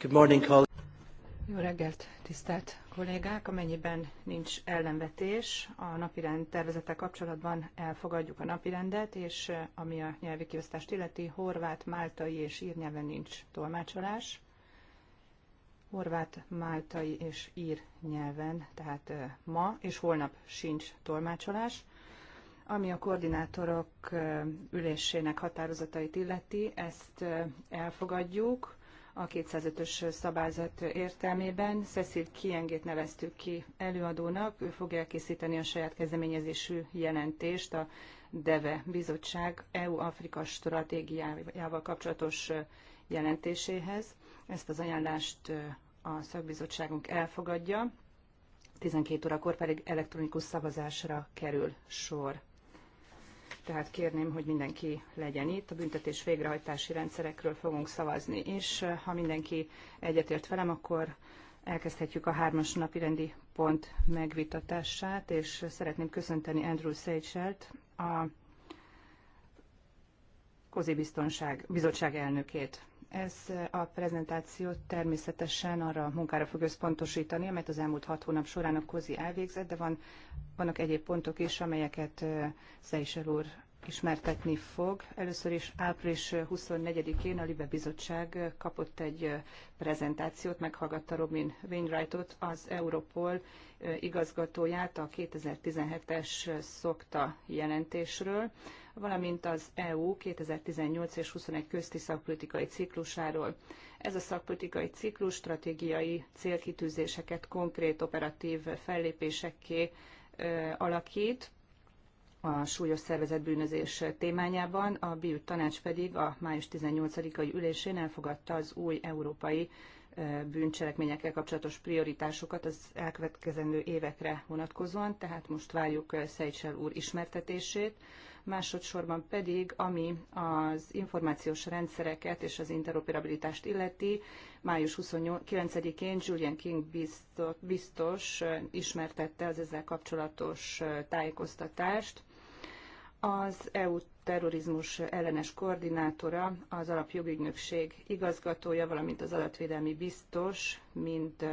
Good morning, Jó reggelt, tisztelt kollégák! Amennyiben nincs ellenvetés a napirend tervezete kapcsolatban elfogadjuk a napirendet, és eh, ami a nyelvi kiosztást illeti, horvát, máltai és ír nyelven nincs tolmácsolás. Horvát, máltai és ír nyelven, tehát eh, ma és holnap sincs tolmácsolás. Ami a koordinátorok eh, ülésének határozatait illeti, ezt elfogadjuk a 205-ös szabályzat értelmében. Cecil Kiengét neveztük ki előadónak, ő fog elkészíteni a saját kezdeményezésű jelentést a DEVE Bizottság EU-Afrika stratégiájával kapcsolatos jelentéséhez. Ezt az ajánlást a szakbizottságunk elfogadja, 12 órakor pedig elektronikus szavazásra kerül sor tehát kérném, hogy mindenki legyen itt. A büntetés végrehajtási rendszerekről fogunk szavazni, és eh, ha mindenki egyetért velem, akkor elkezdhetjük a hármas napi rendi pont megvitatását, és szeretném köszönteni Andrew Seychelt, a Kozi Biztonság Bizottság elnökét. Ez a prezentáció természetesen arra a munkára fog összpontosítani, amelyet az elmúlt hat hónap során a COZI elvégzett, de van, vannak egyéb pontok is, amelyeket Szeisel úr ismertetni fog. Először is április 24-én a Libe Bizottság kapott egy prezentációt, meghallgatta Robin Wainwrightot, az Europol igazgatóját a 2017-es szokta jelentésről valamint az EU 2018 és 21 közti szakpolitikai ciklusáról. Ez a szakpolitikai ciklus stratégiai célkitűzéseket konkrét operatív fellépésekké alakít, a súlyos szervezetbűnözés témájában, a BIUT tanács pedig a május 18-ai ülésén elfogadta az új európai bűncselekményekkel kapcsolatos prioritásokat az elkövetkezendő évekre vonatkozóan, tehát most várjuk Szejcsel úr ismertetését, másodszorban pedig, ami az információs rendszereket és az interoperabilitást illeti, május 29-én Julian King biztos, biztos ismertette az ezzel kapcsolatos tájékoztatást. Az EU terrorizmus ellenes koordinátora, az alapjogügynökség igazgatója, valamint az adatvédelmi biztos, mint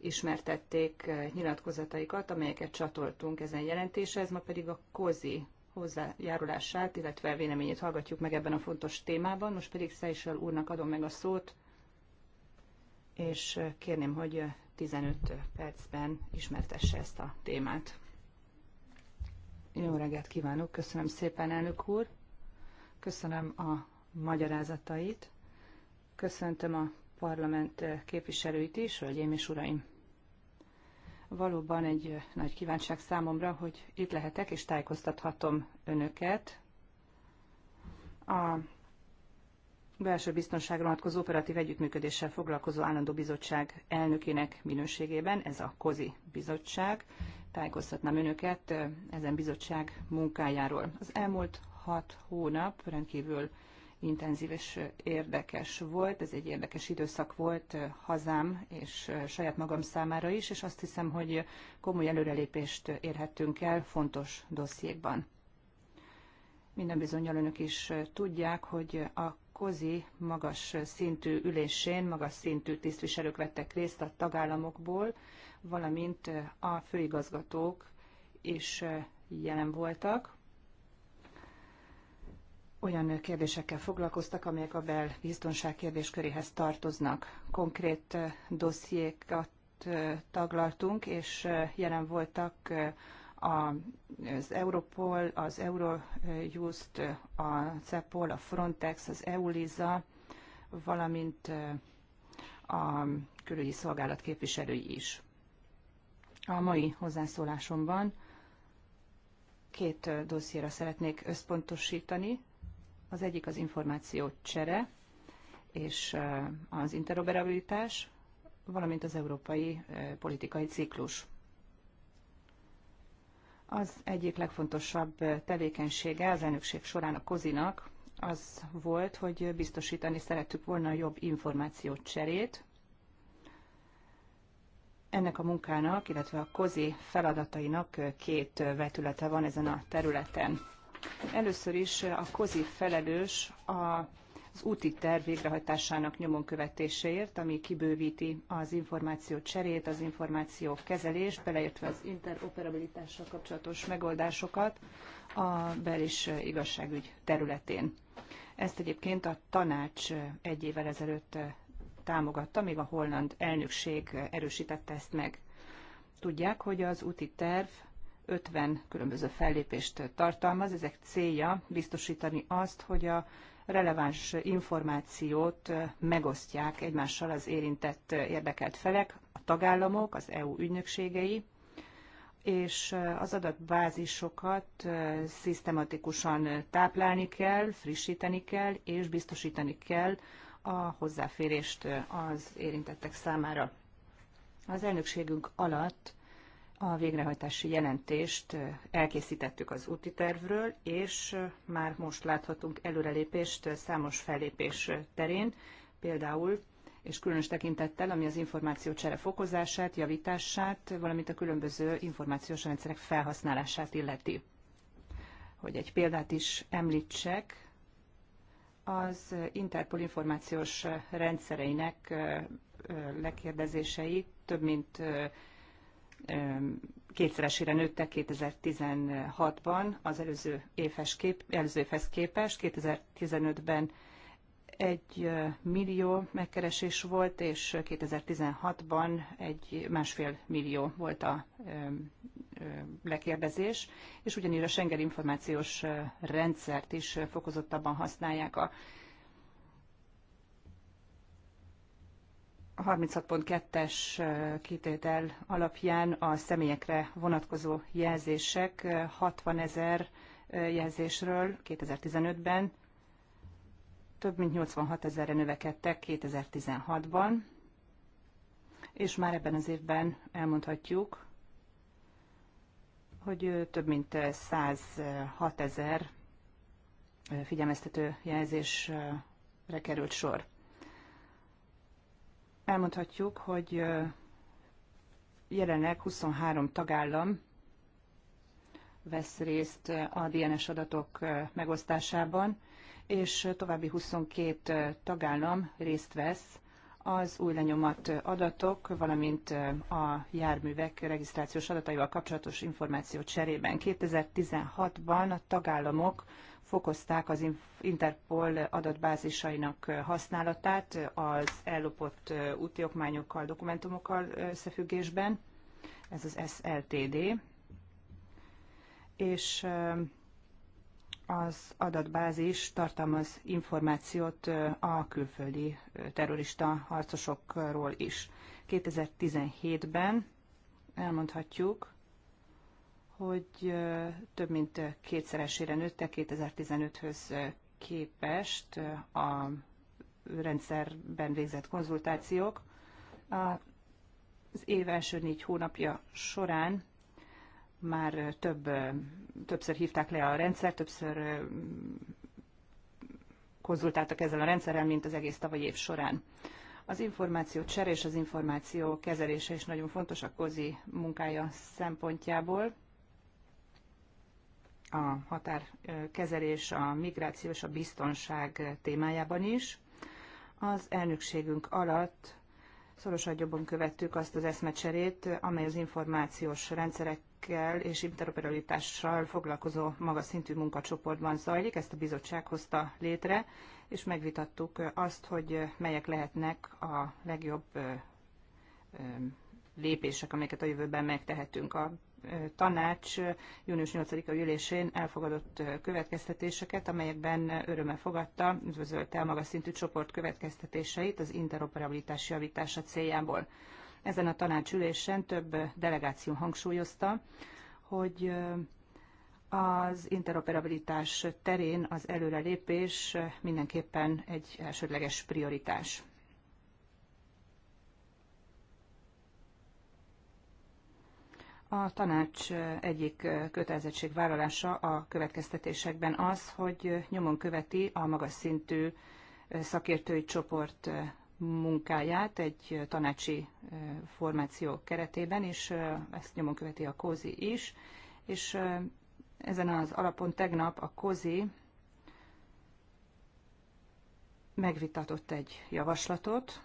ismertették nyilatkozataikat, amelyeket csatoltunk ezen jelentéshez, ma pedig a COZI hozzájárulását, illetve véleményét hallgatjuk meg ebben a fontos témában. Most pedig Szeisel úrnak adom meg a szót, és kérném, hogy 15 percben ismertesse ezt a témát. Jó reggelt kívánok, köszönöm szépen, elnök úr. Köszönöm a magyarázatait. Köszöntöm a parlament képviselőit is, hölgyeim és uraim. Valóban egy nagy kívánság számomra, hogy itt lehetek és tájékoztathatom önöket a belső biztonságra vonatkozó operatív együttműködéssel foglalkozó állandó bizottság elnökének minőségében, ez a KOZI bizottság. Tájékoztatnám önöket ezen bizottság munkájáról. Az elmúlt hat hónap rendkívül intenzív és érdekes volt. Ez egy érdekes időszak volt hazám és saját magam számára is, és azt hiszem, hogy komoly előrelépést érhettünk el fontos dossziékban. Minden bizonyal önök is tudják, hogy a Kozi magas szintű ülésén magas szintű tisztviselők vettek részt a tagállamokból, valamint a főigazgatók is jelen voltak olyan kérdésekkel foglalkoztak, amelyek a belbiztonság kérdésköréhez tartoznak. Konkrét eh, dossziékat eh, taglaltunk, és eh, jelen voltak az Europol, az Eurojust, a CEPOL, a Frontex, az EULISA, valamint a külügyi szolgálat képviselői is. A mai hozzászólásomban két dossziéra szeretnék összpontosítani, az egyik az információ csere és az interoperabilitás, valamint az európai politikai ciklus. Az egyik legfontosabb tevékenysége az elnökség során a kozinak az volt, hogy biztosítani szerettük volna a jobb információt cserét. Ennek a munkának, illetve a kozi feladatainak két vetülete van ezen a területen. Először is a COZI felelős a az úti terv végrehajtásának nyomon követéséért, ami kibővíti az információ cserét, az információ kezelést, beleértve az interoperabilitással kapcsolatos megoldásokat a bel- és igazságügy területén. Ezt egyébként a tanács egy évvel ezelőtt támogatta, még a holland elnökség erősítette ezt meg. Tudják, hogy az úti terv 50 különböző fellépést tartalmaz. Ezek célja biztosítani azt, hogy a releváns információt megosztják egymással az érintett érdekelt felek, a tagállamok, az EU ügynökségei, és az adatbázisokat szisztematikusan táplálni kell, frissíteni kell, és biztosítani kell a hozzáférést az érintettek számára. Az elnökségünk alatt a végrehajtási jelentést elkészítettük az úti tervről, és már most láthatunk előrelépést számos fellépés terén, például és különös tekintettel, ami az információ csere fokozását, javítását, valamint a különböző információs rendszerek felhasználását illeti. Hogy egy példát is említsek, az Interpol információs rendszereinek lekérdezései több mint kétszeresére nőttek 2016-ban az előző éves kép, előző évhez képest, 2015-ben egy millió megkeresés volt, és 2016-ban egy másfél millió volt a lekérdezés, és ugyanígy a Schengen információs rendszert is fokozottabban használják a a 36.2-es kitétel alapján a személyekre vonatkozó jelzések 60 ezer jelzésről 2015-ben több mint 86 ezerre növekedtek 2016-ban, és már ebben az évben elmondhatjuk, hogy több mint 106 ezer figyelmeztető jelzésre került sor elmondhatjuk, hogy jelenleg 23 tagállam vesz részt a DNS adatok megosztásában, és további 22 tagállam részt vesz az új lenyomat adatok, valamint a járművek regisztrációs adataival kapcsolatos információ cserében. 2016-ban a tagállamok fokozták az Interpol adatbázisainak használatát az ellopott úti okmányokkal, dokumentumokkal összefüggésben, ez az SLTD, és az adatbázis tartalmaz információt a külföldi terrorista harcosokról is. 2017-ben elmondhatjuk, hogy több mint kétszeresére nőtte 2015-höz képest a rendszerben végzett konzultációk. Az év első négy hónapja során már több, többször hívták le a rendszer, többször konzultáltak ezzel a rendszerrel, mint az egész tavaly év során. Az információ cserés, az információ kezelése is nagyon fontos a kozi munkája szempontjából a határkezelés, a migráció és a biztonság témájában is. Az elnökségünk alatt szorosan jobban követtük azt az eszmecserét, amely az információs rendszerekkel és interoperabilitással foglalkozó magas szintű munkacsoportban zajlik. Ezt a bizottság hozta létre, és megvitattuk azt, hogy melyek lehetnek a legjobb lépések, amelyeket a jövőben megtehetünk. A tanács június 8-a ülésén elfogadott következtetéseket, amelyekben örömmel fogadta, üdvözölte a magas szintű csoport következtetéseit az interoperabilitás javítása céljából. Ezen a tanácsülésen több delegáció hangsúlyozta, hogy az interoperabilitás terén az előrelépés mindenképpen egy elsődleges prioritás. A tanács egyik vállalása a következtetésekben az, hogy nyomon követi a magas szintű szakértői csoport munkáját egy tanácsi formáció keretében, és ezt nyomon követi a KOZI is, és ezen az alapon tegnap a KOZI megvitatott egy javaslatot,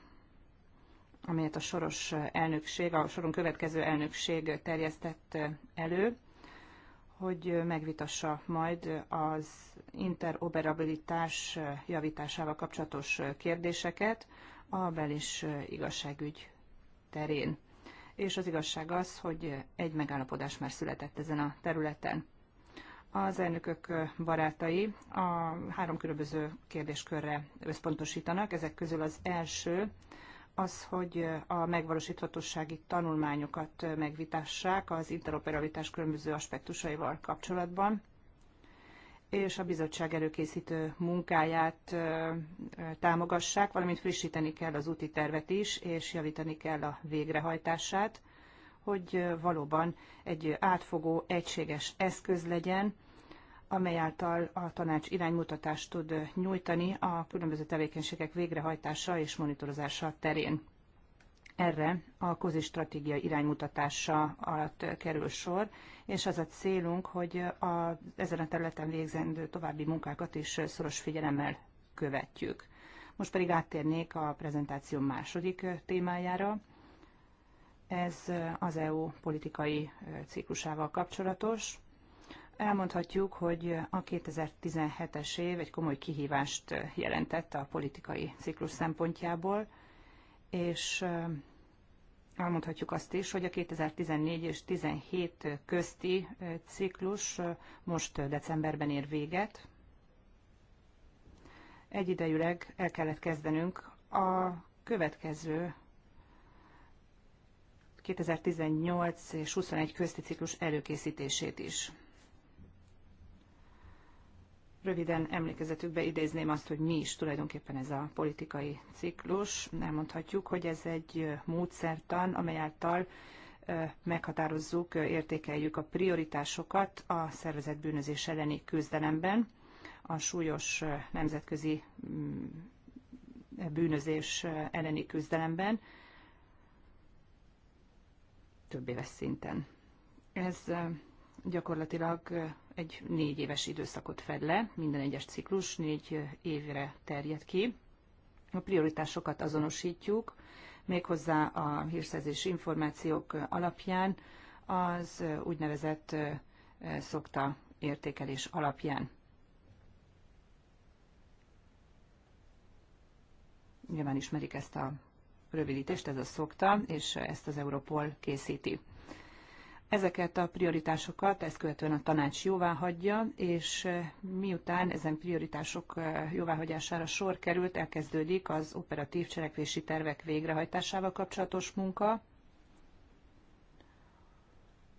amelyet a soros elnökség, a soron következő elnökség terjesztett elő, hogy megvitassa majd az interoperabilitás javításával kapcsolatos kérdéseket a bel- és igazságügy terén. És az igazság az, hogy egy megállapodás már született ezen a területen. Az elnökök barátai a három különböző kérdéskörre összpontosítanak, ezek közül az első az, hogy a megvalósíthatósági tanulmányokat megvitassák az interoperabilitás különböző aspektusaival kapcsolatban, és a bizottság előkészítő munkáját támogassák, valamint frissíteni kell az úti tervet is, és javítani kell a végrehajtását, hogy valóban egy átfogó, egységes eszköz legyen, amely által a tanács iránymutatást tud nyújtani a különböző tevékenységek végrehajtása és monitorozása terén. Erre a kozi stratégia iránymutatása alatt kerül sor, és az a célunk, hogy a, ezen a területen végzendő további munkákat is szoros figyelemmel követjük. Most pedig áttérnék a prezentáció második témájára. Ez az EU politikai ciklusával kapcsolatos elmondhatjuk, hogy a 2017-es év egy komoly kihívást jelentett a politikai ciklus szempontjából, és elmondhatjuk azt is, hogy a 2014 és 17 közti ciklus most decemberben ér véget. Egyidejűleg el kellett kezdenünk a következő 2018 és 21 közti ciklus előkészítését is. Röviden emlékezetükbe idézném azt, hogy mi is tulajdonképpen ez a politikai ciklus. Elmondhatjuk, hogy ez egy módszertan, amely által meghatározzuk, értékeljük a prioritásokat a szervezet bűnözés elleni küzdelemben, a súlyos nemzetközi mm, bűnözés elleni küzdelemben, több éves szinten. Ez gyakorlatilag egy négy éves időszakot fed le, minden egyes ciklus négy évre terjed ki. A prioritásokat azonosítjuk, méghozzá a hírszerzési információk alapján, az úgynevezett szokta értékelés alapján. Nyilván ismerik ezt a rövidítést, ez a szokta, és ezt az Europol készíti. Ezeket a prioritásokat ezt követően a tanács jóvá hagyja, és eh, miután ezen prioritások eh, jóváhagyására sor került, elkezdődik az operatív cselekvési tervek végrehajtásával kapcsolatos munka,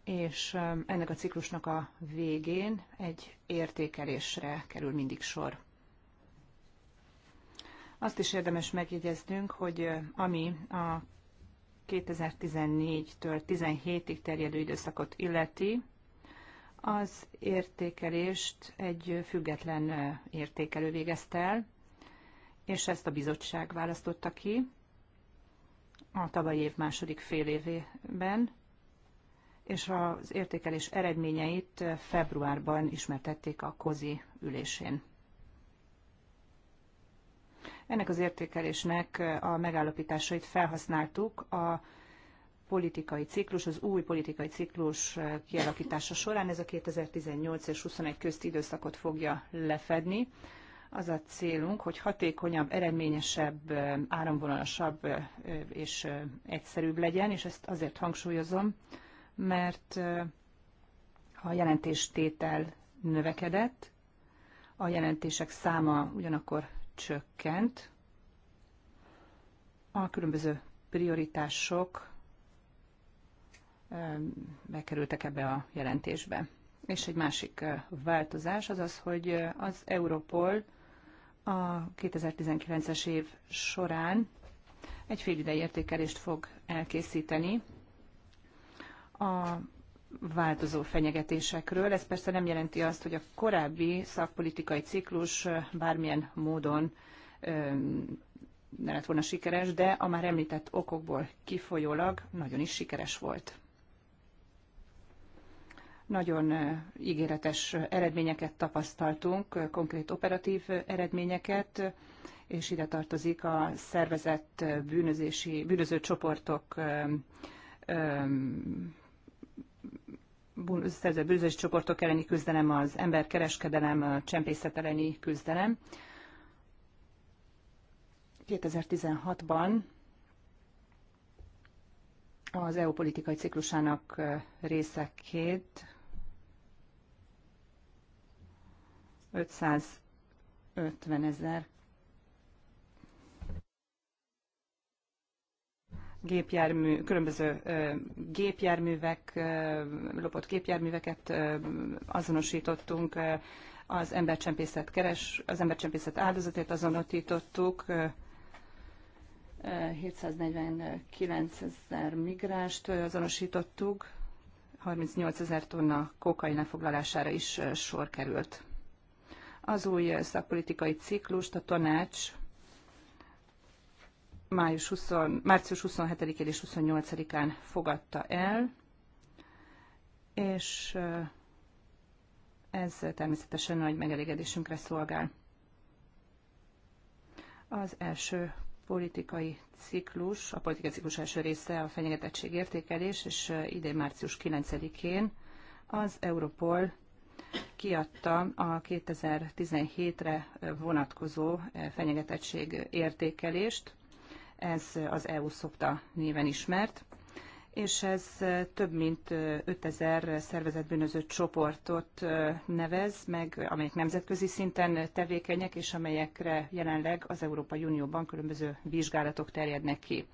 és eh, ennek a ciklusnak a végén egy értékelésre kerül mindig sor. Azt is érdemes megjegyeznünk, hogy ami a 2014-től 17-ig terjedő időszakot illeti, az értékelést egy független értékelő végezte el, és ezt a bizottság választotta ki a tavalyi év második fél évében, és az értékelés eredményeit februárban ismertették a kozi ülésén. Ennek az értékelésnek a megállapításait felhasználtuk a politikai ciklus, az új politikai ciklus kialakítása során. Ez a 2018 és 21 közti időszakot fogja lefedni. Az a célunk, hogy hatékonyabb, eredményesebb, áramvonalasabb és egyszerűbb legyen, és ezt azért hangsúlyozom, mert a jelentéstétel növekedett, a jelentések száma ugyanakkor csökkent. A különböző prioritások eh, bekerültek ebbe a jelentésbe. És egy másik eh, változás az az, hogy eh, az Europol a 2019-es év során egy félidei értékelést fog elkészíteni a változó fenyegetésekről. Ez persze nem jelenti azt, hogy a korábbi szakpolitikai ciklus bármilyen módon ne lett volna sikeres, de a már említett okokból kifolyólag nagyon is sikeres volt. Nagyon ígéretes eredményeket tapasztaltunk, konkrét operatív eredményeket, és ide tartozik a szervezett bűnözési, bűnöző csoportok szerzett bűnözős csoportok elleni küzdelem, az emberkereskedelem, a csempészet elleni küzdelem. 2016-ban az EU politikai ciklusának részeként 550 ezer gépjármű, különböző gépjárművek, lopott gépjárműveket azonosítottunk, az embercsempészet keres, az embercsempészet áldozatét azonosítottuk, 749 ezer migránst azonosítottuk, 38 ezer tonna kokain lefoglalására is sor került. Az új szakpolitikai ciklust a tanács május 20, március 27-én és 28-án fogadta el, és ez természetesen nagy megelégedésünkre szolgál. Az első politikai ciklus, a politikai ciklus első része a fenyegetettség értékelés, és idén március 9-én az Europol kiadta a 2017-re vonatkozó fenyegetettség értékelést, ez az EU szokta néven ismert, és ez több mint 5000 szervezetbűnöző csoportot nevez meg, amelyek nemzetközi szinten tevékenyek, és amelyekre jelenleg az Európai Unióban különböző vizsgálatok terjednek ki.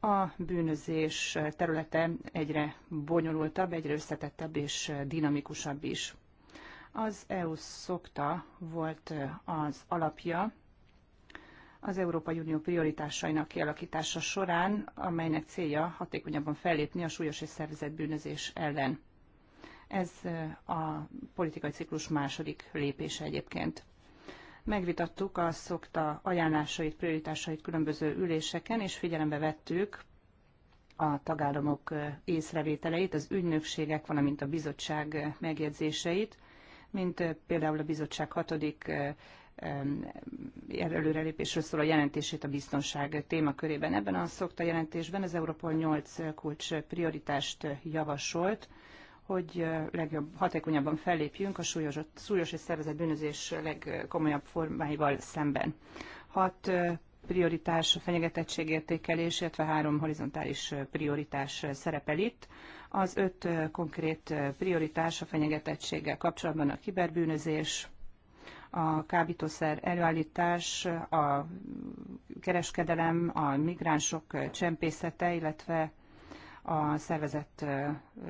A bűnözés területe egyre bonyolultabb, egyre összetettebb és dinamikusabb is. Az EU szokta volt az alapja az Európai Unió prioritásainak kialakítása során, amelynek célja hatékonyabban fellépni a súlyos és szervezett bűnözés ellen. Ez a politikai ciklus második lépése egyébként. Megvitattuk a szokta ajánlásait, prioritásait különböző üléseken, és figyelembe vettük a tagállamok észrevételeit, az ügynökségek, valamint a bizottság megjegyzéseit, mint például a bizottság hatodik előrelépésről szól a jelentését a biztonság témakörében. Ebben a szokta jelentésben az Európol 8 kulcs prioritást javasolt, hogy legjobb, hatékonyabban fellépjünk a súlyos, súlyos és szervezett bűnözés legkomolyabb formáival szemben. Hat prioritás, a értékelés, illetve három horizontális prioritás szerepel itt. Az öt konkrét prioritás a fenyegetettséggel kapcsolatban a kiberbűnözés, a kábítószer előállítás, a kereskedelem, a migránsok csempészete, illetve a szervezett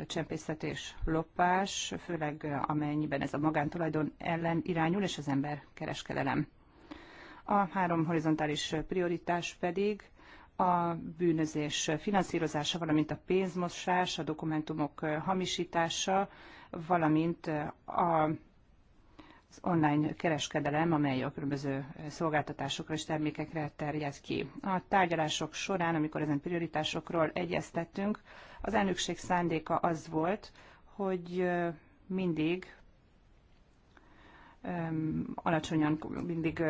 csempészet és lopás, főleg amennyiben ez a magántulajdon ellen irányul, és az ember kereskedelem. A három horizontális prioritás pedig a bűnözés finanszírozása, valamint a pénzmosás, a dokumentumok hamisítása, valamint a az online kereskedelem, amely a különböző szolgáltatásokra és termékekre terjed ki. A tárgyalások során, amikor ezen prioritásokról egyeztettünk, az elnökség szándéka az volt, hogy mindig alacsonyan mindig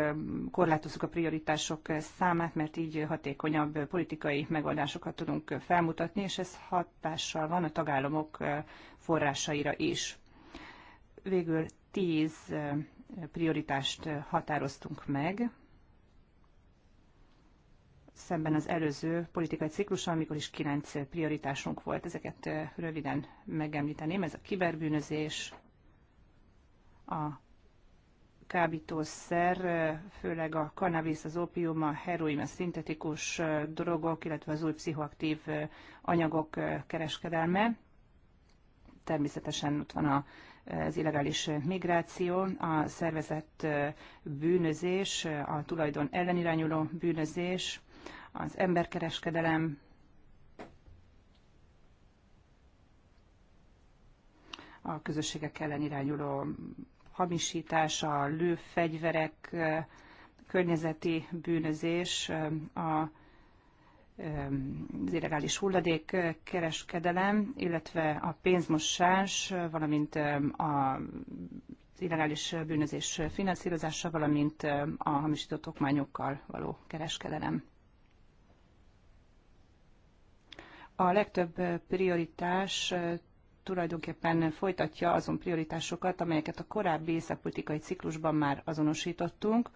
korlátozzuk a prioritások számát, mert így hatékonyabb politikai megoldásokat tudunk felmutatni, és ez hatással van a tagállamok forrásaira is. Végül tíz prioritást határoztunk meg, szemben az előző politikai ciklussal, amikor is kilenc prioritásunk volt. Ezeket röviden megemlíteném. Ez a kiberbűnözés, a kábítószer, főleg a kannabisz, az opium, a heroin, a szintetikus drogok, illetve az új pszichoaktív anyagok kereskedelme. Természetesen ott van a az illegális migráció, a szervezett bűnözés, a tulajdon ellenirányuló bűnözés, az emberkereskedelem, a közösségek ellen irányuló hamisítás, a lőfegyverek, környezeti bűnözés, a az illegális hulladék eh, kereskedelem, illetve a pénzmosás, eh, valamint a illegális bűnözés finanszírozása, valamint a hamisított okmányokkal való kereskedelem. A legtöbb eh, prioritás tulajdonképpen folytatja azon prioritásokat, amelyeket a korábbi szakpolitikai ciklusban már azonosítottunk,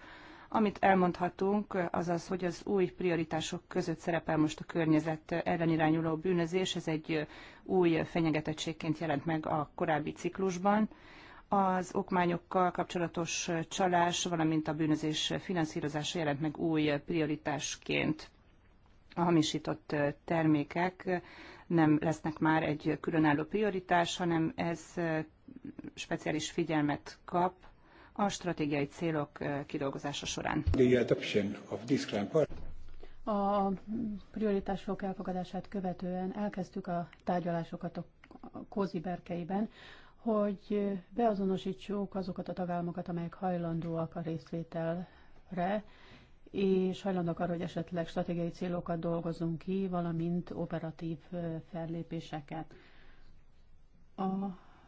amit elmondhatunk, az az, hogy az új prioritások között szerepel most a környezet ellenirányuló bűnözés. Ez egy új fenyegetettségként jelent meg a korábbi ciklusban. Az okmányokkal kapcsolatos csalás, valamint a bűnözés finanszírozása jelent meg új prioritásként. A hamisított termékek nem lesznek már egy különálló prioritás, hanem ez speciális figyelmet kap a stratégiai célok kidolgozása során. A prioritások elfogadását követően elkezdtük a tárgyalásokat a Kózi berkeiben, hogy beazonosítsuk azokat a tagállamokat, amelyek hajlandóak a részvételre, és hajlandók arra, hogy esetleg stratégiai célokat dolgozunk ki, valamint operatív fellépéseket. A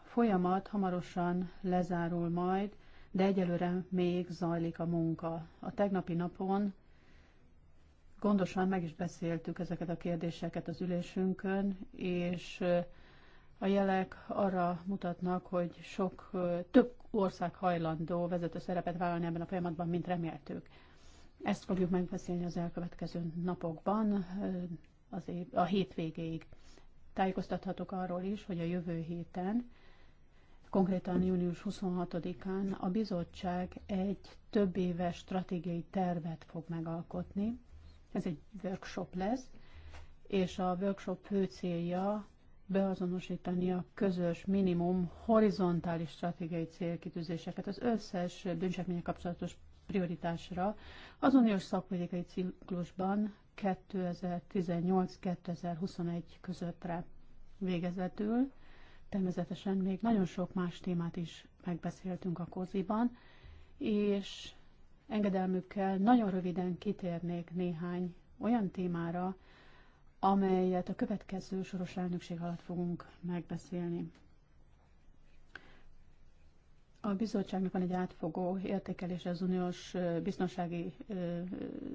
folyamat hamarosan lezárul majd, de egyelőre még zajlik a munka. A tegnapi napon gondosan meg is beszéltük ezeket a kérdéseket az ülésünkön, és a jelek arra mutatnak, hogy sok több ország hajlandó vezető szerepet vállalni ebben a folyamatban, mint reméltük. Ezt fogjuk megbeszélni az elkövetkező napokban, az év, a hétvégéig. Tájékoztathatok arról is, hogy a jövő héten Konkrétan június 26-án a bizottság egy több éves stratégiai tervet fog megalkotni. Ez egy workshop lesz, és a workshop fő célja beazonosítani a közös minimum horizontális stratégiai célkitűzéseket az összes bűncselekmények kapcsolatos prioritásra az uniós szakpolitikai ciklusban 2018-2021 közöttre végezetül. Természetesen még nagyon sok más témát is megbeszéltünk a koziban, és engedelmükkel nagyon röviden kitérnék néhány olyan témára, amelyet a következő soros elnökség alatt fogunk megbeszélni. A bizottságnak van egy átfogó értékelés az uniós biztonsági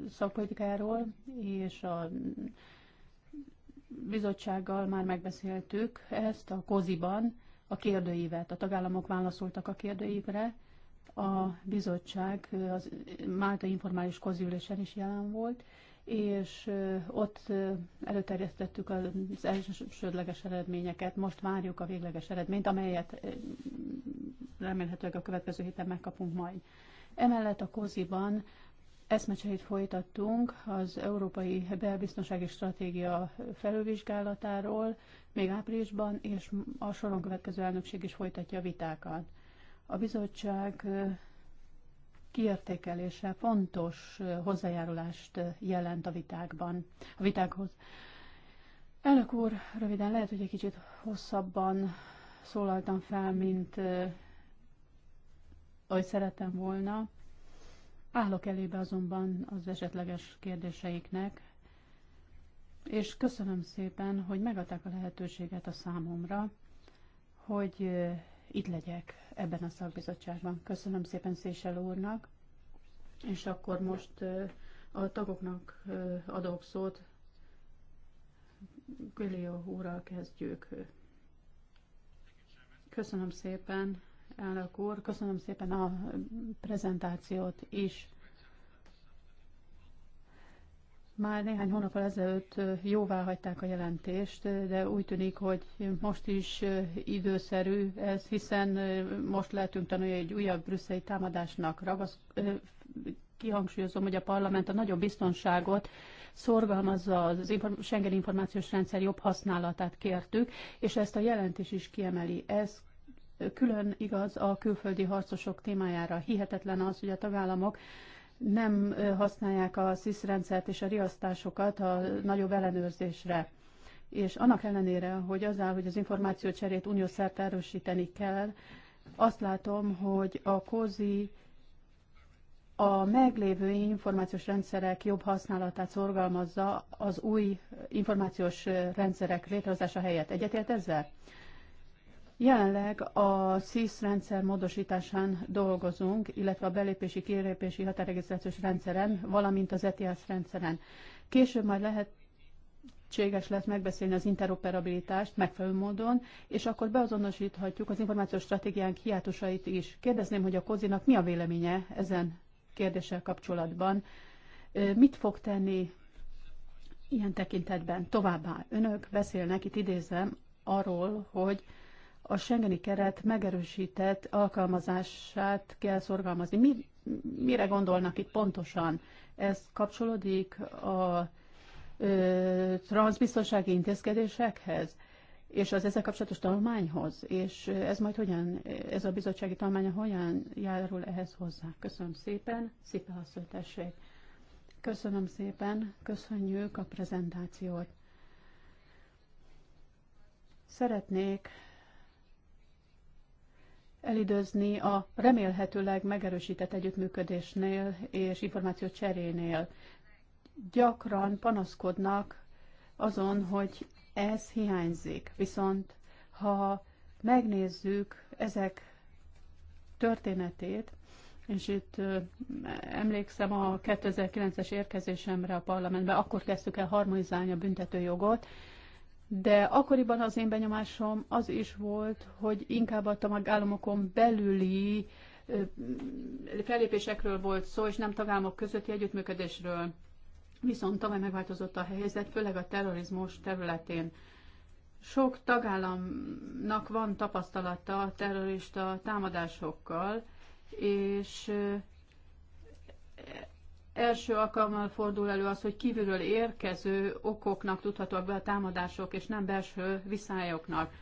szakpolitikáról, és a bizottsággal már megbeszéltük ezt a koziban, a kérdőívet. A tagállamok válaszoltak a kérdőívre, a bizottság az Málta informális kozülésen is jelen volt, és ott előterjesztettük az elsődleges eredményeket, most várjuk a végleges eredményt, amelyet remélhetőleg a következő héten megkapunk majd. Emellett a koziban Eszmecseit folytattunk az Európai Belbiztonsági Stratégia felülvizsgálatáról még áprilisban, és a soron következő elnökség is folytatja a vitákat. A bizottság kiértékelése fontos hozzájárulást jelent a vitákban, a vitákhoz. Elnök úr, röviden lehet, hogy egy kicsit hosszabban szólaltam fel, mint ahogy szerettem volna. Állok elébe azonban az esetleges kérdéseiknek, és köszönöm szépen, hogy megadták a lehetőséget a számomra, hogy itt legyek ebben a szakbizottságban. Köszönöm szépen Szésel úrnak, és akkor most a tagoknak adok szót. Gülió úrral kezdjük. Köszönöm szépen elnök úr, köszönöm szépen a prezentációt is. Már néhány hónappal ezelőtt jóvá hagyták a jelentést, de úgy tűnik, hogy most is időszerű ez, hiszen most lehetünk tanulni egy újabb brüsszeli támadásnak. Ragasz, kihangsúlyozom, hogy a parlament a nagyobb biztonságot szorgalmazza az inform- Schengen információs rendszer jobb használatát kértük, és ezt a jelentés is kiemeli. Ez külön igaz a külföldi harcosok témájára. Hihetetlen az, hogy a tagállamok nem használják a SZISZ rendszert és a riasztásokat a nagyobb ellenőrzésre. És annak ellenére, hogy azzal, hogy az információcserét uniós szerte erősíteni kell, azt látom, hogy a kozi a meglévő információs rendszerek jobb használatát szorgalmazza az új információs rendszerek létrehozása helyett. Egyetért ezzel? Jelenleg a SZISZ rendszer módosításán dolgozunk, illetve a belépési kilépési határegisztrációs rendszeren, valamint az ETS rendszeren. Később majd lehet lehetséges lesz megbeszélni az interoperabilitást megfelelő módon, és akkor beazonosíthatjuk az információs stratégiánk hiátusait is. Kérdezném, hogy a Kozinak mi a véleménye ezen kérdéssel kapcsolatban? Mit fog tenni ilyen tekintetben? Továbbá önök beszélnek, itt idézem, arról, hogy a Schengeni keret megerősített alkalmazását kell szorgalmazni. Mi, mire gondolnak itt pontosan? Ez kapcsolódik a ö, transzbiztonsági intézkedésekhez? és az ezzel kapcsolatos tanulmányhoz, és ez majd hogyan, ez a bizottsági tanulmánya hogyan járul ehhez hozzá. Köszönöm szépen, szépen asszony tessék. Köszönöm szépen, köszönjük a prezentációt. Szeretnék elidőzni a remélhetőleg megerősített együttműködésnél és információ cserénél. Gyakran panaszkodnak azon, hogy ez hiányzik. Viszont ha megnézzük ezek történetét, és itt emlékszem a 2009-es érkezésemre a parlamentbe, akkor kezdtük el harmonizálni a büntetőjogot, de akkoriban az én benyomásom az is volt, hogy inkább a tagállamokon belüli fellépésekről volt szó, és nem tagállamok közötti együttműködésről. Viszont tavaly megváltozott a helyzet, főleg a terrorizmus területén. Sok tagállamnak van tapasztalata a terrorista támadásokkal, és első alkalommal fordul elő az, hogy kívülről érkező okoknak tudhatóak be a támadások, és nem belső viszályoknak.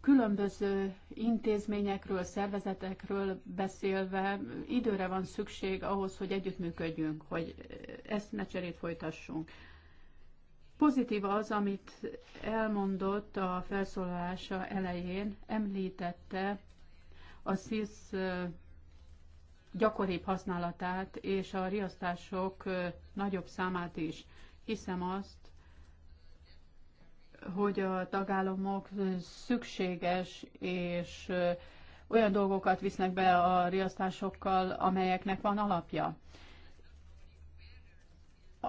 Különböző intézményekről, szervezetekről beszélve időre van szükség ahhoz, hogy együttműködjünk, hogy ezt ne cserét folytassunk. Pozitív az, amit elmondott a felszólalása elején, említette a SZISZ gyakoribb használatát és a riasztások nagyobb számát is. Hiszem azt, hogy a tagállamok szükséges és olyan dolgokat visznek be a riasztásokkal, amelyeknek van alapja. A,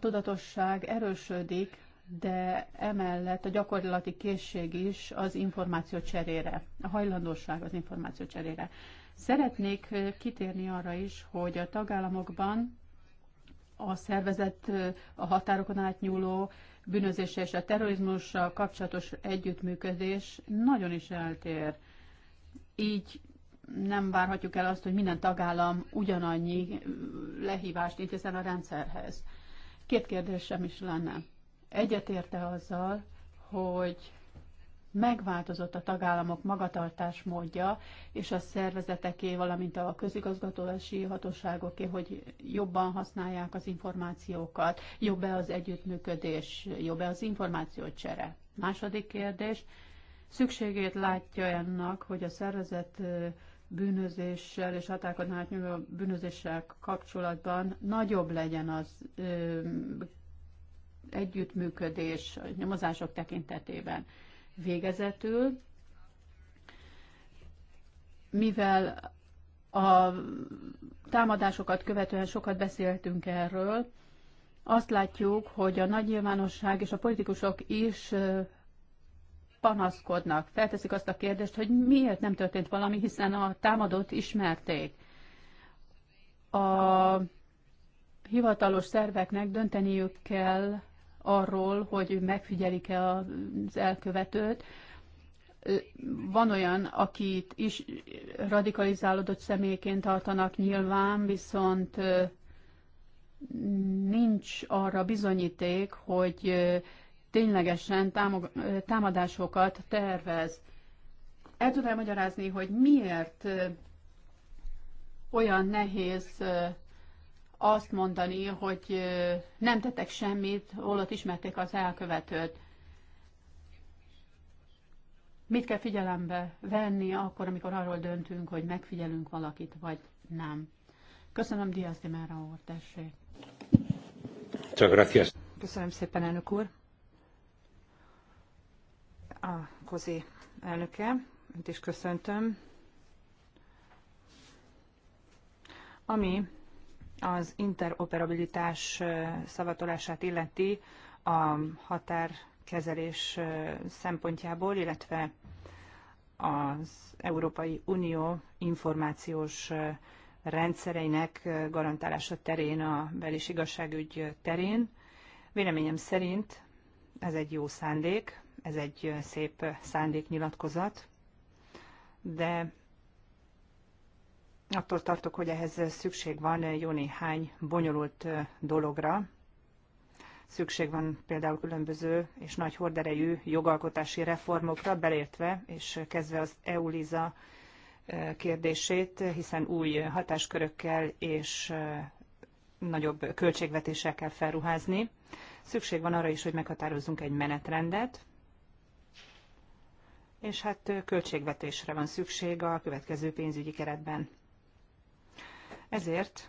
tudatosság erősödik, de emellett a gyakorlati készség is az információ cserére, a hajlandóság az információ cserére. Szeretnék kitérni arra is, hogy a tagállamokban a szervezet a határokon átnyúló bűnözése és a terrorizmussal kapcsolatos együttműködés nagyon is eltér. Így nem várhatjuk el azt, hogy minden tagállam ugyanannyi lehívást intézzen a rendszerhez. Két kérdésem is lenne. Egyetérte azzal, hogy megváltozott a tagállamok magatartás módja és a szervezeteké, valamint a közigazgatási hatóságoké, hogy jobban használják az információkat, jobb-e az együttműködés, jobb-e az információcsere. Második kérdés, szükségét látja ennek, hogy a szervezet bűnözéssel és hatákon átnyúló bűnözéssel kapcsolatban nagyobb legyen az ö, együttműködés nyomozások tekintetében. Végezetül, mivel a támadásokat követően sokat beszéltünk erről, azt látjuk, hogy a nagy nyilvánosság és a politikusok is panaszkodnak. Felteszik azt a kérdést, hogy miért nem történt valami, hiszen a támadót ismerték. A hivatalos szerveknek dönteniük kell arról, hogy megfigyelik-e az elkövetőt. Van olyan, akit is radikalizálódott személyként tartanak nyilván, viszont nincs arra bizonyíték, hogy ténylegesen támadásokat tervez. El tudom magyarázni, hogy miért olyan nehéz azt mondani, hogy nem tettek semmit, holott ismerték az elkövetőt. Mit kell figyelembe venni akkor, amikor arról döntünk, hogy megfigyelünk valakit, vagy nem? Köszönöm, Diaz de Mera úr, tessék. Köszönöm szépen, elnök úr. A Kozi elnöke, őt is köszöntöm. Ami az interoperabilitás szavatolását illeti a határkezelés szempontjából, illetve az Európai Unió információs rendszereinek garantálása terén, a belis igazságügy terén. Véleményem szerint ez egy jó szándék, ez egy szép szándéknyilatkozat, de attól tartok, hogy ehhez szükség van jó néhány bonyolult dologra. Szükség van például különböző és nagy horderejű jogalkotási reformokra, belértve és kezdve az eu EULIZA kérdését, hiszen új hatáskörökkel és nagyobb költségvetéssel kell felruházni. Szükség van arra is, hogy meghatározzunk egy menetrendet, és hát költségvetésre van szükség a következő pénzügyi keretben. Ezért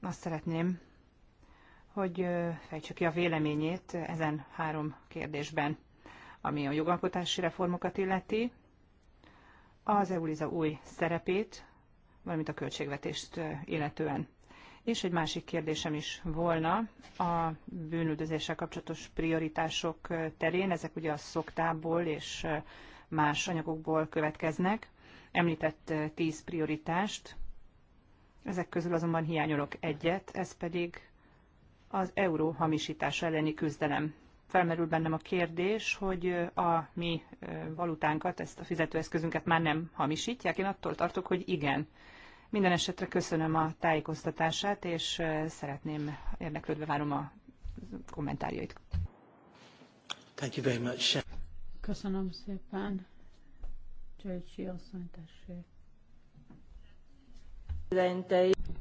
azt szeretném, hogy fejtsük ki a véleményét ezen három kérdésben, ami a jogalkotási reformokat illeti, az EULIZA új szerepét, valamint a költségvetést illetően. És egy másik kérdésem is volna a bűnüldözéssel kapcsolatos prioritások terén, ezek ugye a szoktából és más anyagokból következnek. Említett tíz prioritást, ezek közül azonban hiányolok egyet, ez pedig az euró hamisítása elleni küzdelem. Felmerül bennem a kérdés, hogy a mi valutánkat, ezt a fizetőeszközünket már nem hamisítják. Én attól tartok, hogy igen. Minden esetre köszönöm a tájékoztatását, és szeretném, érdeklődve várom a kommentárjait. Thank you very much. Köszönöm szépen. Csajcsi asszony, tessék.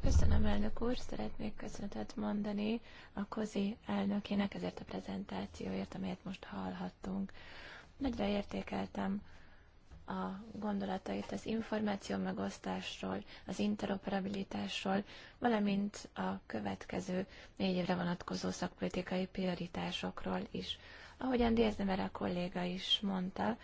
Köszönöm, elnök úr, szeretnék köszönetet mondani a Kozi elnökének ezért a prezentációért, amelyet most hallhattunk. Nagyra értékeltem a gondolatait az információ megosztásról, az interoperabilitásról, valamint a következő négy évre vonatkozó szakpolitikai prioritásokról is. Ahogyan Diaz a kolléga is mondta,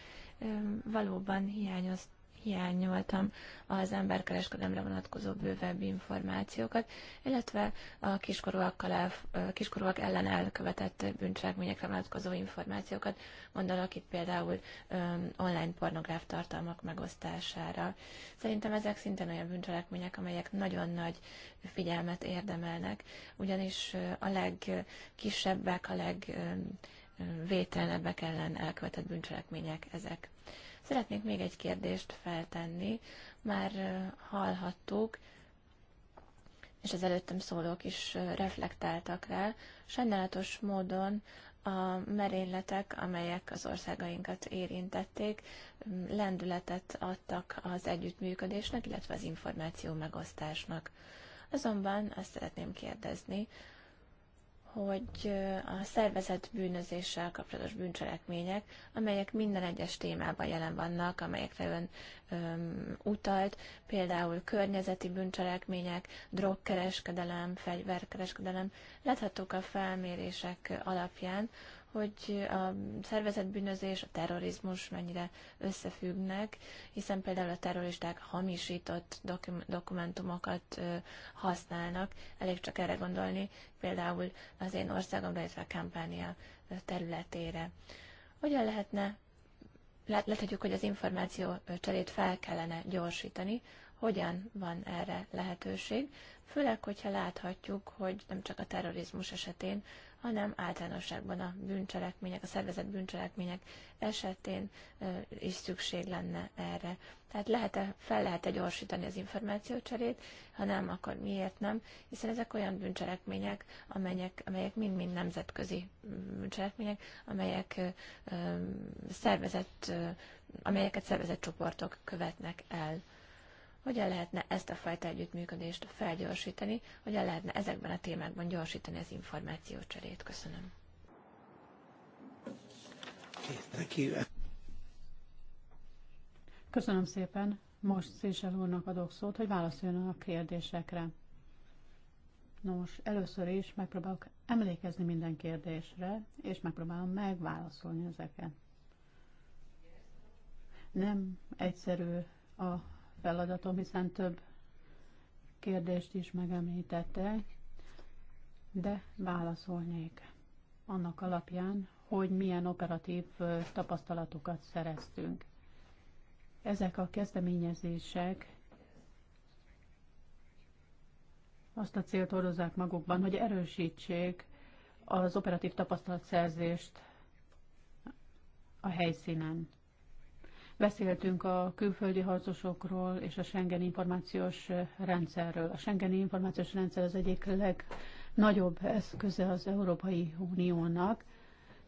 valóban hiányoztak hiányoltam az emberkereskedelemre vonatkozó bővebb információkat, illetve a kiskorúakkal el, kiskorúak ellen elkövetett bűncselekményekre vonatkozó információkat, gondolok itt például online pornográf tartalmak megosztására. Szerintem ezek szintén olyan bűncselekmények, amelyek nagyon nagy figyelmet érdemelnek, ugyanis a legkisebbek, a legvételnebbek ellen elkövetett bűncselekmények ezek. Szeretnék még egy kérdést feltenni. Már hallhattuk, és az előttem szólók is reflektáltak rá. Sajnálatos módon a merényletek, amelyek az országainkat érintették, lendületet adtak az együttműködésnek, illetve az információ megosztásnak. Azonban azt szeretném kérdezni, hogy a szervezett bűnözéssel kapcsolatos bűncselekmények, amelyek minden egyes témában jelen vannak, amelyekre ön öm, utalt, például környezeti bűncselekmények, drogkereskedelem, fegyverkereskedelem, láthatók a felmérések alapján, hogy a szervezetbűnözés, a terrorizmus mennyire összefüggnek, hiszen például a terroristák hamisított dokum- dokumentumokat ö, használnak, elég csak erre gondolni, például az én országomra, illetve a kampánia területére. Hogyan lehetne, láthatjuk, hogy az információ cserét fel kellene gyorsítani, hogyan van erre lehetőség, főleg, hogyha láthatjuk, hogy nem csak a terrorizmus esetén, hanem általánosságban a bűncselekmények, a szervezett bűncselekmények esetén is szükség lenne erre. Tehát lehet -e, fel lehet-e gyorsítani az információcserét, ha nem, akkor miért nem, hiszen ezek olyan bűncselekmények, amelyek, amelyek mind-mind nemzetközi bűncselekmények, amelyek szervezet, szervezett, amelyeket szervezett csoportok követnek el hogyan lehetne ezt a fajta együttműködést felgyorsítani, hogyan lehetne ezekben a témákban gyorsítani az információcserét. Köszönöm. Köszönöm szépen. Most Szézsel úrnak adok szót, hogy válaszoljon a kérdésekre. Nos, először is megpróbálok emlékezni minden kérdésre, és megpróbálom megválaszolni ezeket. Nem egyszerű a feladatom, hiszen több kérdést is megemlítettek, de válaszolnék annak alapján, hogy milyen operatív tapasztalatokat szereztünk. Ezek a kezdeményezések azt a célt hordozzák magukban, hogy erősítsék az operatív tapasztalatszerzést a helyszínen. Beszéltünk a külföldi harcosokról és a Schengen információs rendszerről. A Schengen információs rendszer az egyik legnagyobb eszköze az Európai Uniónak.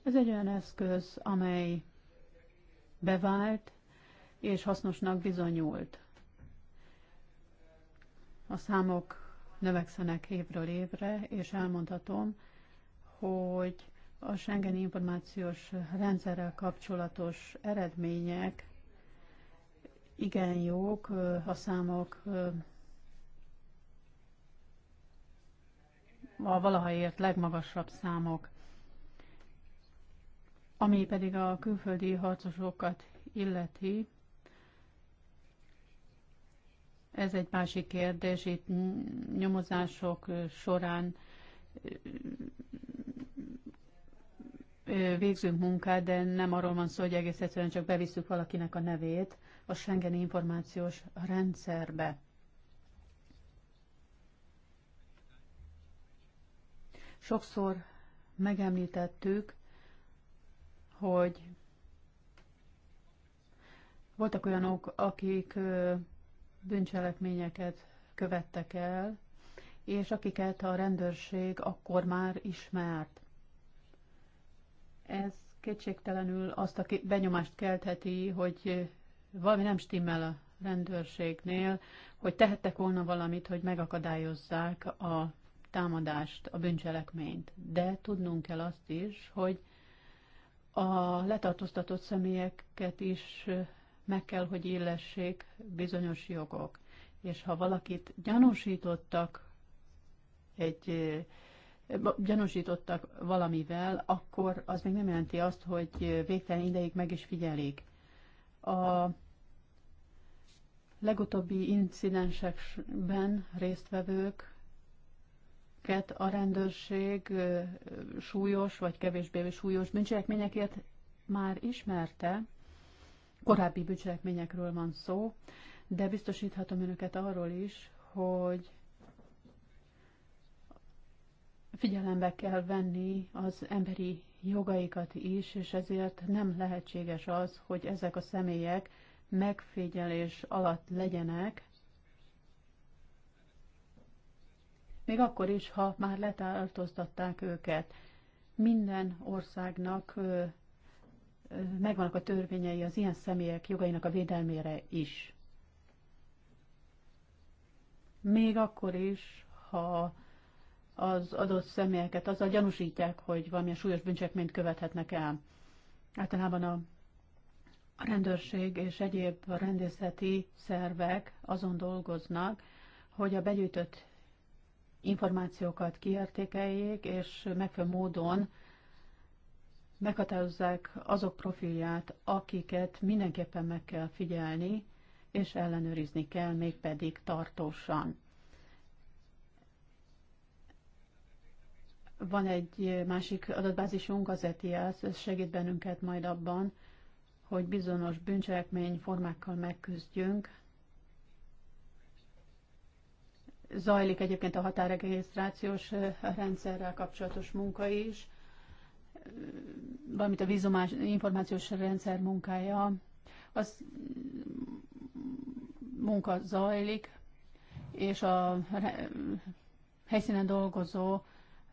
Ez egy olyan eszköz, amely bevált és hasznosnak bizonyult. A számok növekszenek évről évre, és elmondhatom, hogy a Schengen információs rendszerrel kapcsolatos eredmények igen jók a számok a valaha ért legmagasabb számok. Ami pedig a külföldi harcosokat illeti, ez egy másik kérdés. Itt nyomozások során végzünk munkát, de nem arról van szó, hogy egész egyszerűen csak bevisszük valakinek a nevét a Schengeni információs rendszerbe. Sokszor megemlítettük, hogy voltak olyanok, akik bűncselekményeket követtek el, és akiket a rendőrség akkor már ismert. Ez kétségtelenül azt a benyomást keltheti, hogy valami nem stimmel a rendőrségnél, hogy tehettek volna valamit, hogy megakadályozzák a támadást, a bűncselekményt. De tudnunk kell azt is, hogy a letartóztatott személyeket is meg kell, hogy illessék bizonyos jogok. És ha valakit gyanúsítottak egy eh, gyanúsítottak valamivel, akkor az még nem jelenti azt, hogy végtelen ideig meg is figyelik. A legutóbbi incidensekben résztvevőket a rendőrség súlyos vagy kevésbé súlyos bűncselekményekért már ismerte, korábbi bűncselekményekről van szó, de biztosíthatom önöket arról is, hogy figyelembe kell venni az emberi jogaikat is, és ezért nem lehetséges az, hogy ezek a személyek megfigyelés alatt legyenek, még akkor is, ha már letartóztatták őket. Minden országnak megvannak a törvényei az ilyen személyek jogainak a védelmére is. Még akkor is, ha az adott személyeket azzal gyanúsítják, hogy valamilyen súlyos bűncselekményt követhetnek el. Általában a a rendőrség és egyéb rendészeti szervek azon dolgoznak, hogy a begyűjtött információkat kiértékeljék, és megfelelő módon meghatározzák azok profilját, akiket mindenképpen meg kell figyelni, és ellenőrizni kell, mégpedig tartósan. Van egy másik adatbázisunk, az ETIAS, ez segít bennünket majd abban, hogy bizonyos bűncselekmény formákkal megküzdjünk. Zajlik egyébként a határregisztrációs rendszerrel kapcsolatos munka is, valamint a vízumás információs rendszer munkája. Az munka zajlik, és a helyszínen dolgozó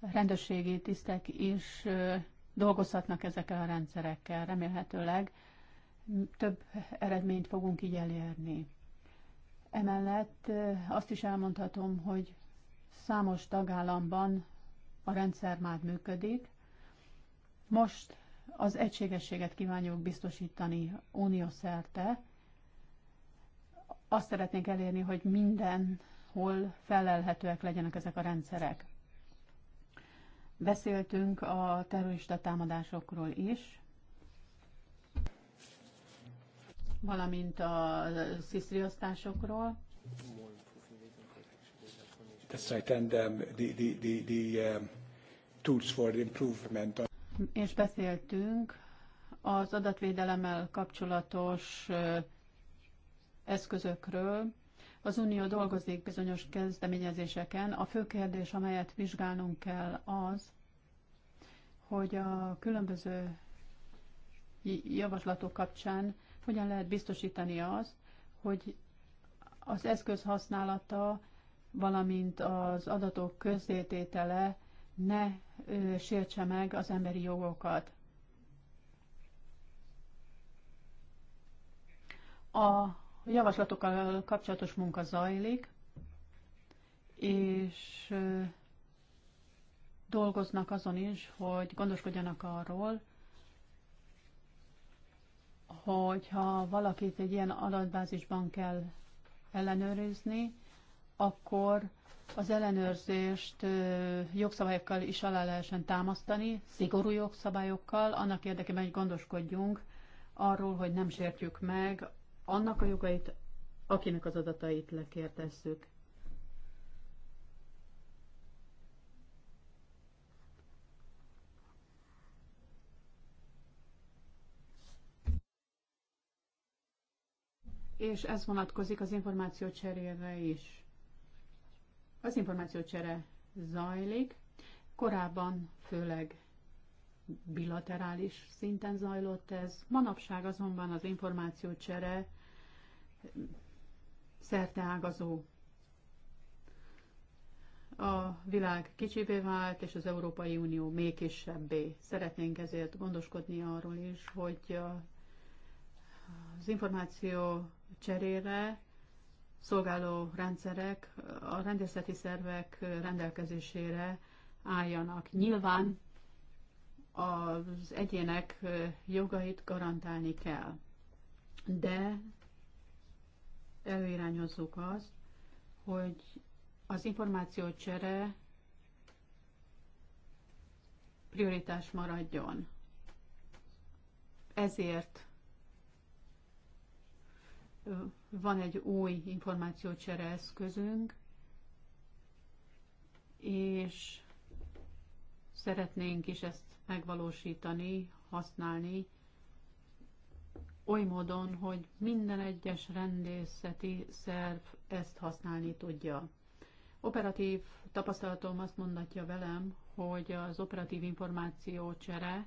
rendőrségi tisztek is dolgozhatnak ezekkel a rendszerekkel, remélhetőleg több eredményt fogunk így elérni. Emellett azt is elmondhatom, hogy számos tagállamban a rendszer már működik. Most az egységességet kívánjuk biztosítani szerte. Azt szeretnénk elérni, hogy mindenhol felelhetőek legyenek ezek a rendszerek. Beszéltünk a terrorista támadásokról is, valamint a sziszriosztásokról. That's right, and um, the, the, the, the um, tools for improvement. És beszéltünk az adatvédelemmel kapcsolatos eszközökről. Az Unió dolgozik bizonyos kezdeményezéseken. A fő kérdés, amelyet vizsgálnunk kell az, hogy a különböző javaslatok kapcsán hogyan lehet biztosítani azt, hogy az eszköz használata, valamint az adatok közzététele ne ö, sértse meg az emberi jogokat. A javaslatokkal kapcsolatos munka zajlik, és dolgoznak azon is, hogy gondoskodjanak arról, hogyha valakit egy ilyen adatbázisban kell ellenőrizni, akkor az ellenőrzést jogszabályokkal is alá lehessen támasztani, szigorú jogszabályokkal, annak érdekében, hogy gondoskodjunk arról, hogy nem sértjük meg annak a jogait, akinek az adatait lekértesszük. és ez vonatkozik az információ cserére is. Az információ csere zajlik, korábban főleg bilaterális szinten zajlott ez, manapság azonban az információ csere szerteágazó. A világ kicsibé vált, és az Európai Unió még kisebbé. Szeretnénk ezért gondoskodni arról is, hogy az információ cserére szolgáló rendszerek a rendészeti szervek rendelkezésére álljanak. Nyilván az egyének jogait garantálni kell, de előirányozzuk azt, hogy az információ csere prioritás maradjon. Ezért van egy új információcsere eszközünk, és szeretnénk is ezt megvalósítani, használni, oly módon, hogy minden egyes rendészeti szerv ezt használni tudja. Operatív tapasztalatom azt mondatja velem, hogy az operatív információcsere csere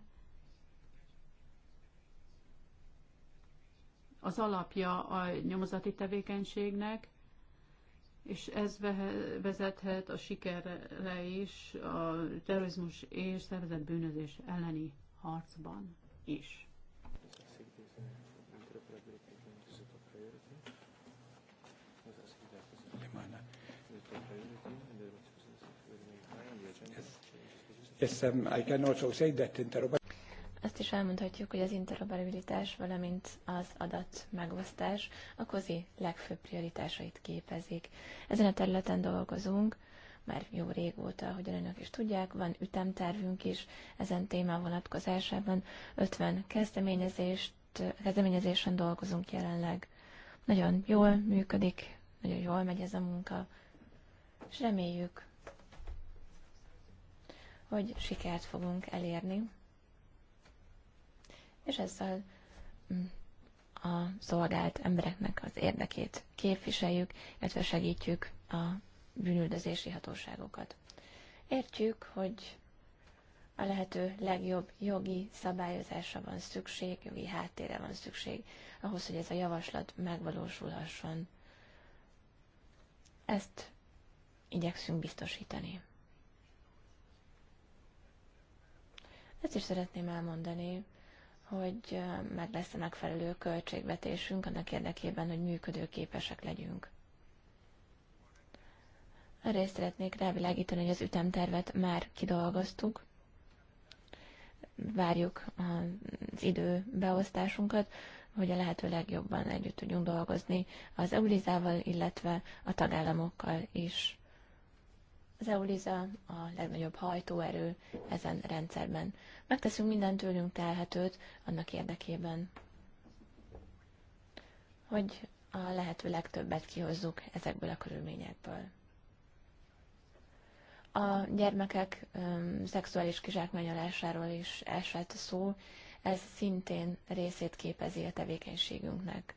az alapja a nyomozati tevékenységnek, és ez vezethet a sikerre is a terrorizmus és szervezett bűnözés elleni harcban is. Yes, um, I can also say that in the azt is elmondhatjuk, hogy az interoperabilitás, valamint az adat megosztás a kozi legfőbb prioritásait képezik. Ezen a területen dolgozunk, már jó régóta, hogy önök is tudják, van ütemtervünk is ezen témán vonatkozásában. 50 kezdeményezést, kezdeményezésen dolgozunk jelenleg. Nagyon jól működik, nagyon jól megy ez a munka, és reméljük, hogy sikert fogunk elérni és ezzel mm, a szolgált embereknek az érdekét képviseljük, illetve segítjük a bűnüldözési hatóságokat. Értjük, hogy a lehető legjobb jogi szabályozásra van szükség, jogi háttérre van szükség, ahhoz, hogy ez a javaslat megvalósulhasson. Ezt igyekszünk biztosítani. Ezt is szeretném elmondani, hogy meg lesz a megfelelő költségvetésünk annak érdekében, hogy működőképesek legyünk. Arra is szeretnék rávilágítani, hogy az ütemtervet már kidolgoztuk. Várjuk az időbeosztásunkat, hogy a lehető legjobban együtt tudjunk dolgozni az EULIZával, illetve a tagállamokkal is. Az Euliza a legnagyobb hajtóerő ezen rendszerben. Megteszünk minden tőlünk telhetőt annak érdekében, hogy a lehető legtöbbet kihozzuk ezekből a körülményekből. A gyermekek öm, szexuális kizsákmányolásáról is esett szó, ez szintén részét képezi a tevékenységünknek.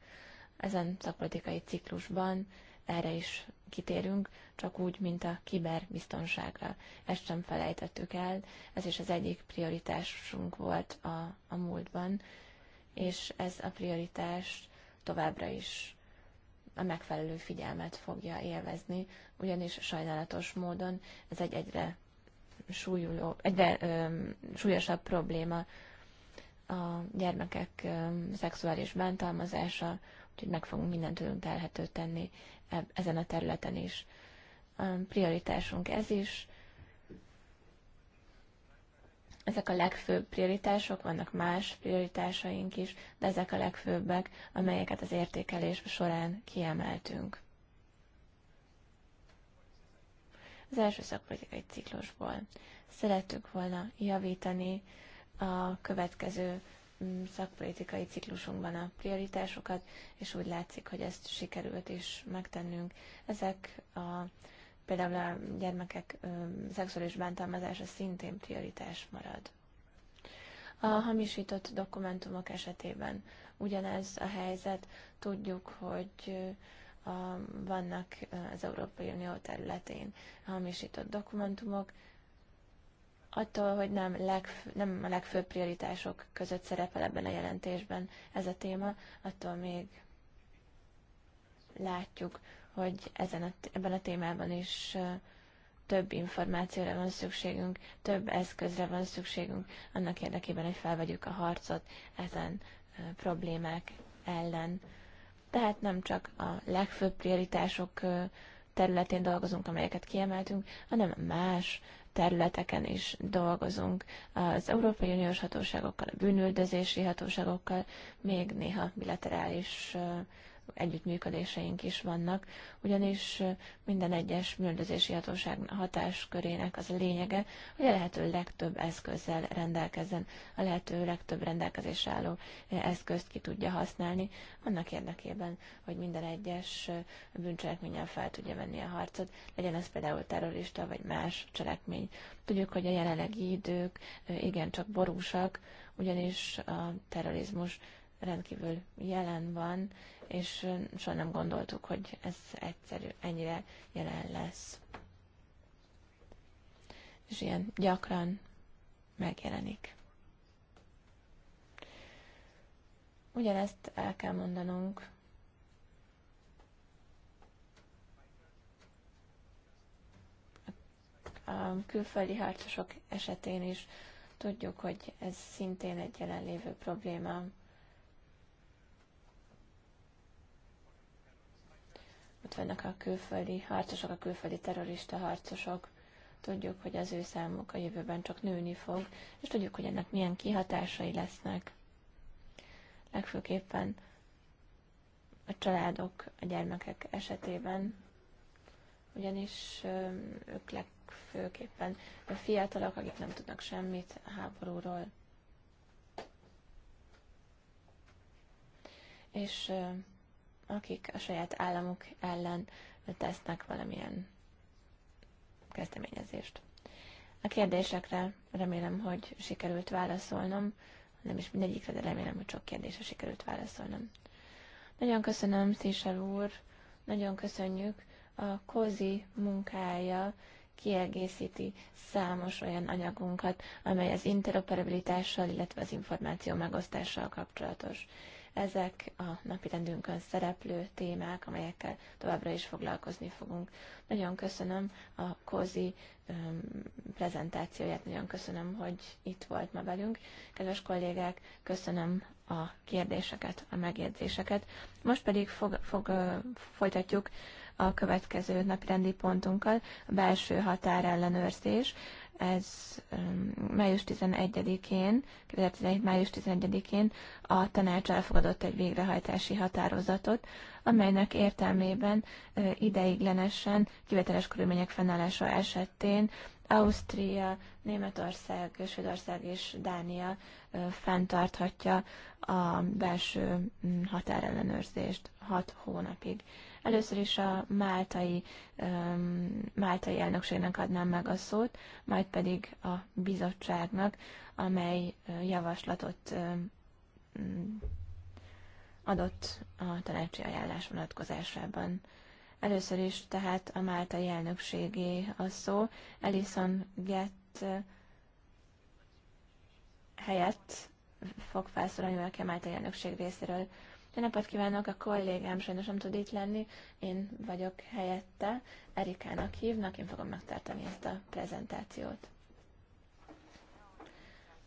Ezen szakpolitikai ciklusban erre is kitérünk, csak úgy, mint a kiberbiztonságra. Ezt sem felejtettük el, ez is az egyik prioritásunk volt a, a múltban, és ez a prioritás továbbra is a megfelelő figyelmet fogja élvezni, ugyanis sajnálatos módon ez egy egyre súlyuló, egyre ö, súlyosabb probléma a gyermekek ö, szexuális bántalmazása, úgyhogy meg fogunk mindent tőlünk tenni ezen a területen is. prioritásunk ez is. Ezek a legfőbb prioritások, vannak más prioritásaink is, de ezek a legfőbbek, amelyeket az értékelés során kiemeltünk. Az első szakpolitikai ciklusból szerettük volna javítani a következő Mm, szakpolitikai ciklusunkban a prioritásokat, és úgy látszik, hogy ezt sikerült is megtennünk. Ezek a például a gyermekek ö, szexuális bántalmazása szintén prioritás marad. A hamisított dokumentumok esetében ugyanez a helyzet, tudjuk, hogy a, vannak az Európai Unió területén hamisított dokumentumok, attól, hogy nem, legf- nem a legfőbb prioritások között szerepel ebben a jelentésben ez a téma, attól még látjuk, hogy ezen a, ebben a témában is több információra van szükségünk, több eszközre van szükségünk, annak érdekében, hogy felvegyük a harcot ezen problémák ellen. Tehát nem csak a legfőbb prioritások területén dolgozunk, amelyeket kiemeltünk, hanem más területeken is dolgozunk, az Európai Uniós hatóságokkal, a bűnüldözési hatóságokkal, még néha bilaterális együttműködéseink is vannak, ugyanis minden egyes műldözési hatóság hatáskörének az a lényege, hogy a lehető legtöbb eszközzel rendelkezzen, a lehető legtöbb rendelkezés álló eszközt ki tudja használni, annak érdekében, hogy minden egyes bűncselekményen fel tudja venni a harcot, legyen ez például terrorista vagy más cselekmény. Tudjuk, hogy a jelenlegi idők igencsak borúsak, ugyanis a terrorizmus rendkívül jelen van, és soha nem gondoltuk, hogy ez egyszerű, ennyire jelen lesz. És ilyen gyakran megjelenik. Ugyanezt el kell mondanunk a külföldi harcosok esetén is tudjuk, hogy ez szintén egy jelenlévő probléma. ott vannak a külföldi harcosok, a külföldi terrorista harcosok. Tudjuk, hogy az ő számuk a jövőben csak nőni fog, és tudjuk, hogy ennek milyen kihatásai lesznek. Legfőképpen a családok, a gyermekek esetében, ugyanis ők legfőképpen a fiatalok, akik nem tudnak semmit a háborúról. És akik a saját államuk ellen tesznek valamilyen kezdeményezést. A kérdésekre remélem, hogy sikerült válaszolnom. Nem is mindegyikre, de remélem, hogy sok kérdésre sikerült válaszolnom. Nagyon köszönöm, Szisel úr, nagyon köszönjük. A Kozi munkája kiegészíti számos olyan anyagunkat, amely az interoperabilitással, illetve az információ megosztással kapcsolatos. Ezek a rendünkön szereplő témák, amelyekkel továbbra is foglalkozni fogunk. Nagyon köszönöm a Kozi prezentációját, nagyon köszönöm, hogy itt volt ma velünk. Kedves kollégák, köszönöm a kérdéseket, a megjegyzéseket. Most pedig fog, fog, folytatjuk a következő rendi pontunkkal, a belső határellenőrzés ez um, május 11-én, 2017. május 11-én a tanács elfogadott egy végrehajtási határozatot, amelynek értelmében ideiglenesen kivételes körülmények fennállása esetén Ausztria, Németország, Svédország és Dánia fenntarthatja a belső határellenőrzést 6 hónapig. Először is a máltai, máltai elnökségnek adnám meg a szót, majd pedig a bizottságnak, amely javaslatot mm, adott a tanácsi ajánlás vonatkozásában. Először is tehát a máltai elnökségé a szó. Elison Gett helyett fog felszólalni valaki a máltai elnökség részéről. Jó napot kívánok, a kollégám sajnos nem tud itt lenni, én vagyok helyette, Erikának hívnak, én fogom megtartani ezt a prezentációt.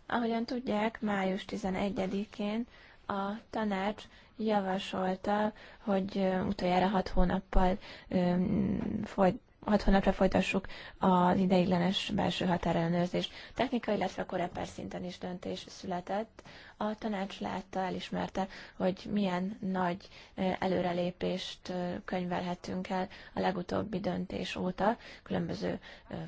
Ahogyan tudják, május 11-én a tanács javasolta, hogy utoljára hat hónappal folyt hat hónapra folytassuk az ideiglenes belső határellenőrzés. Technikai, illetve koreper szinten is döntés született. A tanács látta, elismerte, hogy milyen nagy előrelépést könyvelhetünk el a legutóbbi döntés óta. Különböző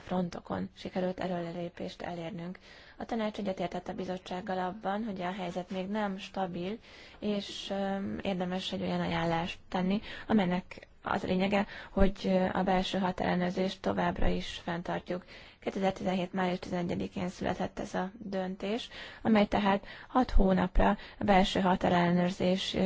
frontokon sikerült előrelépést elérnünk. A tanács egyetértett a bizottsággal abban, hogy a helyzet még nem stabil, és érdemes egy olyan ajánlást tenni, amelynek az a lényege, hogy a belső határellenőrzést továbbra is fenntartjuk. 2017. május 11-én született ez a döntés, amely tehát 6 hónapra a belső határellenőrzés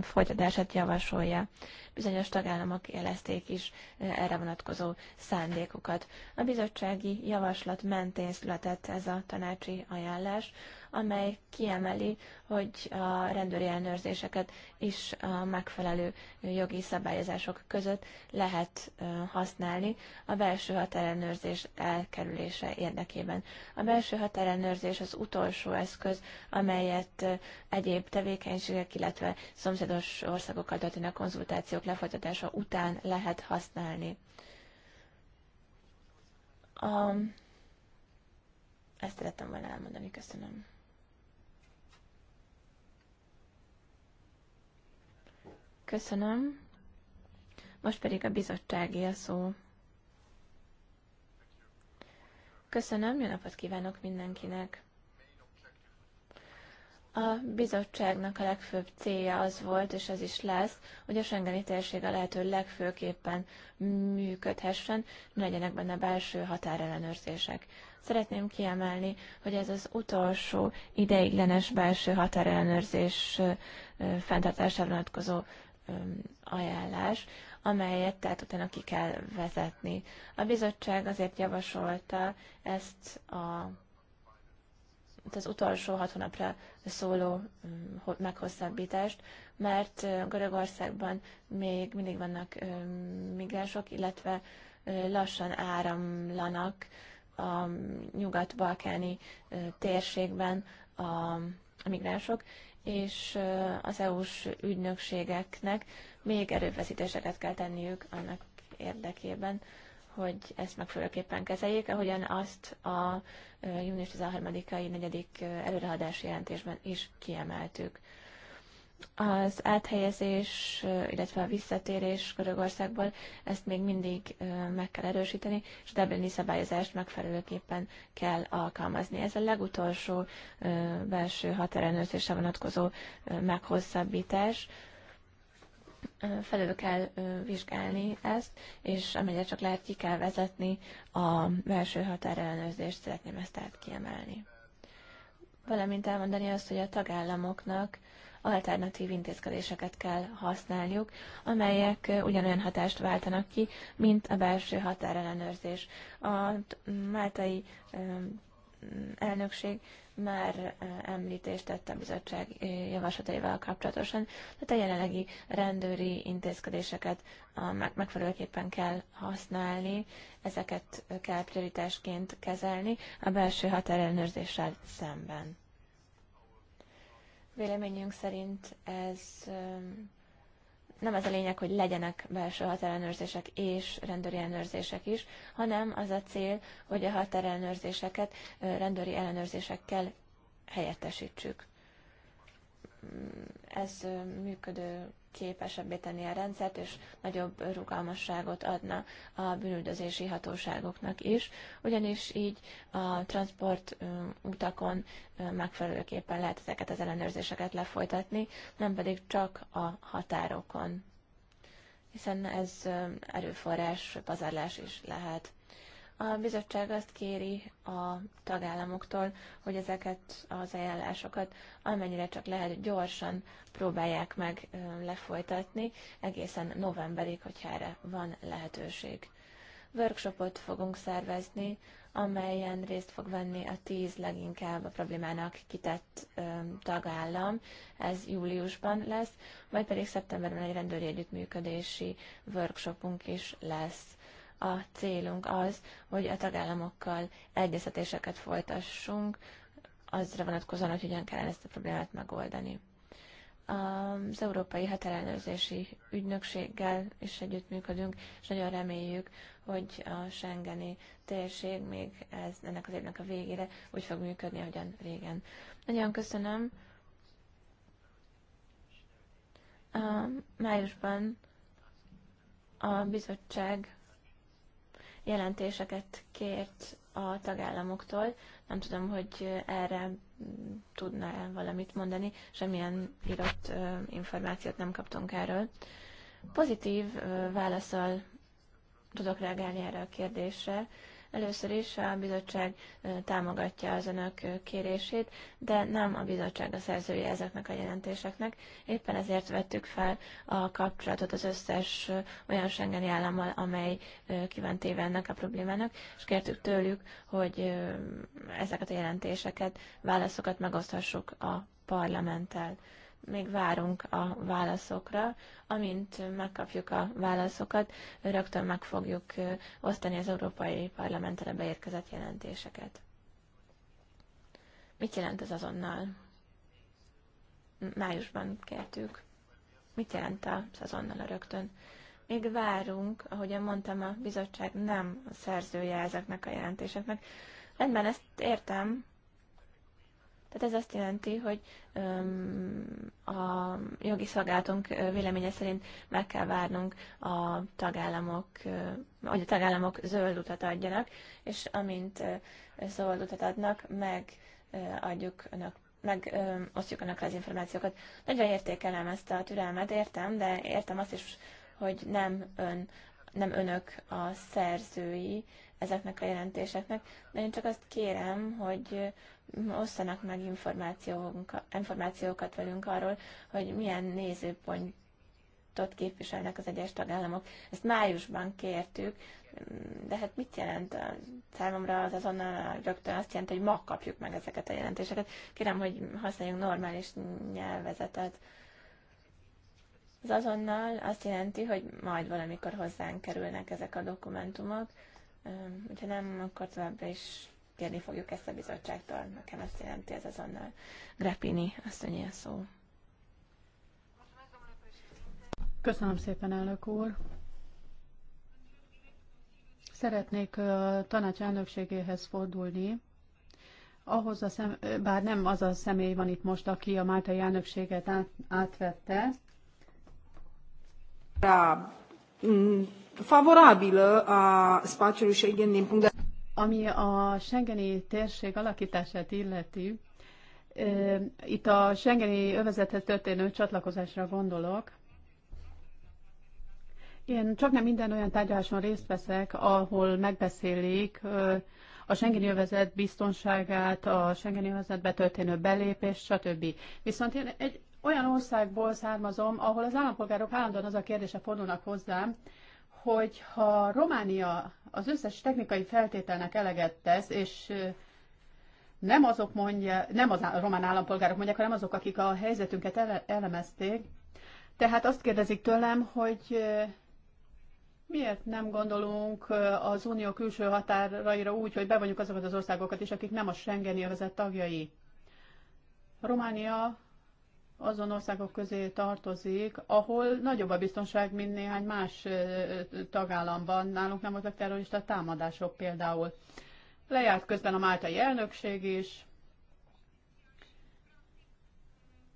folytatását javasolja. Bizonyos tagállamok jelezték is erre vonatkozó szándékukat. A bizottsági javaslat mentén született ez a tanácsi ajánlás, amely kiemeli, hogy a rendőri ellenőrzéseket is a megfelelő jogi szabályozások között lehet használni a belső határellenőrzés elkerülése érdekében. A belső határellenőrzés az utolsó eszköz, amelyet egyéb tevékenységek, illetve szomszédos országokkal történő konzultációk lefolytatása után lehet használni. A... Ezt szerettem volna elmondani, köszönöm. Köszönöm. Most pedig a bizottságé a szó. Köszönöm, jó napot kívánok mindenkinek! A bizottságnak a legfőbb célja az volt, és az is lesz, hogy a Schengeni térség a lehető legfőképpen működhessen, legyenek benne belső határellenőrzések. Szeretném kiemelni, hogy ez az utolsó ideiglenes belső határellenőrzés fenntartására vonatkozó ajánlás, amelyet tehát utána ki kell vezetni. A bizottság azért javasolta ezt a az utolsó hat hónapra szóló meghosszabbítást, mert Görögországban még mindig vannak migránsok, illetve lassan áramlanak a nyugat-balkáni térségben a migránsok, és az EU-s ügynökségeknek még erőfeszítéseket kell tenniük annak érdekében, hogy ezt megfelelőképpen kezeljék, ahogyan azt a június 13-ai negyedik előrehadási jelentésben is kiemeltük. Az áthelyezés, illetve a visszatérés Görögországból ezt még mindig meg kell erősíteni, és a Dublini szabályozást megfelelőképpen kell alkalmazni. Ez a legutolsó belső határellenőrzésre vonatkozó meghosszabbítás felül kell vizsgálni ezt, és amennyire csak lehet, ki kell vezetni a belső határellenőrzést, szeretném ezt tehát kiemelni. Valamint elmondani azt, hogy a tagállamoknak alternatív intézkedéseket kell használniuk, amelyek ugyanolyan hatást váltanak ki, mint a belső határellenőrzés. A máltai elnökség már említést tett a bizottság javaslataival kapcsolatosan, tehát a jelenlegi rendőri intézkedéseket megfelelőképpen kell használni, ezeket kell prioritásként kezelni a belső határellenőrzéssel szemben. Véleményünk szerint ez nem az a lényeg, hogy legyenek belső határellenőrzések és rendőri ellenőrzések is, hanem az a cél, hogy a határellenőrzéseket rendőri ellenőrzésekkel helyettesítsük. Mm, ez működő képesebbé tenni a rendszert, és nagyobb rugalmasságot adna a bűnüldözési hatóságoknak is, ugyanis így a transport utakon megfelelőképpen lehet ezeket az ellenőrzéseket lefolytatni, nem pedig csak a határokon hiszen ez erőforrás pazarlás is lehet. A bizottság azt kéri a tagállamoktól, hogy ezeket az ajánlásokat amennyire csak lehet gyorsan próbálják meg lefolytatni, egészen novemberig, hogyha erre van lehetőség. Workshopot fogunk szervezni, amelyen részt fog venni a tíz leginkább a problémának kitett ö, tagállam. Ez júliusban lesz, majd pedig szeptemberben egy rendőri együttműködési workshopunk is lesz a célunk az, hogy a tagállamokkal egyeztetéseket folytassunk, azra vonatkozóan, hogy hogyan kellene ezt a problémát megoldani. Az Európai Határellenőrzési Ügynökséggel is együttműködünk, és nagyon reméljük, hogy a Schengeni térség még ez, ennek az évnek a végére úgy fog működni, ahogyan régen. Nagyon köszönöm. A májusban a bizottság jelentéseket kért a tagállamoktól. Nem tudom, hogy erre tudna -e valamit mondani, semmilyen írott információt nem kaptunk erről. Pozitív válaszol tudok reagálni erre a kérdésre. Először is a bizottság támogatja az önök kérését, de nem a bizottság a szerzője ezeknek a jelentéseknek. Éppen ezért vettük fel a kapcsolatot az összes olyan Schengeni állammal, amely kívánt téve ennek a problémának, és kértük tőlük, hogy ezeket a jelentéseket, válaszokat megoszthassuk a parlamenttel még várunk a válaszokra. Amint megkapjuk a válaszokat, rögtön meg fogjuk osztani az Európai parlamentre beérkezett jelentéseket. Mit jelent ez azonnal? Májusban kértük. Mit jelent az azonnal a rögtön? Még várunk, ahogyan mondtam, a bizottság nem a szerzője ezeknek a jelentéseknek. Rendben, ezt értem, tehát ez azt jelenti, hogy a jogi szolgálatunk véleménye szerint meg kell várnunk a tagállamok, hogy a tagállamok zöld utat adjanak, és amint zöld utat adnak, megadjuk önök megosztjuk önökkel az információkat. Nagyon értékelem ezt a türelmet, értem, de értem azt is, hogy nem ön, nem önök a szerzői ezeknek a jelentéseknek, de én csak azt kérem, hogy osszanak meg információkat velünk arról, hogy milyen nézőpontot képviselnek az egyes tagállamok. Ezt májusban kértük, de hát mit jelent a számomra az azonnal rögtön azt jelenti, hogy ma kapjuk meg ezeket a jelentéseket. Kérem, hogy használjunk normális nyelvezetet. Az azonnal azt jelenti, hogy majd valamikor hozzánk kerülnek ezek a dokumentumok, hogyha nem, akkor továbbra is kérni fogjuk ezt a bizottságtól. Nekem ezt jelenti ez azonnal. Grappini, asszonyi a szó. Köszönöm szépen, elnök úr. Szeretnék a tanács elnökségéhez fordulni. Ahhoz a szem, bár nem az a személy van itt most, aki a máltai elnökséget át, átvette. Rá Mm, favorabilă a spațiului Schengen din punct de Ami a Schengeni térség alakítását illeti, e, itt a Schengeni övezethez történő csatlakozásra gondolok. Én csak nem minden olyan tárgyaláson részt veszek, ahol megbeszélik e, a Schengeni övezet biztonságát, a Schengeni övezetbe történő belépést, stb. Viszont én egy olyan országból származom, ahol az állampolgárok állandóan az a kérdése fordulnak hozzám, hogy ha Románia az összes technikai feltételnek eleget tesz, és nem azok mondja, nem az román állampolgárok mondják, hanem azok, akik a helyzetünket ele- elemezték. Tehát azt kérdezik tőlem, hogy miért nem gondolunk az unió külső határaira úgy, hogy bevonjuk azokat az országokat is, akik nem a Schengeni övezet tagjai. Románia azon országok közé tartozik, ahol nagyobb a biztonság, mint néhány más tagállamban. Nálunk nem voltak terrorista támadások például. Lejárt közben a máltai elnökség is,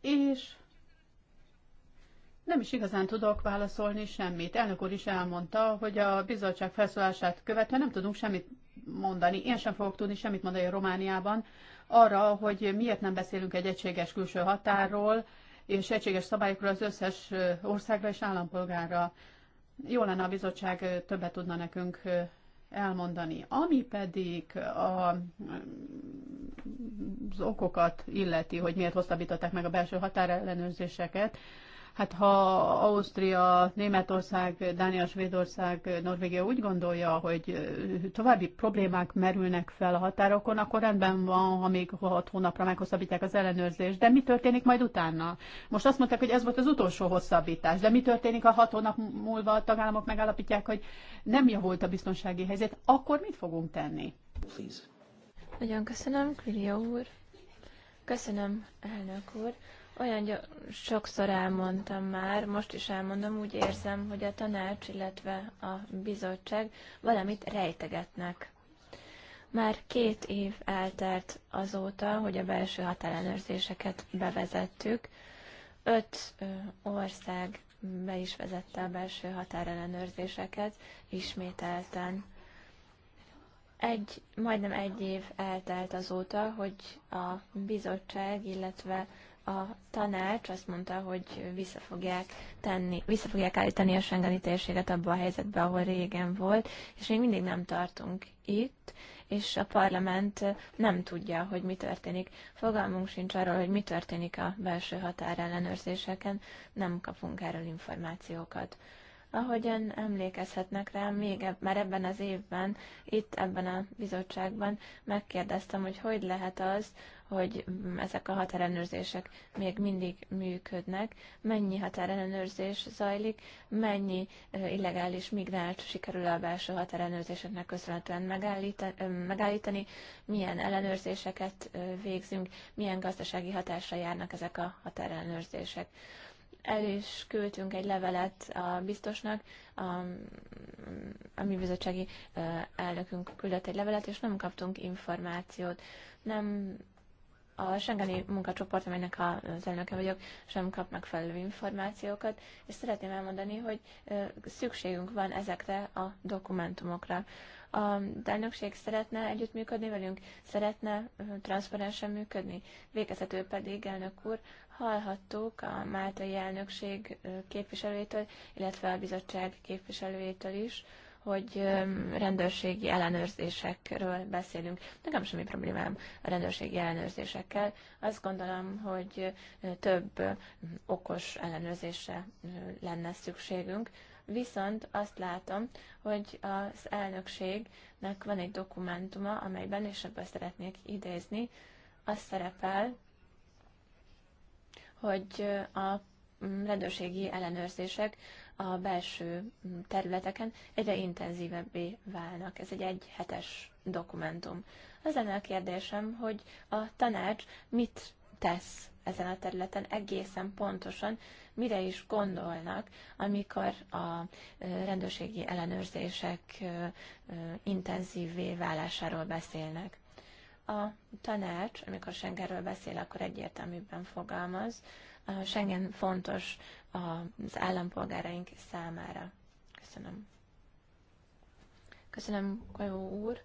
és nem is igazán tudok válaszolni semmit. Elnök úr is elmondta, hogy a bizottság felszólását követve nem tudunk semmit mondani. Én sem fogok tudni semmit mondani Romániában, arra, hogy miért nem beszélünk egy egységes külső határról, és egységes szabályokról az összes országra és állampolgárra. Jó lenne a bizottság többet tudna nekünk elmondani. Ami pedig a, mm, az okokat illeti, hogy miért hosszabbították meg a belső határellenőrzéseket, Hát ha Ausztria, Németország, Dánia, Svédország, Norvégia úgy gondolja, hogy további problémák merülnek fel a határokon, akkor rendben van, ha még hat hónapra meghosszabbítják az ellenőrzést. De mi történik majd utána? Most azt mondták, hogy ez volt az utolsó hosszabbítás. De mi történik, ha hat hónap múlva a tagállamok megállapítják, hogy nem javult a biztonsági helyzet? Akkor mit fogunk tenni? Please. Nagyon köszönöm, Kliria úr. Köszönöm, elnök úr. Olyan sokszor elmondtam már, most is elmondom, úgy érzem, hogy a tanács, illetve a bizottság valamit rejtegetnek. Már két év eltelt azóta, hogy a belső határellenőrzéseket bevezettük. Öt ország be is vezette a belső határellenőrzéseket ismételten. Egy, majdnem egy év eltelt azóta, hogy a bizottság, illetve a tanács azt mondta, hogy vissza fogják, tenni, vissza fogják állítani a Schengeni térséget abba a helyzetbe, ahol régen volt, és még mindig nem tartunk itt, és a parlament nem tudja, hogy mi történik. Fogalmunk sincs arról, hogy mi történik a belső határellenőrzéseken, nem kapunk erről információkat. Ahogyan emlékezhetnek rá, még eb- már ebben az évben, itt ebben a bizottságban megkérdeztem, hogy hogy lehet az, hogy ezek a határellenőrzések még mindig működnek, mennyi határellenőrzés zajlik, mennyi illegális migrált sikerül a belső határellenőrzéseknek köszönhetően megállítani, milyen ellenőrzéseket végzünk, milyen gazdasági hatásra járnak ezek a határellenőrzések el is küldtünk egy levelet a biztosnak, a, a mi bizottsági elnökünk küldött egy levelet, és nem kaptunk információt. Nem a Schengeni munkacsoport, amelynek az elnöke vagyok, sem kap megfelelő információkat, és szeretném elmondani, hogy szükségünk van ezekre a dokumentumokra. A elnökség szeretne együttműködni velünk, szeretne transzparensen működni, végezetül pedig, elnök úr, hallhattuk a Máltai elnökség képviselőjétől, illetve a bizottság képviselőjétől is, hogy rendőrségi ellenőrzésekről beszélünk. Nekem semmi problémám a rendőrségi ellenőrzésekkel. Azt gondolom, hogy több okos ellenőrzésre lenne szükségünk. Viszont azt látom, hogy az elnökségnek van egy dokumentuma, amelyben, és ebből szeretnék idézni, az szerepel, hogy a mm, rendőrségi ellenőrzések a belső mm, területeken egyre intenzívebbé válnak. Ez egy egy hetes dokumentum. Az lenne a kérdésem, hogy a tanács mit tesz ezen a területen egészen pontosan, mire is gondolnak, amikor a rendőrségi ellenőrzések intenzívvé válásáról beszélnek. A tanács, amikor Schengenről beszél, akkor egyértelműbben fogalmaz. A Schengen fontos az állampolgáraink számára. Köszönöm. Köszönöm, Kajó úr.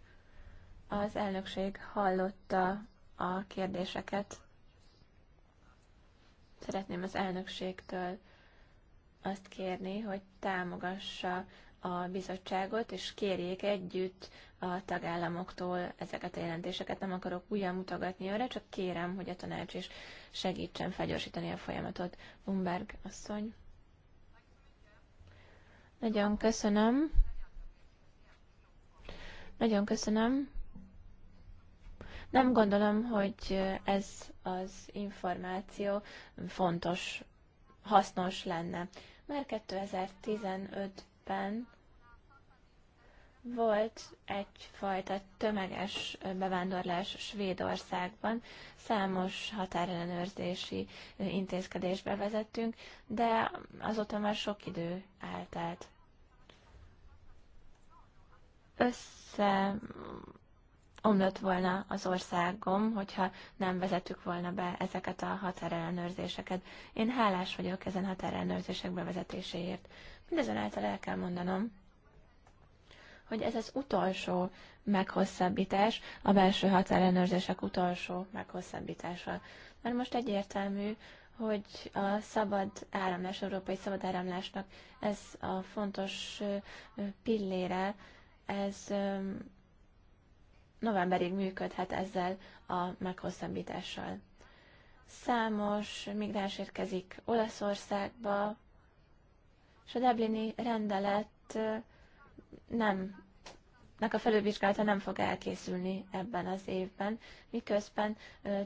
Az elnökség hallotta a kérdéseket. Szeretném az elnökségtől azt kérni, hogy támogassa a bizottságot, és kérjék együtt a tagállamoktól ezeket a jelentéseket. Nem akarok újra mutogatni arra, csak kérem, hogy a tanács is segítsen felgyorsítani a folyamatot. Umberg asszony. Nagyon köszönöm. Nagyon köszönöm. Nem gondolom, hogy ez az információ fontos, hasznos lenne. Már 2015 évben volt egyfajta tömeges bevándorlás Svédországban, számos határellenőrzési intézkedést bevezettünk, de azóta már sok idő eltelt. Össze omlott volna az országom, hogyha nem vezettük volna be ezeket a határellenőrzéseket. Én hálás vagyok ezen határellenőrzések bevezetéséért. Mindezonáltal el kell mondanom, hogy ez az utolsó meghosszabbítás, a belső határellenőrzések utolsó meghosszabbítása. Mert most egyértelmű, hogy a szabad áramlás, európai szabad áramlásnak ez a fontos pillére, ez novemberig működhet ezzel a meghosszabbítással. Számos migráns érkezik Olaszországba, és a Deblini rendelet nem nek a felülvizsgálata nem fog elkészülni ebben az évben, miközben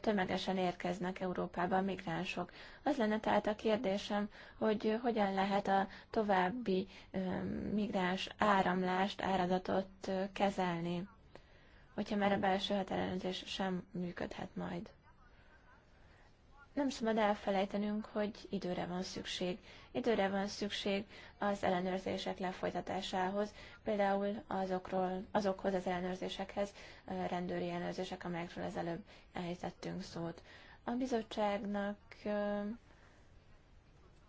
tömegesen érkeznek Európába a migránsok. Az lenne tehát a kérdésem, hogy hogyan lehet a további migráns áramlást, áradatot kezelni, hogyha már a belső határellenőrzés sem működhet majd nem szabad elfelejtenünk, hogy időre van szükség. Időre van szükség az ellenőrzések lefolytatásához, például azokról, azokhoz az ellenőrzésekhez, rendőri ellenőrzések, amelyekről az előbb elhitettünk szót. A bizottságnak a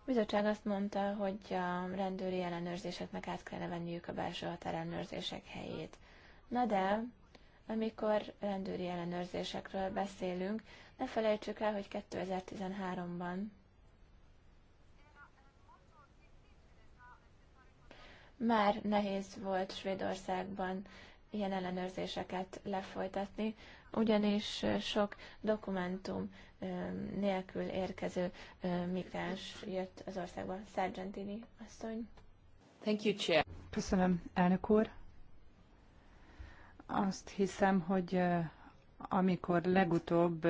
bizottság azt mondta, hogy a rendőri ellenőrzéseknek át kellene venniük a belső határellenőrzések helyét. Na de amikor rendőri ellenőrzésekről beszélünk, ne felejtsük el, hogy 2013-ban már nehéz volt Svédországban ilyen ellenőrzéseket lefolytatni, ugyanis sok dokumentum nélkül érkező migráns jött az országba. Sargentini asszony. Thank you, Chair. Köszönöm, elnök úr. Azt hiszem, hogy amikor legutóbb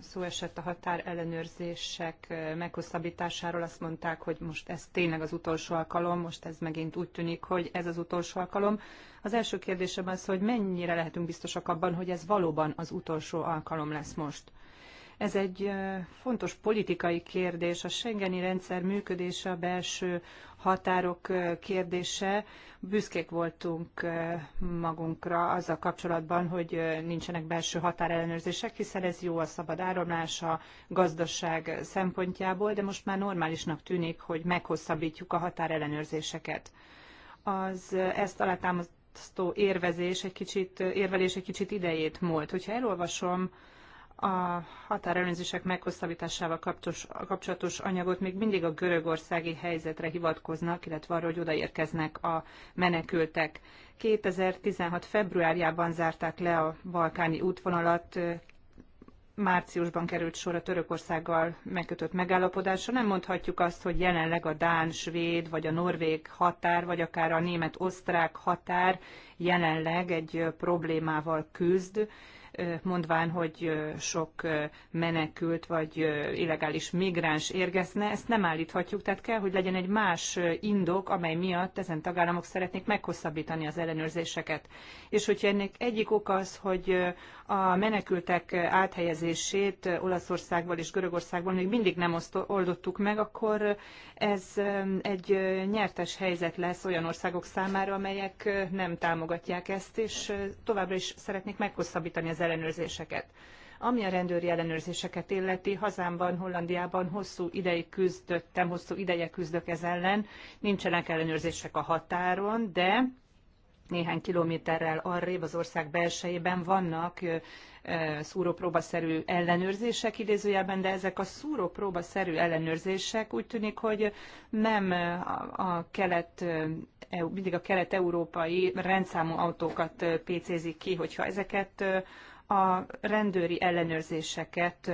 szó esett a határ ellenőrzések meghosszabbításáról, azt mondták, hogy most ez tényleg az utolsó alkalom, most ez megint úgy tűnik, hogy ez az utolsó alkalom. Az első kérdésem az, hogy mennyire lehetünk biztosak abban, hogy ez valóban az utolsó alkalom lesz most. Ez egy fontos politikai kérdés. A Schengeni rendszer működése, a belső határok kérdése. Büszkék voltunk magunkra azzal kapcsolatban, hogy nincsenek belső határellenőrzések, hiszen ez jó a szabad áramlás a gazdaság szempontjából, de most már normálisnak tűnik, hogy meghosszabbítjuk a határellenőrzéseket. Az ezt alátámasztó érvezés egy kicsit, érvelés egy kicsit idejét múlt. Hogyha elolvasom a határőrzések meghosszabbításával kapcsolatos anyagot még mindig a görögországi helyzetre hivatkoznak, illetve arra, hogy odaérkeznek a menekültek. 2016. februárjában zárták le a balkáni útvonalat, márciusban került sor a Törökországgal megkötött megállapodásra. Nem mondhatjuk azt, hogy jelenleg a Dán, Svéd, vagy a Norvég határ, vagy akár a német-osztrák határ jelenleg egy problémával küzd mondván, hogy sok menekült vagy illegális migráns érgezne, ezt nem állíthatjuk, tehát kell, hogy legyen egy más indok, amely miatt ezen tagállamok szeretnék meghosszabbítani az ellenőrzéseket. És hogyha ennek egyik ok az, hogy a menekültek áthelyezését Olaszországból és Görögországból még mindig nem oldottuk meg, akkor ez egy nyertes helyzet lesz olyan országok számára, amelyek nem támogatják ezt, és továbbra is szeretnék meghosszabbítani az ellenőrzéseket. Ami a rendőri ellenőrzéseket illeti, hazámban, Hollandiában hosszú ideig küzdöttem, hosszú ideje küzdök ez ellen. Nincsenek ellenőrzések a határon, de néhány kilométerrel arrébb az ország belsejében vannak szúrópróbaszerű ellenőrzések idézőjelben, de ezek a szúrópróbaszerű ellenőrzések úgy tűnik, hogy nem a kelet e, mindig a kelet-európai rendszámú autókat pécézik ki, hogyha ezeket a rendőri ellenőrzéseket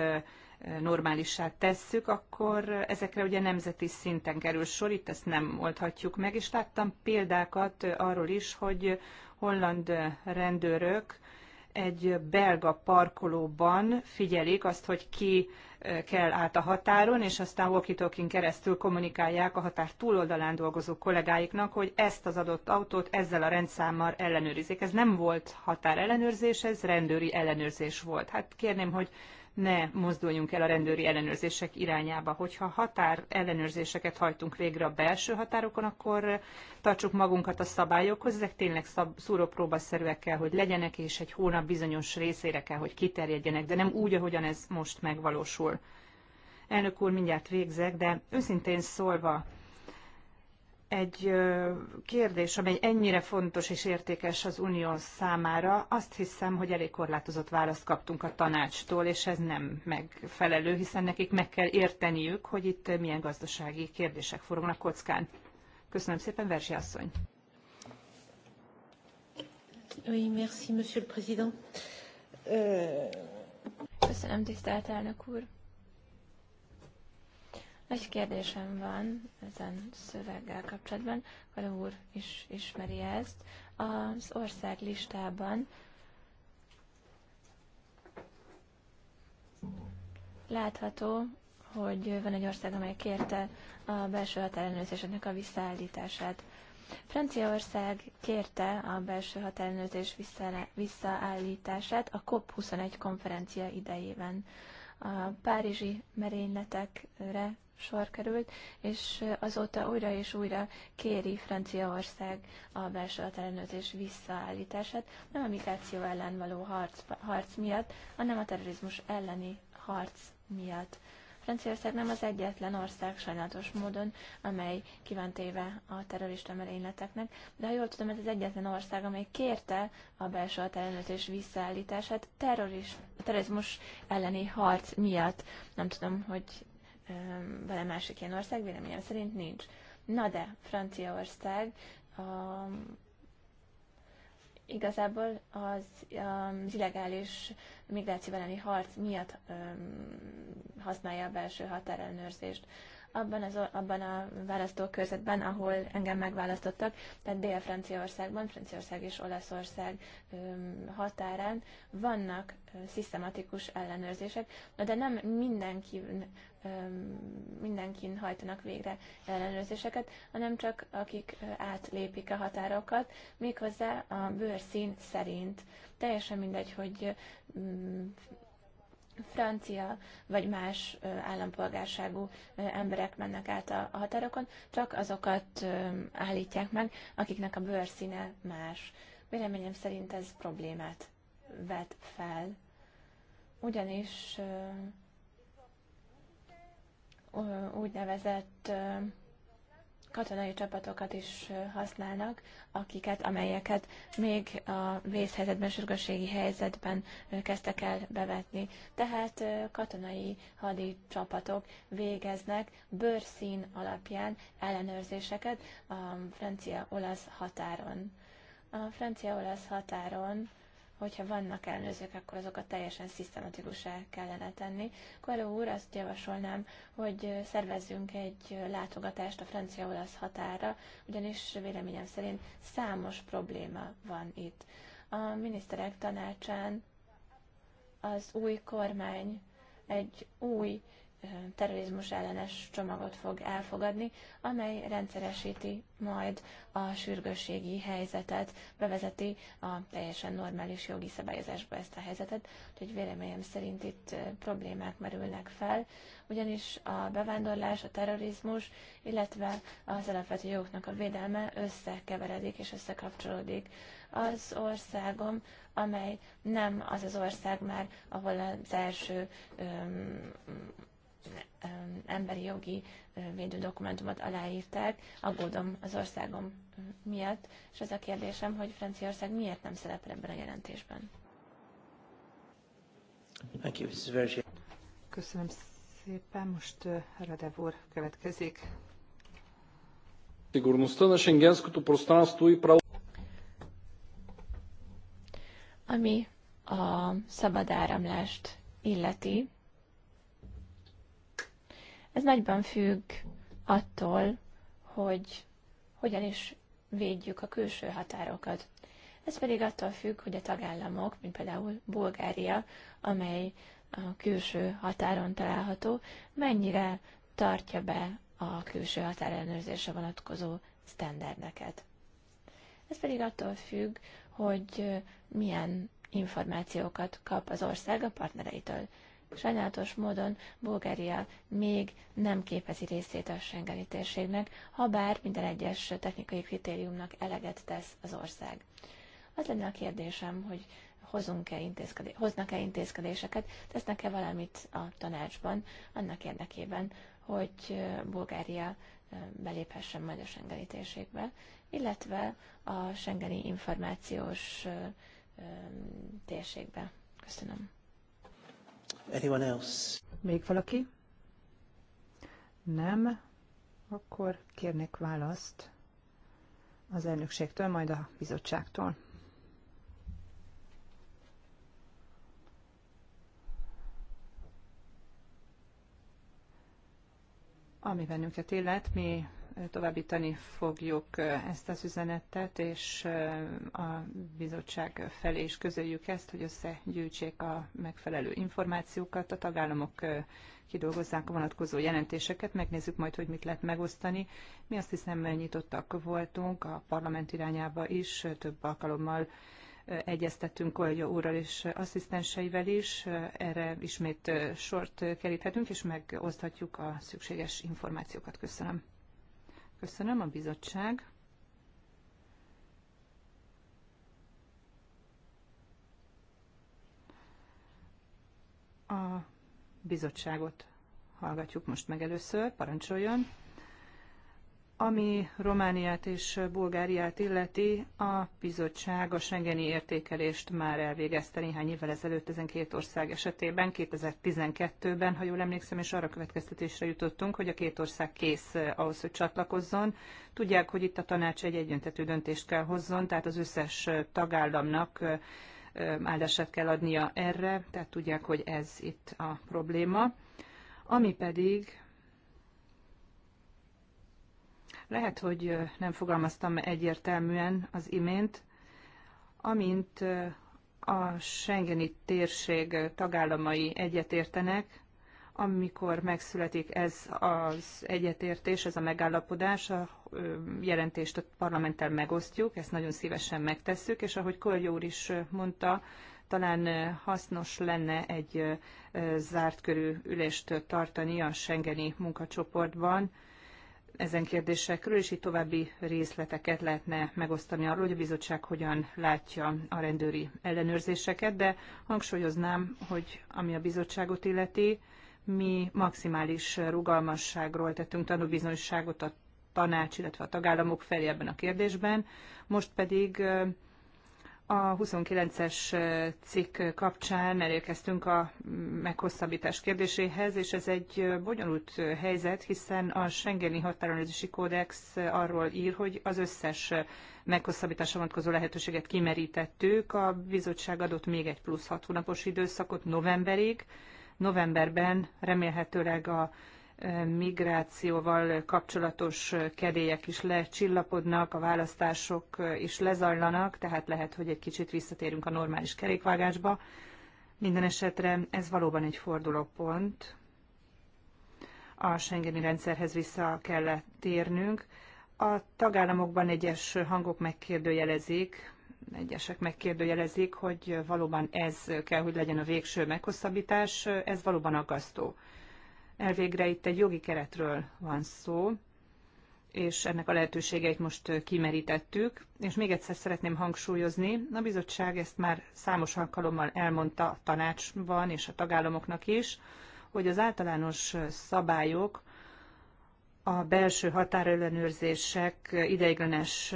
normálissá tesszük, akkor ezekre ugye nemzeti szinten kerül sor, itt ezt nem oldhatjuk meg, és láttam példákat arról is, hogy holland rendőrök egy belga parkolóban figyelik azt, hogy ki eh, kell át a határon, és aztán walkie keresztül kommunikálják a határ túloldalán dolgozó kollégáiknak, hogy ezt az adott autót ezzel a rendszámmal ellenőrizik. Ez nem volt határellenőrzés, ez rendőri ellenőrzés volt. Hát kérném, hogy ne mozduljunk el a rendőri ellenőrzések irányába. Hogyha határ ellenőrzéseket hajtunk végre a belső határokon, akkor tartsuk magunkat a szabályokhoz. Ezek tényleg szúrópróbaszerűek kell, hogy legyenek, és egy hónap bizonyos részére kell, hogy kiterjedjenek, de nem úgy, ahogyan ez most megvalósul. Elnök úr, mindjárt végzek, de őszintén szólva, egy kérdés, amely ennyire fontos és értékes az Unió számára, azt hiszem, hogy elég korlátozott választ kaptunk a tanácstól, és ez nem megfelelő, hiszen nekik meg kell érteniük, hogy itt milyen gazdasági kérdések forognak kockán. Köszönöm szépen, Versi asszony. Oui, merci, monsieur le président. Euh, Köszönöm, tisztelt elnök úr. Egy kérdésem van ezen szöveggel kapcsolatban, Kala úr is ismeri ezt. Az ország listában látható, hogy van egy ország, amely kérte a belső határellenőrzéseknek a visszaállítását. Franciaország kérte a belső határellenőrzés visszaállítását a COP21 konferencia idejében. A párizsi merényletekre sor került, és azóta újra és újra kéri Franciaország a belső határellenőrzés visszaállítását, nem a migráció ellen való harc, harc miatt, hanem a terrorizmus elleni harc miatt. Franciaország nem az egyetlen ország sajnálatos módon, amely kivántéve a terrorista merényleteknek, de ha jól tudom, ez az egyetlen ország, amely kérte a belső határellenőrzés visszaállítását terrorizmus elleni harc miatt. Nem tudom, hogy vele másik ilyen ország, véleményem szerint nincs. Na de, Franciaország a, igazából az, az illegális migráció elleni harc miatt ö, használja a belső határellenőrzést. Abban, az, abban a választókörzetben, ahol engem megválasztottak, tehát Dél-Franciaországban, Franciaország és Olaszország ö, határán vannak szisztematikus ellenőrzések, de nem mindenki mindenkin hajtanak végre ellenőrzéseket, hanem csak akik átlépik a határokat, méghozzá a bőrszín szerint. Teljesen mindegy, hogy mm, francia vagy más állampolgárságú emberek mennek át a határokon, csak azokat állítják meg, akiknek a bőrszíne más. Véleményem szerint ez problémát vet fel. Ugyanis úgynevezett katonai csapatokat is használnak, akiket, amelyeket még a vészhelyzetben, sürgősségi helyzetben kezdtek el bevetni. Tehát katonai hadi csapatok végeznek bőrszín alapján ellenőrzéseket a francia-olasz határon. A francia-olasz határon hogyha vannak ellenőrzők, akkor azokat teljesen szisztematikusá kellene tenni. Koró úr, azt javasolnám, hogy szervezzünk egy látogatást a francia-olasz határa, ugyanis véleményem szerint számos probléma van itt. A miniszterek tanácsán az új kormány egy új terrorizmus ellenes csomagot fog elfogadni, amely rendszeresíti majd a sürgősségi helyzetet, bevezeti a teljesen normális jogi szabályozásba ezt a helyzetet, úgyhogy véleményem szerint itt problémák merülnek fel, ugyanis a bevándorlás, a terrorizmus, illetve az alapvető jogoknak a védelme összekeveredik és összekapcsolódik. Az országom, amely nem az az ország már, ahol az első öm, emberi jogi védő dokumentumot aláírták, aggódom az országom miatt, és az a kérdésem, hogy Franciaország miért nem szerepel ebben a jelentésben. Köszönöm szépen, most Radev úr következik. ami a szabad áramlást illeti, ez nagyban függ attól, hogy hogyan is védjük a külső határokat. Ez pedig attól függ, hogy a tagállamok, mint például Bulgária, amely a külső határon található, mennyire tartja be a külső határellenőrzésre vonatkozó sztenderdeket. Ez pedig attól függ, hogy milyen információkat kap az ország a partnereitől. Sajnálatos módon Bulgária még nem képezi részét a Schengeni térségnek, ha bár minden egyes technikai kritériumnak eleget tesz az ország. Az lenne a kérdésem, hogy hozunk-e intézkedé- hoznak-e intézkedéseket, tesznek-e valamit a tanácsban annak érdekében, hogy Bulgária beléphessen majd a Schengeni térségbe, illetve a Schengeni információs térségbe. Köszönöm. Anyone else? Még valaki? Nem? Akkor kérnék választ az elnökségtől, majd a bizottságtól. Ami bennünket illet, mi továbbítani fogjuk ezt az üzenetet, és a bizottság felé is közöljük ezt, hogy összegyűjtsék a megfelelő információkat, a tagállamok kidolgozzák a vonatkozó jelentéseket, megnézzük majd, hogy mit lehet megosztani. Mi azt hiszem nyitottak voltunk a parlament irányába is, több alkalommal egyeztettünk olyan úrral és asszisztenseivel is. Erre ismét sort keríthetünk, és megoszthatjuk a szükséges információkat. Köszönöm. Köszönöm a bizottság. A bizottságot hallgatjuk most meg először. Parancsoljon! Ami Romániát és Bulgáriát illeti, a bizottság a Schengeni értékelést már elvégezte néhány évvel ezelőtt ezen két ország esetében, 2012-ben, ha jól emlékszem, és arra következtetésre jutottunk, hogy a két ország kész eh, ahhoz, hogy csatlakozzon. Tudják, hogy itt a tanács egy egyöntetű döntést kell hozzon, tehát az összes eh, tagállamnak eh, áldását kell adnia erre, tehát tudják, hogy ez itt a probléma. Ami pedig Lehet, hogy nem fogalmaztam egyértelműen az imént, amint a Schengeni térség tagállamai egyetértenek, amikor megszületik ez az egyetértés, ez a megállapodás, a jelentést a parlamenttel megosztjuk, ezt nagyon szívesen megtesszük, és ahogy Kölgy úr is mondta, talán hasznos lenne egy zárt körű ülést tartani a Schengeni munkacsoportban, ezen kérdésekről, és így további részleteket lehetne megosztani arról, hogy a bizottság hogyan látja a rendőri ellenőrzéseket, de hangsúlyoznám, hogy ami a bizottságot illeti, mi maximális rugalmasságról tettünk tanúbizonyságot a tanács, illetve a tagállamok felé ebben a kérdésben. Most pedig a 29-es cikk kapcsán elérkeztünk a mm, meghosszabbítás kérdéséhez, és ez egy bonyolult helyzet, hiszen a Schengeni Határőrzési Kódex arról ír, hogy az összes meghosszabbításra vonatkozó lehetőséget kimerítettük. A bizottság adott még egy plusz hat hónapos időszakot novemberig. Novemberben remélhetőleg a migrációval kapcsolatos kedélyek is lecsillapodnak, a választások is lezajlanak, tehát lehet, hogy egy kicsit visszatérünk a normális kerékvágásba. Minden esetre ez valóban egy fordulópont. A Schengeni rendszerhez vissza kellett térnünk. A tagállamokban egyes hangok megkérdőjelezik, egyesek megkérdőjelezik, hogy valóban ez kell, hogy legyen a végső meghosszabbítás, ez valóban aggasztó. Elvégre itt egy jogi keretről van szó, és ennek a lehetőségeit most kimerítettük. És még egyszer szeretném hangsúlyozni, a bizottság ezt már számos alkalommal elmondta a tanácsban és a tagállamoknak is, hogy az általános szabályok a belső határellenőrzések ideiglenes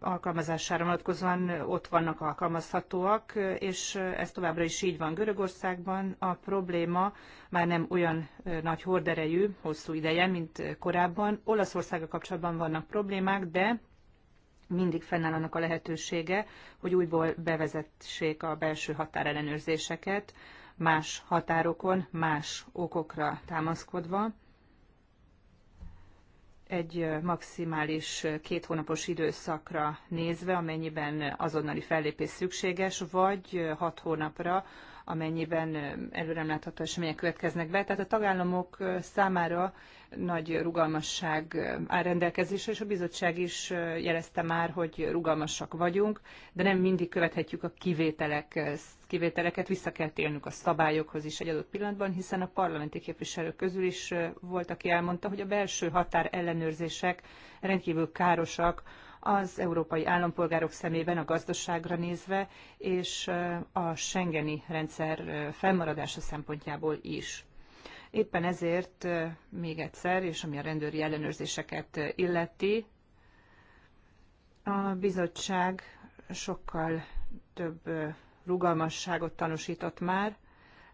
alkalmazására vonatkozóan ott vannak alkalmazhatóak, és ez továbbra is így van Görögországban. A probléma már nem olyan nagy horderejű, hosszú ideje, mint korábban. Olaszországa kapcsolatban vannak problémák, de mindig fennáll annak a lehetősége, hogy újból bevezessék a belső határellenőrzéseket más határokon, más okokra támaszkodva egy maximális két hónapos időszakra nézve, amennyiben azonnali fellépés szükséges, vagy hat hónapra, amennyiben előre látható események következnek be. Tehát a tagállamok számára nagy rugalmasság áll rendelkezésre, és a bizottság is jelezte már, hogy rugalmasak vagyunk, de nem mindig követhetjük a kivételek kivételeket vissza kell térnünk a szabályokhoz is egy adott pillanatban, hiszen a parlamenti képviselők közül is volt, aki elmondta, hogy a belső határ ellenőrzések rendkívül károsak az európai állampolgárok szemében a gazdaságra nézve, és a Schengeni rendszer fennmaradása szempontjából is. Éppen ezért még egyszer, és ami a rendőri ellenőrzéseket illeti, a bizottság sokkal több rugalmasságot tanúsított már.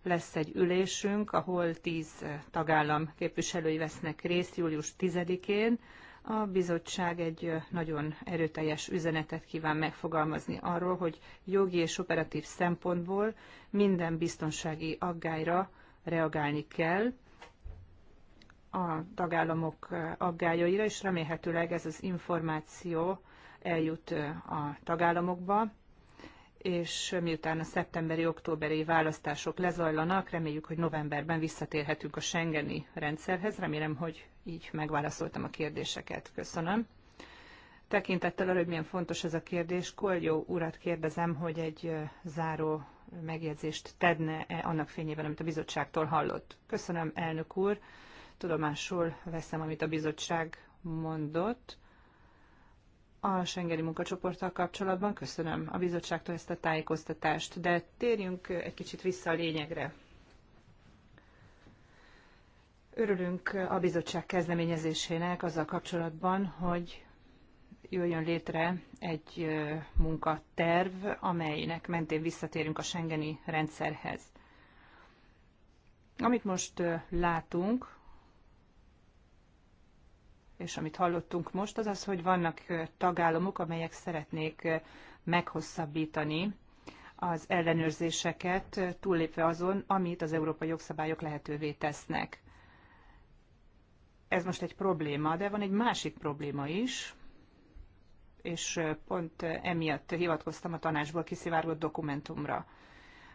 Lesz egy ülésünk, ahol tíz eh, tagállam képviselői vesznek részt július 10-én. A bizottság egy eh, nagyon erőteljes üzenetet kíván megfogalmazni arról, hogy jogi és operatív szempontból minden biztonsági aggályra reagálni kell, a tagállamok eh, aggályaira, és remélhetőleg ez az információ eljut a tagállamokba, és miután a szeptemberi-októberi választások lezajlanak, reméljük, hogy novemberben visszatérhetünk a Schengeni rendszerhez. Remélem, hogy így megválaszoltam a kérdéseket. Köszönöm. Tekintettel arra, hogy milyen fontos ez a kérdés, Koljó urat kérdezem, hogy egy záró megjegyzést tedne -e annak fényében, amit a bizottságtól hallott. Köszönöm, elnök úr. Tudomásul veszem, amit a bizottság mondott a Schengeni munkacsoporttal kapcsolatban. Köszönöm a bizottságtól ezt a tájékoztatást, de térjünk egy kicsit vissza a lényegre. Örülünk a bizottság kezdeményezésének azzal kapcsolatban, hogy jöjjön létre egy munkaterv, amelynek mentén visszatérünk a Schengeni rendszerhez. Amit most látunk, és amit hallottunk most, az az, hogy vannak tagállamok, amelyek szeretnék meghosszabbítani az ellenőrzéseket, túllépve azon, amit az európai jogszabályok lehetővé tesznek. Ez most egy probléma, de van egy másik probléma is, és pont emiatt hivatkoztam a tanácsból kiszivárgott dokumentumra.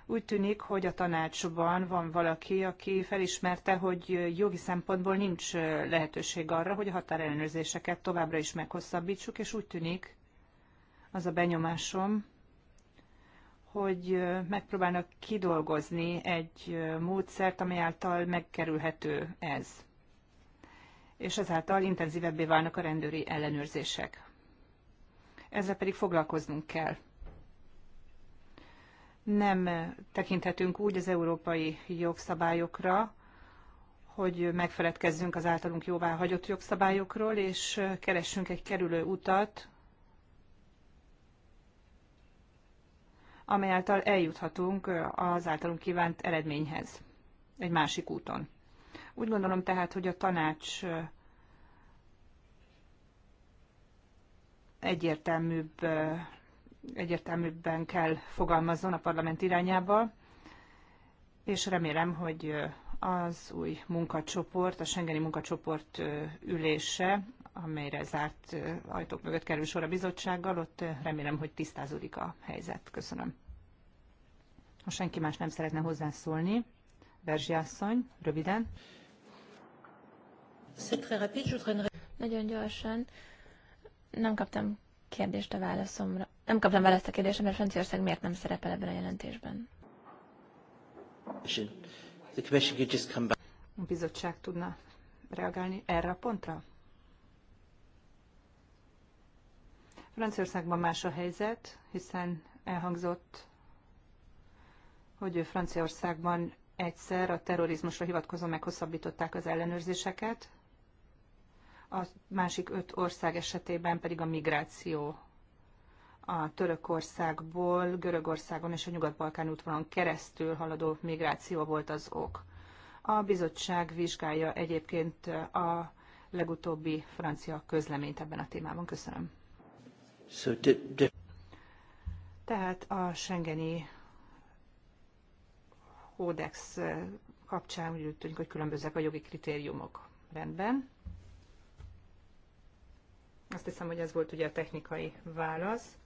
Úgy tűnik, hogy a tanácsban van valaki, aki felismerte, hogy jogi szempontból nincs lehetőség arra, hogy a határellenőrzéseket továbbra is meghosszabbítsuk, és úgy tűnik, az a benyomásom, hogy megpróbálnak kidolgozni egy módszert, amely által megkerülhető ez. És ezáltal intenzívebbé válnak a rendőri ellenőrzések. Ezzel pedig foglalkoznunk kell nem tekinthetünk úgy az európai jogszabályokra, hogy megfeledkezzünk az általunk jóvá hagyott jogszabályokról, és keressünk egy kerülő utat, amely által eljuthatunk az általunk kívánt eredményhez egy másik úton. Úgy gondolom tehát, hogy a tanács egyértelműbb egyértelműbben kell fogalmazzon a parlament irányába, és remélem, hogy az új munkacsoport, a Schengeni munkacsoport ülése, amelyre zárt ajtók mögött kerül sor a bizottsággal, ott remélem, hogy tisztázódik a helyzet. Köszönöm. Ha senki más nem szeretne hozzászólni, Berzsi asszony, röviden. Nagyon gyorsan. Nem kaptam kérdést a válaszomra. Nem kaptam választ a kérdésre, mert Franciaország miért nem szerepel ebben a jelentésben? A bizottság tudna reagálni erre a pontra? Franciaországban más a helyzet, hiszen elhangzott, hogy Franciaországban egyszer a terrorizmusra hivatkozó meghosszabbították az ellenőrzéseket, a másik öt ország esetében pedig a migráció a Törökországból, Görögországon és a Nyugat-Balkán útvonalon keresztül haladó migráció volt az ok. A bizottság vizsgálja egyébként a legutóbbi francia közleményt ebben a témában. Köszönöm. So de, de... Tehát a Schengeni Hódex kapcsán úgy tűnik, hogy különbözőek a jogi kritériumok. Rendben. Azt hiszem, hogy ez volt ugye a technikai válasz.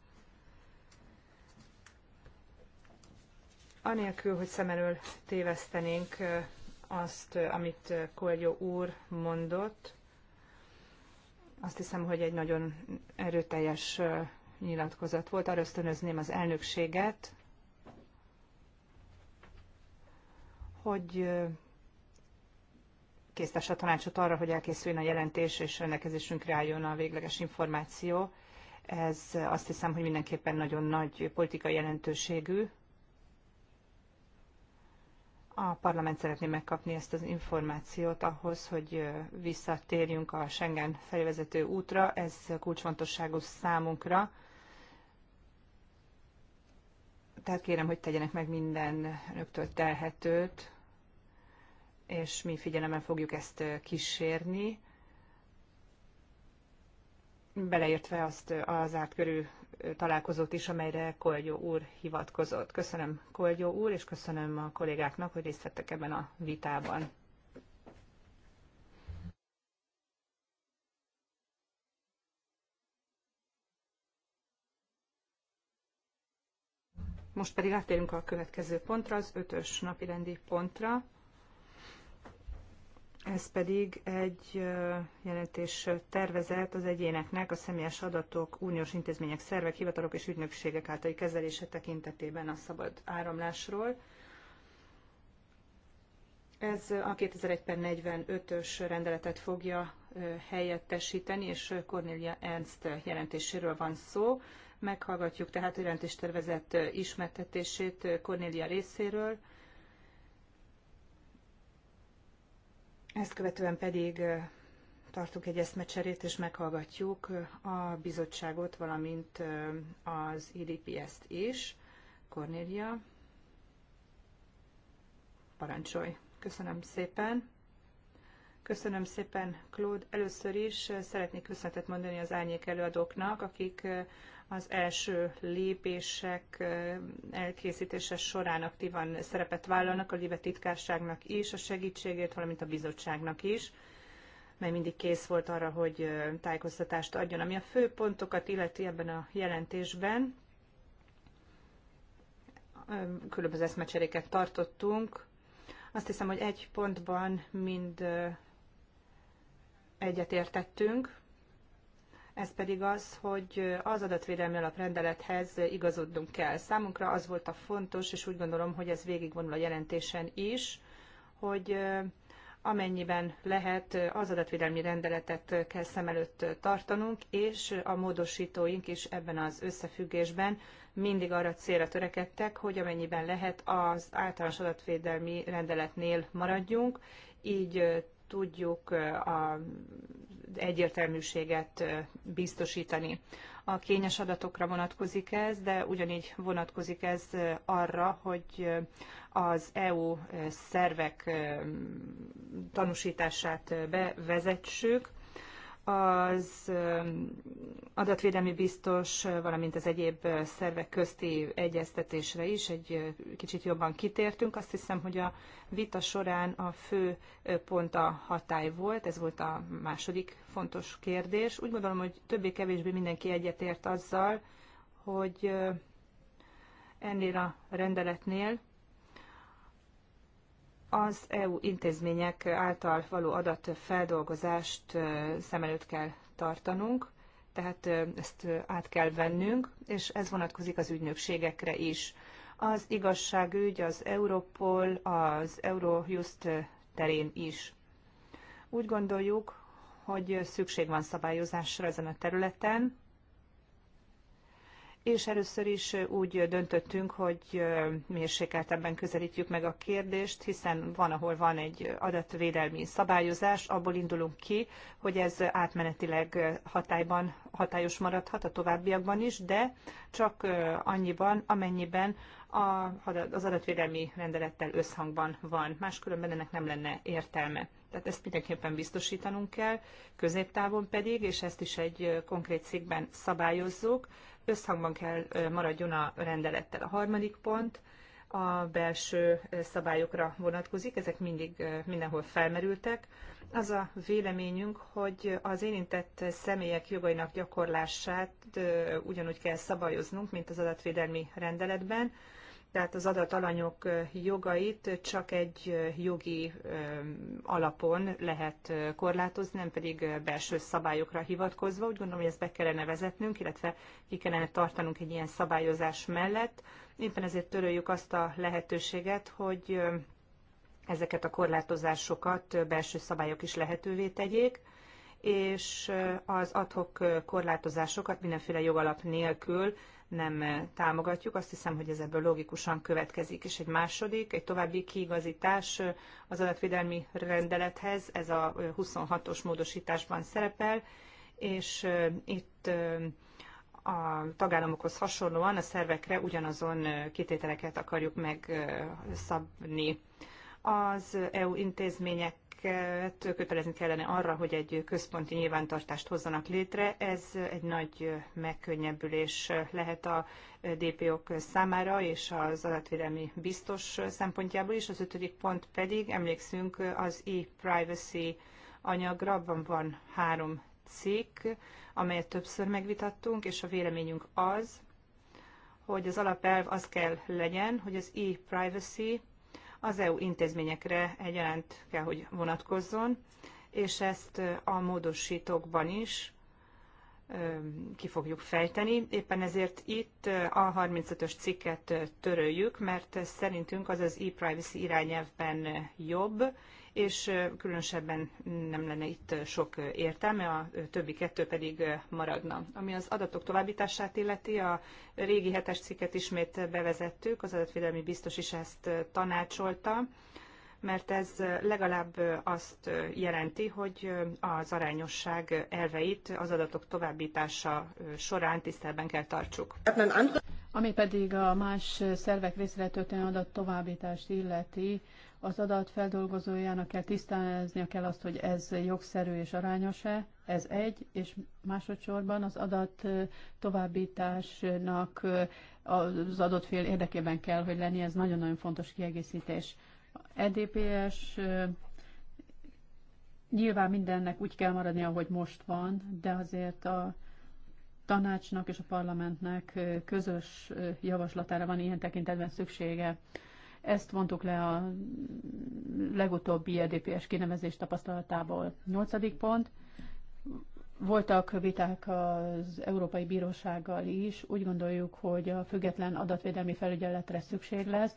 Anélkül, hogy szem elől tévesztenénk azt, amit Kolgyó úr mondott, azt hiszem, hogy egy nagyon erőteljes nyilatkozat volt. Arra ösztönözném az elnökséget, hogy késztesse a tanácsot arra, hogy elkészüljön a jelentés, és rendelkezésünkre álljon a végleges információ. Ez azt hiszem, hogy mindenképpen nagyon nagy politikai jelentőségű. A parlament szeretné megkapni ezt az információt ahhoz, hogy visszatérjünk a Schengen felvezető útra. Ez kulcsfontosságú számunkra. Tehát kérem, hogy tegyenek meg minden önöktől telhetőt, és mi figyelemmel fogjuk ezt kísérni, beleértve azt az árt körül találkozót is, amelyre Kolgyó úr hivatkozott. Köszönöm Kolgyó úr, és köszönöm a kollégáknak, hogy részt vettek ebben a vitában. Most pedig áttérünk a következő pontra, az ötös napirendi pontra ez pedig egy jelentés tervezet az egyéneknek a személyes adatok uniós intézmények, szervek, hivatalok és ügynökségek általi kezelése tekintetében a szabad áramlásról. Ez a 2001-45-ös rendeletet fogja helyettesíteni, és Cornelia Ernst jelentéséről van szó. Meghallgatjuk tehát a jelentéstervezet ismertetését Cornelia részéről Ezt követően pedig tartunk egy eszmecserét, és meghallgatjuk a bizottságot, valamint az IDPS-t e is. Cornélia, parancsolj! Köszönöm szépen! Köszönöm szépen, Claude. Először is szeretnék köszönetet mondani az árnyék előadóknak, akik az első lépések elkészítése során aktívan szerepet vállalnak a Libe titkárságnak is, a segítségért, valamint a bizottságnak is mely mindig kész volt arra, hogy tájékoztatást adjon. Ami a fő pontokat illeti ebben a jelentésben, különböző eszmecseréket tartottunk. Azt hiszem, hogy egy pontban mind egyetértettünk, ez pedig az, hogy az adatvédelmi alaprendelethez igazodnunk kell. Számunkra az volt a fontos, és úgy gondolom, hogy ez végigvonul a jelentésen is, hogy amennyiben lehet, az adatvédelmi rendeletet kell szem előtt tartanunk, és a módosítóink is ebben az összefüggésben mindig arra célra törekedtek, hogy amennyiben lehet, az általános adatvédelmi rendeletnél maradjunk, így tudjuk a egyértelműséget biztosítani. A kényes adatokra vonatkozik ez, de ugyanígy vonatkozik ez arra, hogy az EU szervek tanúsítását bevezetsük, az adatvédelmi biztos, valamint az egyéb szervek közti egyeztetésre is egy kicsit jobban kitértünk. Azt hiszem, hogy a vita során a fő pont a hatály volt, ez volt a második fontos kérdés. Úgy gondolom, hogy többé-kevésbé mindenki egyetért azzal, hogy ennél a rendeletnél az EU intézmények által való adatfeldolgozást szem előtt kell tartanunk, tehát ezt át kell vennünk, és ez vonatkozik az ügynökségekre is. Az igazságügy, az Europol, az Eurojust terén is. Úgy gondoljuk, hogy szükség van szabályozásra ezen a területen, és először is úgy döntöttünk, hogy mérsékeltebben közelítjük meg a kérdést, hiszen van, ahol van egy adatvédelmi szabályozás, abból indulunk ki, hogy ez átmenetileg hatályban, hatályos maradhat a továbbiakban is, de csak annyiban, amennyiben a, az adatvédelmi rendelettel összhangban van. Máskülönben ennek nem lenne értelme. Tehát ezt mindenképpen biztosítanunk kell, középtávon pedig, és ezt is egy konkrét cikkben szabályozzuk, összhangban kell maradjon a rendelettel. A harmadik pont a belső szabályokra vonatkozik, ezek mindig mindenhol felmerültek. Az a véleményünk, hogy az érintett személyek jogainak gyakorlását ugyanúgy kell szabályoznunk, mint az adatvédelmi rendeletben, tehát az adatalanyok jogait csak egy jogi alapon lehet korlátozni, nem pedig belső szabályokra hivatkozva. Úgy gondolom, hogy ezt be kellene vezetnünk, illetve ki kellene tartanunk egy ilyen szabályozás mellett. Éppen ezért töröljük azt a lehetőséget, hogy ezeket a korlátozásokat belső szabályok is lehetővé tegyék, és az adhok korlátozásokat mindenféle jogalap nélkül nem eh, támogatjuk. Azt hiszem, hogy ez ebből logikusan következik. És egy második, egy további kiigazítás eh, az adatvédelmi rendelethez, ez a 26-os eh, módosításban szerepel, és itt a tagállamokhoz hasonlóan a szervekre ugyanazon kitételeket akarjuk megszabni. Az EU intézmények cégeket kötelezni kellene arra, hogy egy központi nyilvántartást hozzanak létre. Ez egy nagy megkönnyebbülés lehet a DPO-k számára és az adatvédelmi biztos szempontjából is. Az ötödik pont pedig, emlékszünk, az e-privacy anyagra, abban van három cikk, amelyet többször megvitattunk, és a véleményünk az, hogy az alapelv az kell legyen, hogy az e-privacy az EU intézményekre egyaránt kell, hogy vonatkozzon, és ezt a módosítókban is ki fogjuk fejteni. Éppen ezért itt a 35-ös cikket töröljük, mert szerintünk az az e-privacy irányelvben jobb, és különösebben nem lenne itt sok értelme, a többi kettő pedig maradna. Ami az adatok továbbítását illeti, a régi hetes cikket ismét bevezettük, az adatvédelmi biztos is ezt tanácsolta, mert ez legalább azt jelenti, hogy az arányosság elveit az adatok továbbítása során tisztelben kell tartsuk. Ami pedig a más szervek részre történő adat továbbítást illeti, az feldolgozójának kell tisztáznia kell azt, hogy ez jogszerű és arányos-e, ez egy, és másodszorban az adat továbbításnak az adott fél érdekében kell, hogy lenni, ez nagyon-nagyon fontos kiegészítés. EDPS nyilván mindennek úgy kell maradni, ahogy most van, de azért a tanácsnak és a parlamentnek közös javaslatára van ilyen tekintetben szüksége. Ezt vontuk le a legutóbbi EDPS kinevezés tapasztalatából. Nyolcadik pont. Voltak viták az Európai Bírósággal is. Úgy gondoljuk, hogy a független adatvédelmi felügyeletre szükség lesz.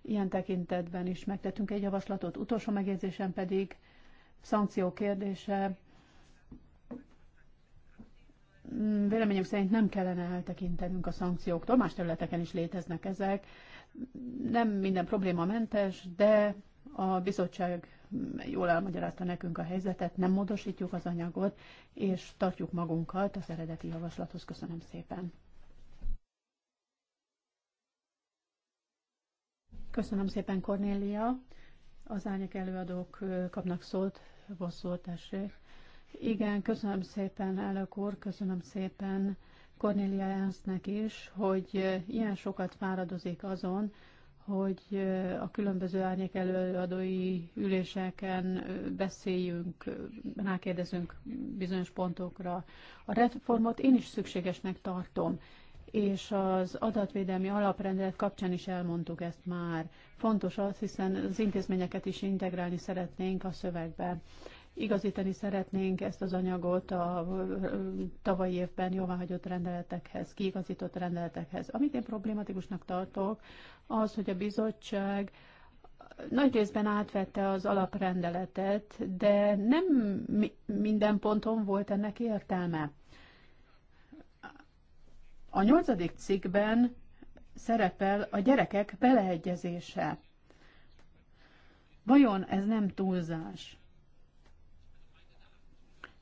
Ilyen tekintetben is megtettünk egy javaslatot. Utolsó megjegyzésen pedig szankció kérdése. Mm, véleményem szerint nem kellene eltekintenünk a szankcióktól, más területeken is léteznek ezek nem minden probléma mentes, de a bizottság jól elmagyarázta nekünk a helyzetet, nem módosítjuk az anyagot, és tartjuk magunkat az eredeti javaslathoz. Köszönöm szépen. Köszönöm szépen, Kornélia. Az ányek előadók kapnak szót, bosszúr, tessék. Igen, köszönöm szépen, elnök úr, köszönöm szépen Cornelia Ernstnek is, hogy ilyen sokat fáradozik azon, hogy a különböző árnyék előadói üléseken beszéljünk, rákérdezünk bizonyos pontokra. A reformot én is szükségesnek tartom, és az adatvédelmi alaprendelet kapcsán is elmondtuk ezt már. Fontos az, hiszen az intézményeket is integrálni szeretnénk a szövegbe. Igazítani szeretnénk ezt az anyagot a tavalyi évben jóváhagyott rendeletekhez, kiigazított rendeletekhez. Amit én problématikusnak tartok, az, hogy a bizottság nagy részben átvette az alaprendeletet, de nem minden ponton volt ennek értelme. A nyolcadik cikkben szerepel a gyerekek beleegyezése. Vajon ez nem túlzás?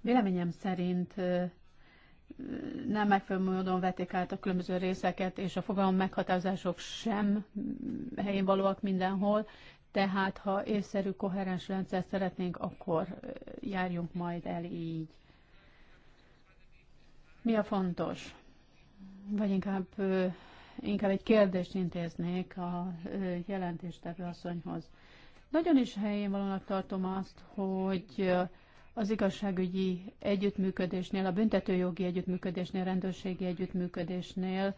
Véleményem szerint nem megfelelő módon vették át a különböző részeket, és a fogalom meghatározások sem mm, helyén valóak mindenhol, tehát ha észszerű, koherens rendszer szeretnénk, akkor járjunk majd el így. Mi a fontos? Vagy inkább, inkább egy kérdést intéznék a jelentéstevő asszonyhoz. Nagyon is helyén valónak tartom azt, hogy az igazságügyi együttműködésnél, a büntetőjogi együttműködésnél, rendőrségi együttműködésnél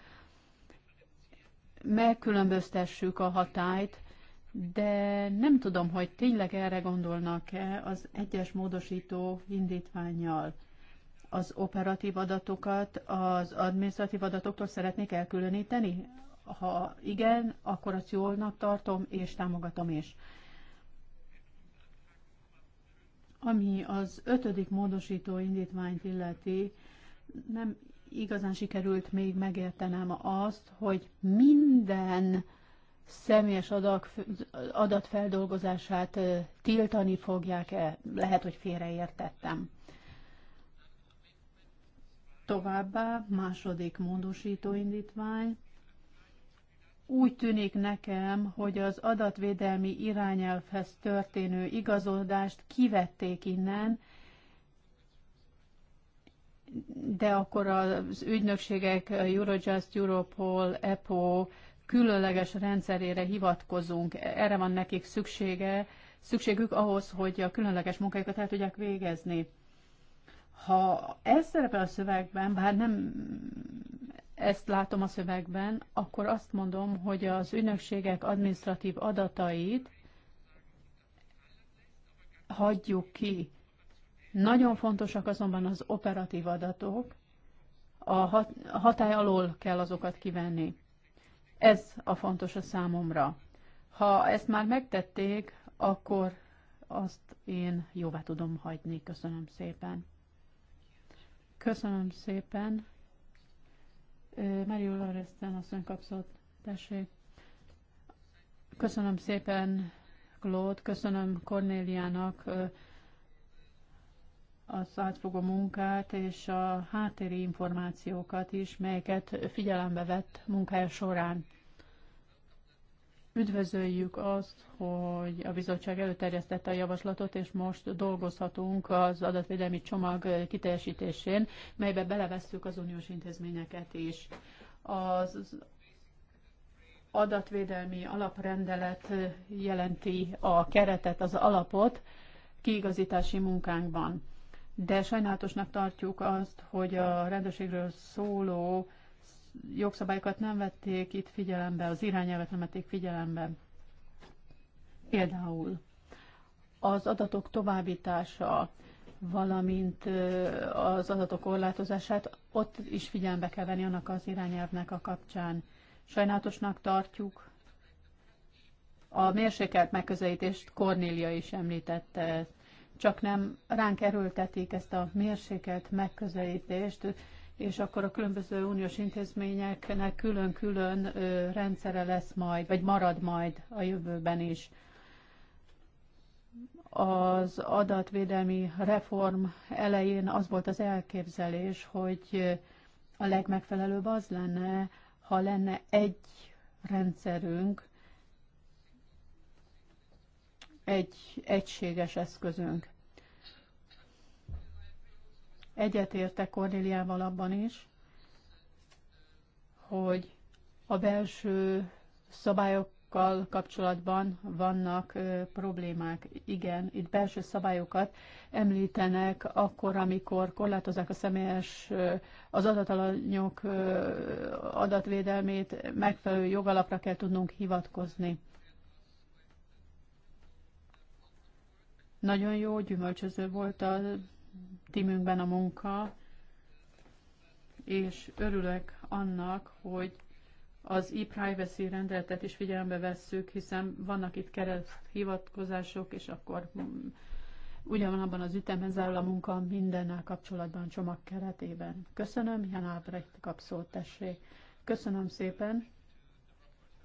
megkülönböztessük a hatályt, de nem tudom, hogy tényleg erre gondolnak-e az egyes módosító indítványjal. Az operatív adatokat az administratív adatoktól szeretnék elkülöníteni? Ha igen, akkor azt jólnak tartom, és támogatom is. Ami az ötödik módosító indítványt illeti, nem igazán sikerült még megértenem azt, hogy minden személyes adag, adatfeldolgozását tiltani fogják-e. Lehet, hogy félreértettem. Továbbá második módosító indítvány úgy tűnik nekem, hogy az adatvédelmi irányelvhez történő igazodást kivették innen, de akkor az ügynökségek Eurojust, Europol, EPO különleges rendszerére hivatkozunk. Erre van nekik szüksége, szükségük ahhoz, hogy a különleges munkáikat el tudják végezni. Ha ez szerepel a szövegben, bár nem ezt látom a szövegben, akkor azt mondom, hogy az ügynökségek administratív adatait hagyjuk ki. Nagyon fontosak azonban az operatív adatok, a hatály alól kell azokat kivenni. Ez a fontos a számomra. Ha ezt már megtették, akkor azt én jóvá tudom hagyni. Köszönöm szépen. Köszönöm szépen. Mário Lauresztán asszony kapszott. Tessék. Köszönöm szépen, Claude, köszönöm Kornéliának az átfogó munkát és a háttéri információkat is, melyeket figyelembe vett munkája során. Üdvözöljük azt, hogy a bizottság előterjesztette a javaslatot, és most dolgozhatunk az adatvédelmi csomag kiteljesítésén, melybe belevesszük az uniós intézményeket is. Az adatvédelmi alaprendelet jelenti a keretet, az alapot kiigazítási munkánkban. De sajnálatosnak tartjuk azt, hogy a rendőrségről szóló jogszabályokat nem vették itt figyelembe, az irányelvet nem vették figyelembe. Például az adatok továbbítása, valamint az adatok korlátozását, ott is figyelembe kell venni annak az irányelvnek a kapcsán. Sajnálatosnak tartjuk. A mérsékelt megközelítést Kornélia is említette, csak nem ránk erőltetik ezt a mérsékelt megközelítést, és akkor a különböző uniós intézményeknek külön-külön rendszere lesz majd, vagy marad majd a jövőben is. Az adatvédelmi reform elején az volt az elképzelés, hogy a legmegfelelőbb az lenne, ha lenne egy rendszerünk, egy egységes eszközünk egyetérte Kornéliával abban is, hogy a belső szabályokkal kapcsolatban vannak problémák. Igen, itt belső szabályokat említenek akkor, amikor korlátozzák a személyes az adatalanyok adatvédelmét, megfelelő jogalapra kell tudnunk hivatkozni. Nagyon jó, gyümölcsöző volt a tímünkben a munka, és örülök annak, hogy az e-privacy rendeletet is figyelembe vesszük, hiszen vannak itt kereszt hivatkozások, és akkor mm, ugyanabban az ütemben zárul a munka mindennel kapcsolatban csomag keretében. Köszönöm, Jan Albrecht kap tessék. Köszönöm szépen,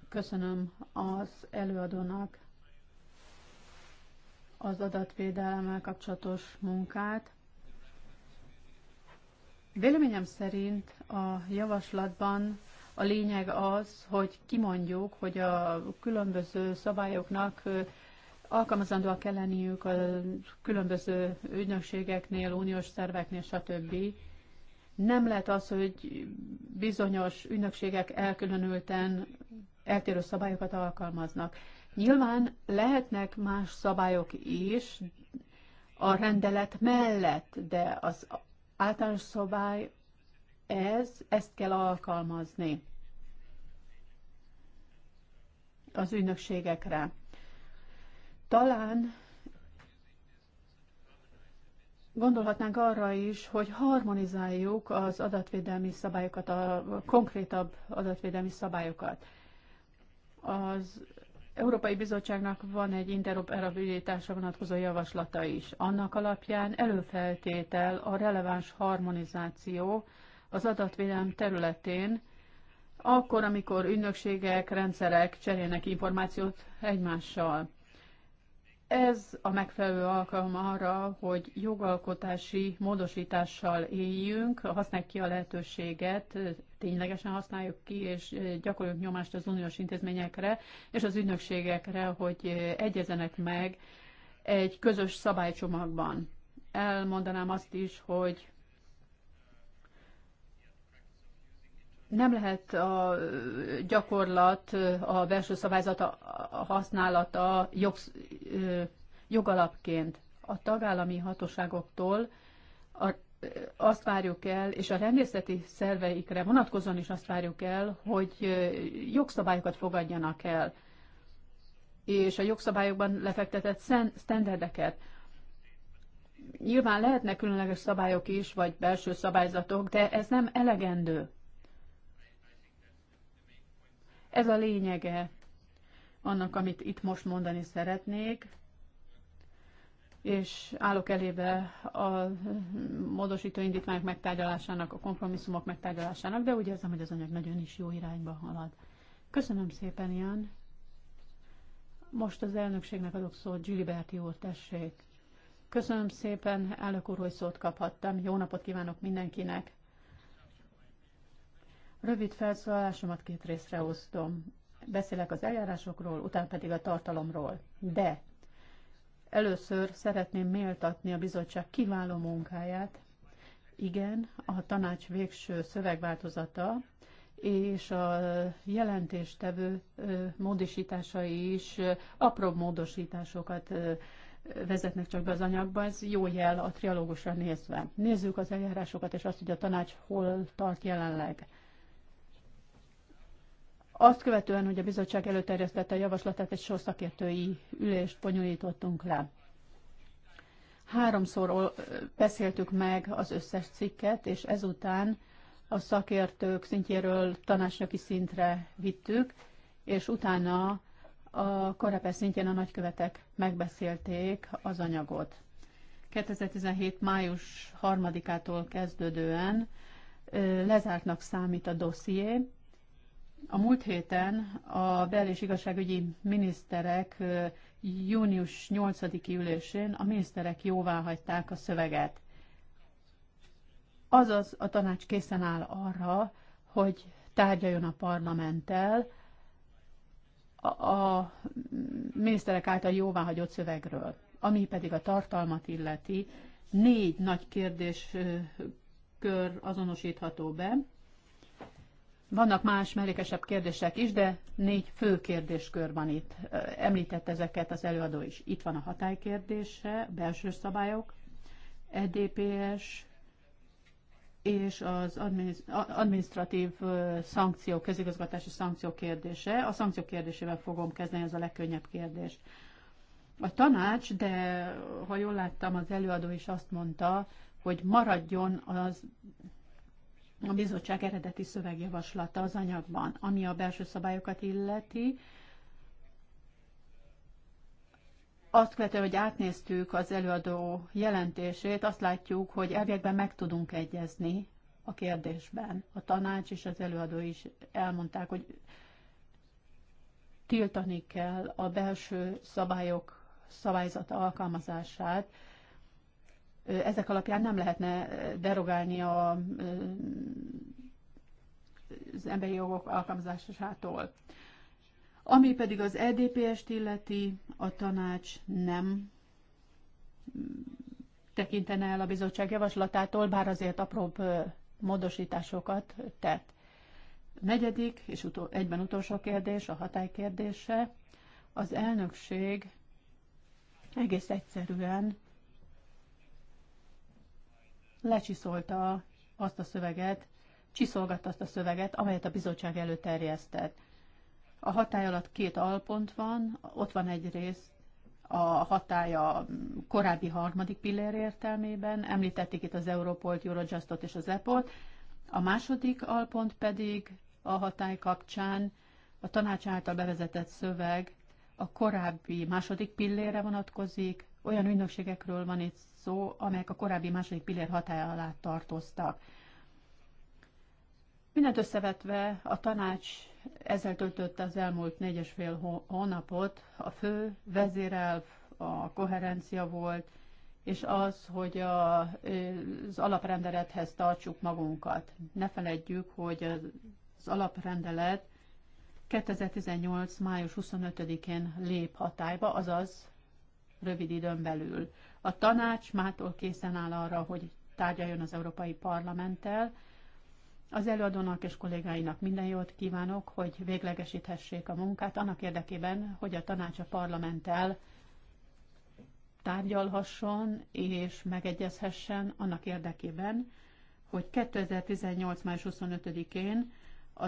köszönöm az előadónak az adatvédelemmel kapcsolatos munkát. Véleményem szerint a javaslatban a lényeg az, hogy kimondjuk, hogy a különböző szabályoknak alkalmazandóak kell lenniük a különböző ügynökségeknél, uniós szerveknél, stb. Nem lehet az, hogy bizonyos ügynökségek elkülönülten eltérő szabályokat alkalmaznak. Nyilván lehetnek más szabályok is a rendelet mellett, de az Általános szabály ez, ezt kell alkalmazni az ügynökségekre. Talán gondolhatnánk arra is, hogy harmonizáljuk az adatvédelmi szabályokat, a konkrétabb adatvédelmi szabályokat. Az Európai Bizottságnak van egy interoperabilitásra vonatkozó javaslata is. Annak alapján előfeltétel a releváns harmonizáció az adatvédelem területén, akkor, amikor ügynökségek, rendszerek cserélnek információt egymással. Ez a megfelelő alkalom arra, hogy jogalkotási módosítással éljünk, használjuk ki a lehetőséget ténylegesen használjuk ki, és gyakoroljuk nyomást az uniós intézményekre és az ügynökségekre, hogy egyezenek meg egy közös szabálycsomagban. Elmondanám azt is, hogy nem lehet a gyakorlat, a belső szabályzat használata jog, jogalapként a tagállami hatóságoktól a azt várjuk el, és a rendészeti szerveikre vonatkozóan is azt várjuk el, hogy jogszabályokat fogadjanak el, és a jogszabályokban lefektetett sztenderdeket. Nyilván lehetnek különleges szabályok is, vagy belső szabályzatok, de ez nem elegendő. Ez a lényege annak, amit itt most mondani szeretnék és állok elébe a módosító indítványok megtárgyalásának, a kompromisszumok megtárgyalásának, de úgy érzem, hogy az anyag nagyon is jó irányba halad. Köszönöm szépen, Jan. Most az elnökségnek adok szót, Giliberti úr, tessék. Köszönöm szépen, elnök úr, hogy szót kaphattam. Jó napot kívánok mindenkinek. Rövid felszólalásomat két részre osztom. Beszélek az eljárásokról, utána pedig a tartalomról. De Először szeretném méltatni a bizottság kiváló munkáját. Igen, a tanács végső szövegváltozata és a jelentéstevő módosításai is apró módosításokat vezetnek csak be az anyagba, ez jó jel a trialógusra nézve. Nézzük az eljárásokat, és azt, hogy a tanács hol tart jelenleg. Azt követően, hogy a bizottság előterjesztette a javaslatát, egy sor szakértői ülést bonyolítottunk le. Háromszor beszéltük meg az összes cikket, és ezután a szakértők szintjéről tanácsnoki szintre vittük, és utána a korepe szintjén a nagykövetek megbeszélték az anyagot. 2017. május 3-ától kezdődően lezártnak számít a dosszié, a múlt héten a bel- és igazságügyi miniszterek június 8-i ülésén a miniszterek jóvá hagyták a szöveget. Azaz a tanács készen áll arra, hogy tárgyaljon a parlamenttel a miniszterek által jóváhagyott szövegről, ami pedig a tartalmat illeti. Négy nagy kérdéskör azonosítható be, vannak más mellékesebb kérdések is, de négy fő kérdéskör van itt. Említett ezeket az előadó is. Itt van a hatály kérdése, belső szabályok, EDPS és az administratív szankciók, közigazgatási szankció kérdése. A szankció kérdésével fogom kezdeni, ez a legkönnyebb kérdés. A tanács, de ha jól láttam, az előadó is azt mondta, hogy maradjon az a bizottság eredeti szövegjavaslata az anyagban, ami a belső szabályokat illeti. Azt követően, hogy átnéztük az előadó jelentését, azt látjuk, hogy elvégben meg tudunk egyezni a kérdésben. A tanács és az előadó is elmondták, hogy tiltani kell a belső szabályok szabályzata alkalmazását, ezek alapján nem lehetne derogálni a az emberi jogok alkalmazásától. Ami pedig az EDPS-t illeti, a tanács nem tekintene el a bizottság javaslatától, bár azért apróbb módosításokat tett. A negyedik és utol, egyben utolsó kérdés, a hatály kérdése. Az elnökség egész egyszerűen lecsiszolta azt a szöveget, csiszolgatta azt a szöveget, amelyet a bizottság előterjesztett. A hatály alatt két alpont van, ott van egy rész a hatája korábbi harmadik pillér értelmében, említették itt az Europolt, Eurojustot és az EPOlt, a második alpont pedig a hatály kapcsán a tanács által bevezetett szöveg a korábbi második pillére vonatkozik, olyan ügynökségekről van itt szó, amelyek a korábbi második pillér hatája alá tartoztak. Mindent összevetve a tanács ezzel töltötte az elmúlt négyes fél hónapot. A fő vezérelv a koherencia volt, és az, hogy a, az alaprendelethez tartsuk magunkat. Ne feledjük, hogy az alaprendelet 2018. május 25-én lép hatályba, azaz rövid időn belül. A tanács mától készen áll arra, hogy tárgyaljon az Európai Parlamenttel, az előadónak és kollégáinak minden jót kívánok, hogy véglegesíthessék a munkát annak érdekében, hogy a tanács a parlamenttel tárgyalhasson és megegyezhessen annak érdekében, hogy 2018. május 25-én a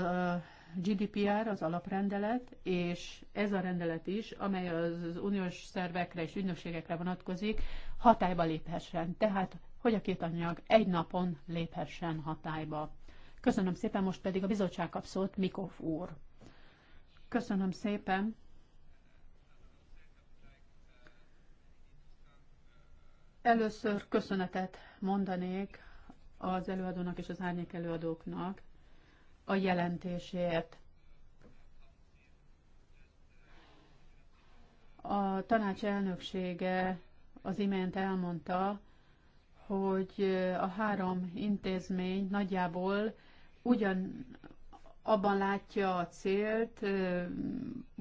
GDPR az alaprendelet, és ez a rendelet is, amely az uniós szervekre és ügynökségekre vonatkozik, hatályba léphessen. Tehát, hogy a két anyag egy napon léphessen hatályba. Köszönöm szépen, most pedig a bizottság kap szót, Mikov úr. Köszönöm szépen. Először köszönetet mondanék az előadónak és az árnyék előadóknak a jelentésért. A tanács elnöksége az imént elmondta, hogy a három intézmény nagyjából ugyan abban látja a célt,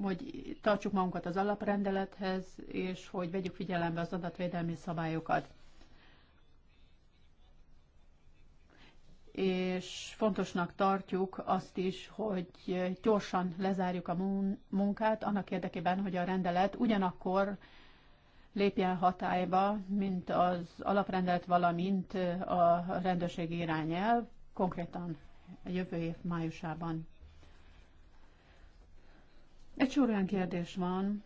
hogy tartsuk magunkat az alaprendelethez, és hogy vegyük figyelembe az adatvédelmi szabályokat. És fontosnak tartjuk azt is, hogy gyorsan lezárjuk a munkát, annak érdekében, hogy a rendelet ugyanakkor lépjen hatályba, mint az alaprendelet, valamint a rendőrségi irányelv, konkrétan a jövő év májusában. Egy sor olyan kérdés van,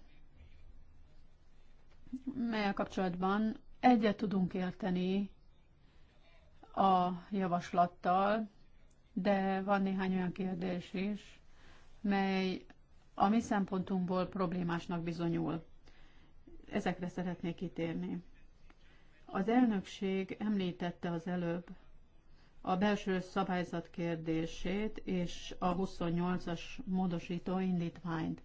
melyel kapcsolatban egyet tudunk érteni a javaslattal, de van néhány olyan kérdés is, mely a mi szempontunkból problémásnak bizonyul. Ezekre szeretnék kitérni. Az elnökség említette az előbb a belső szabályzat kérdését és a 28-as módosító indítványt.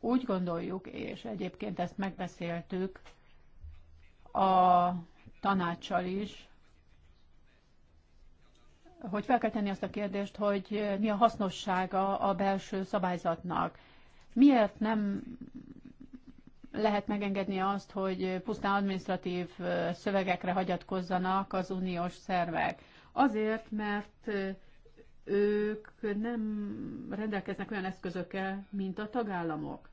Úgy gondoljuk, és egyébként ezt megbeszéltük a tanácssal is, hogy fel kell tenni azt a kérdést, hogy mi a hasznossága a belső szabályzatnak. Miért nem lehet megengedni azt, hogy pusztán administratív szövegekre hagyatkozzanak az uniós szervek. Azért, mert ők nem rendelkeznek olyan eszközökkel, mint a tagállamok.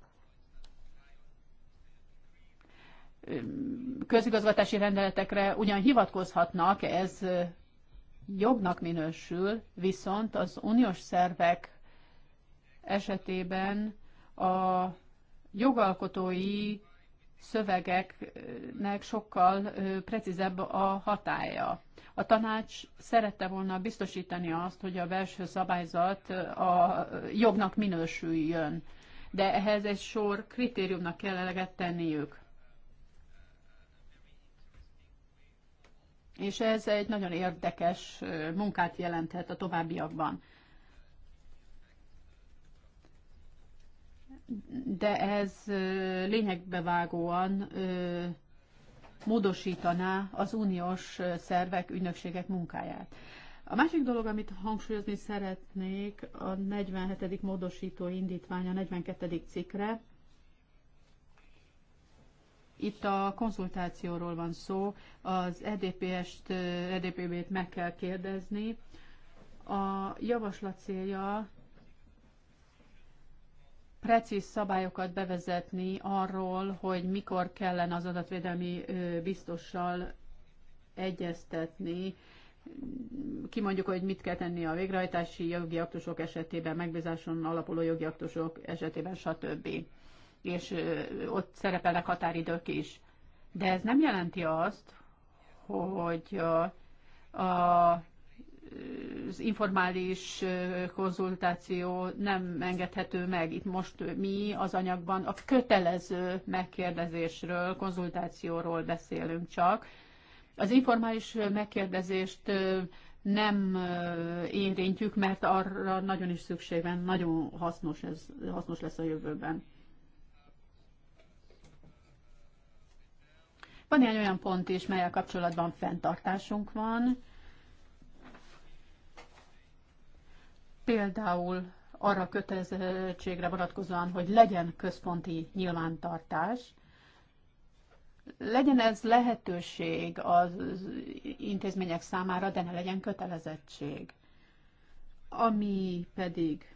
Közigazgatási rendeletekre ugyan hivatkozhatnak, ez jognak minősül, viszont az uniós szervek esetében a jogalkotói szövegeknek sokkal precízebb a hatája. A tanács szerette volna biztosítani azt, hogy a belső szabályzat a jognak minősüljön, de ehhez egy sor kritériumnak kell eleget tenniük. És ez egy nagyon érdekes munkát jelenthet a továbbiakban. de ez lényegbe vágóan módosítaná az uniós szervek, ügynökségek munkáját. A másik dolog, amit hangsúlyozni szeretnék, a 47. módosító indítvány a 42. cikkre. Itt a konzultációról van szó, az EDPS-t, EDPB-t meg kell kérdezni. A javaslat célja precíz szabályokat bevezetni arról, hogy mikor kellene az adatvédelmi biztossal egyeztetni, kimondjuk, hogy mit kell tenni a végrehajtási jogi aktusok esetében, megbízáson alapuló jogi aktusok esetében, stb. És ott szerepelnek határidők is. De ez nem jelenti azt, hogy a, a az informális konzultáció nem engedhető meg. Itt most mi az anyagban a kötelező megkérdezésről, konzultációról beszélünk csak. Az informális megkérdezést nem érintjük, mert arra nagyon is szükség van, nagyon hasznos, ez, hasznos lesz a jövőben. Van egy olyan pont is, melyel kapcsolatban fenntartásunk van például arra kötelezettségre vonatkozóan, hogy legyen központi nyilvántartás, legyen ez lehetőség az intézmények számára, de ne legyen kötelezettség. Ami pedig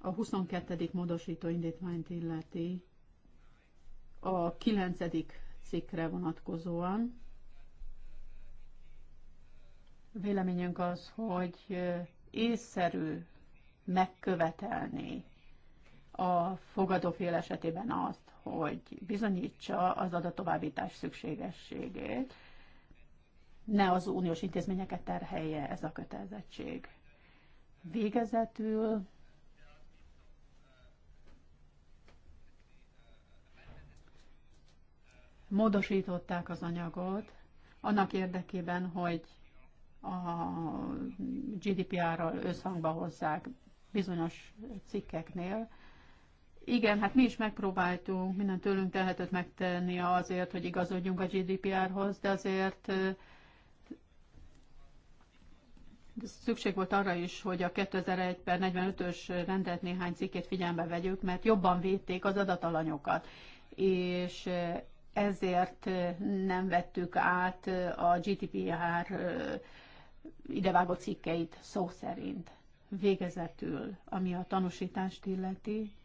a 22. módosító indítványt illeti a 9. cikkre vonatkozóan. Véleményünk az, hogy észszerű megkövetelni a fogadófél esetében azt, hogy bizonyítsa az adatovábbítás szükségességét, ne az uniós intézményeket terhelje ez a kötelezettség. Végezetül módosították az anyagot annak érdekében, hogy a GDPR-ral összhangba hozzák bizonyos cikkeknél. Igen, hát mi is megpróbáltunk minden tőlünk tehetőt megtenni azért, hogy igazodjunk a GDPR-hoz, de azért szükség volt arra is, hogy a 2001 per 45-ös rendelt néhány cikkét figyelembe vegyük, mert jobban védték az adatalanyokat, és ezért nem vettük át a GDPR idevágó cikkeit szó szerint. Végezetül, ami a tanúsítást illeti,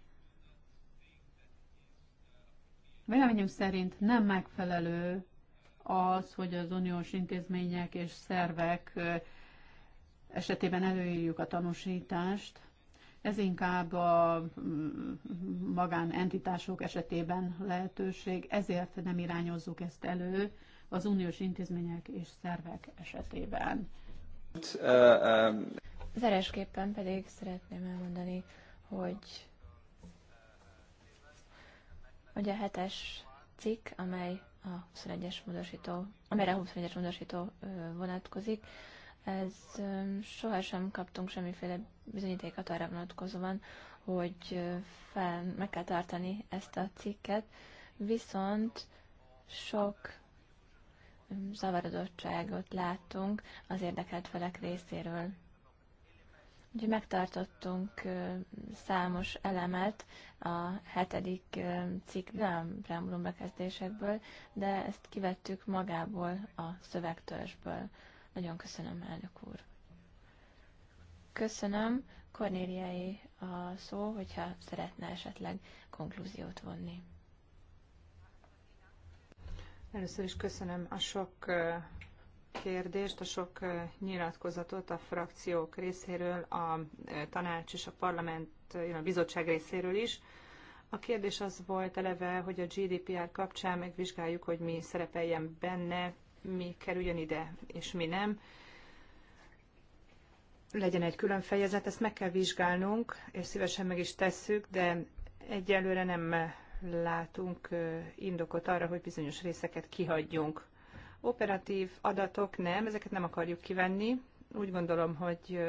Véleményünk szerint nem megfelelő az, hogy az uniós intézmények és szervek esetében előírjuk a tanúsítást. Ez inkább a mm, magánentitások esetében lehetőség, ezért nem irányozzuk ezt elő az uniós intézmények és szervek esetében. Veresképpen pedig szeretném elmondani, hogy, hogy a hetes cikk, amely a 21-es módosító, amelyre a 21-es módosító vonatkozik, ez sohasem kaptunk semmiféle bizonyítékat arra vonatkozóan, hogy fel, meg kell tartani ezt a cikket, viszont sok zavarodottságot láttunk az érdekelt felek részéről. Úgyhogy megtartottunk számos elemet a hetedik cikkből, a preambulum bekezdésekből, de ezt kivettük magából a szövegtörzsből. Nagyon köszönöm, elnök úr. Köszönöm, Kornéliai a szó, hogyha szeretne esetleg konklúziót vonni. Először is köszönöm a sok kérdést, a sok nyilatkozatot a frakciók részéről, a tanács és a parlament, a bizottság részéről is. A kérdés az volt eleve, hogy a GDPR kapcsán megvizsgáljuk, hogy mi szerepeljen benne, mi kerüljön ide, és mi nem. Legyen egy külön fejezet, ezt meg kell vizsgálnunk, és szívesen meg is tesszük, de egyelőre nem látunk indokot arra, hogy bizonyos részeket kihagyjunk. Operatív adatok nem, ezeket nem akarjuk kivenni. Úgy gondolom, hogy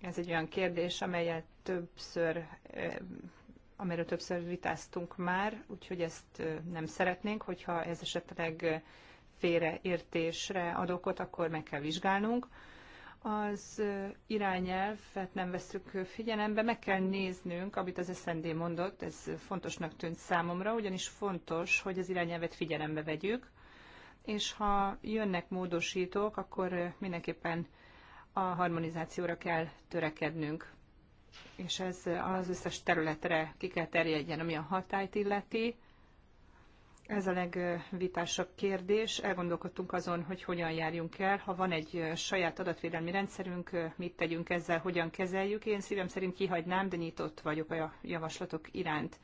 ez egy olyan kérdés, amelyet többször, amelyről többször vitáztunk már, úgyhogy ezt nem szeretnénk, hogyha ez esetleg félreértésre ad okot, akkor meg kell vizsgálnunk az irányelvet nem veszük figyelembe, meg kell néznünk, amit az SND mondott, ez fontosnak tűnt számomra, ugyanis fontos, hogy az irányelvet figyelembe vegyük, és ha jönnek módosítók, akkor mindenképpen a harmonizációra kell törekednünk. És ez az összes területre ki kell terjedjen, ami a hatályt illeti, ez a legvitásabb kérdés. Elgondolkodtunk azon, hogy hogyan járjunk el. Ha van egy saját adatvédelmi rendszerünk, mit tegyünk ezzel, hogyan kezeljük. Én szívem szerint kihagynám, de nyitott vagyok a javaslatok iránt.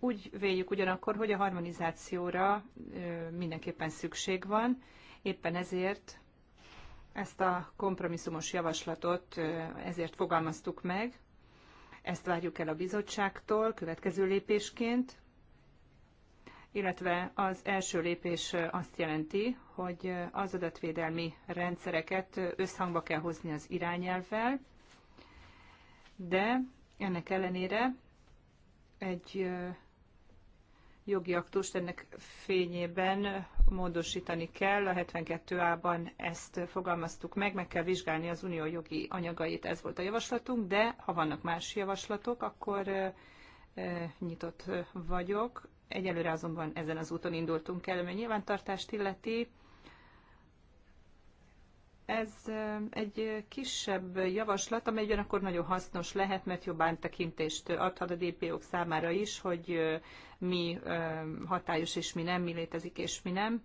Úgy véljük ugyanakkor, hogy a harmonizációra mindenképpen szükség van. Éppen ezért ezt a kompromisszumos javaslatot ezért fogalmaztuk meg. Ezt várjuk el a bizottságtól következő lépésként illetve az első lépés azt jelenti, hogy az adatvédelmi rendszereket összhangba kell hozni az irányelvvel, de ennek ellenére egy jogi aktust ennek fényében módosítani kell. A 72 ban ezt fogalmaztuk meg, meg kell vizsgálni az unió jogi anyagait, ez volt a javaslatunk, de ha vannak más javaslatok, akkor nyitott vagyok. Egyelőre azonban ezen az úton indultunk el, ami nyilvántartást illeti. Ez egy kisebb javaslat, amely ugyanakkor nagyon hasznos lehet, mert jobb tekintést adhat a DPO-k számára is, hogy mi hatályos és mi nem, mi létezik és mi nem.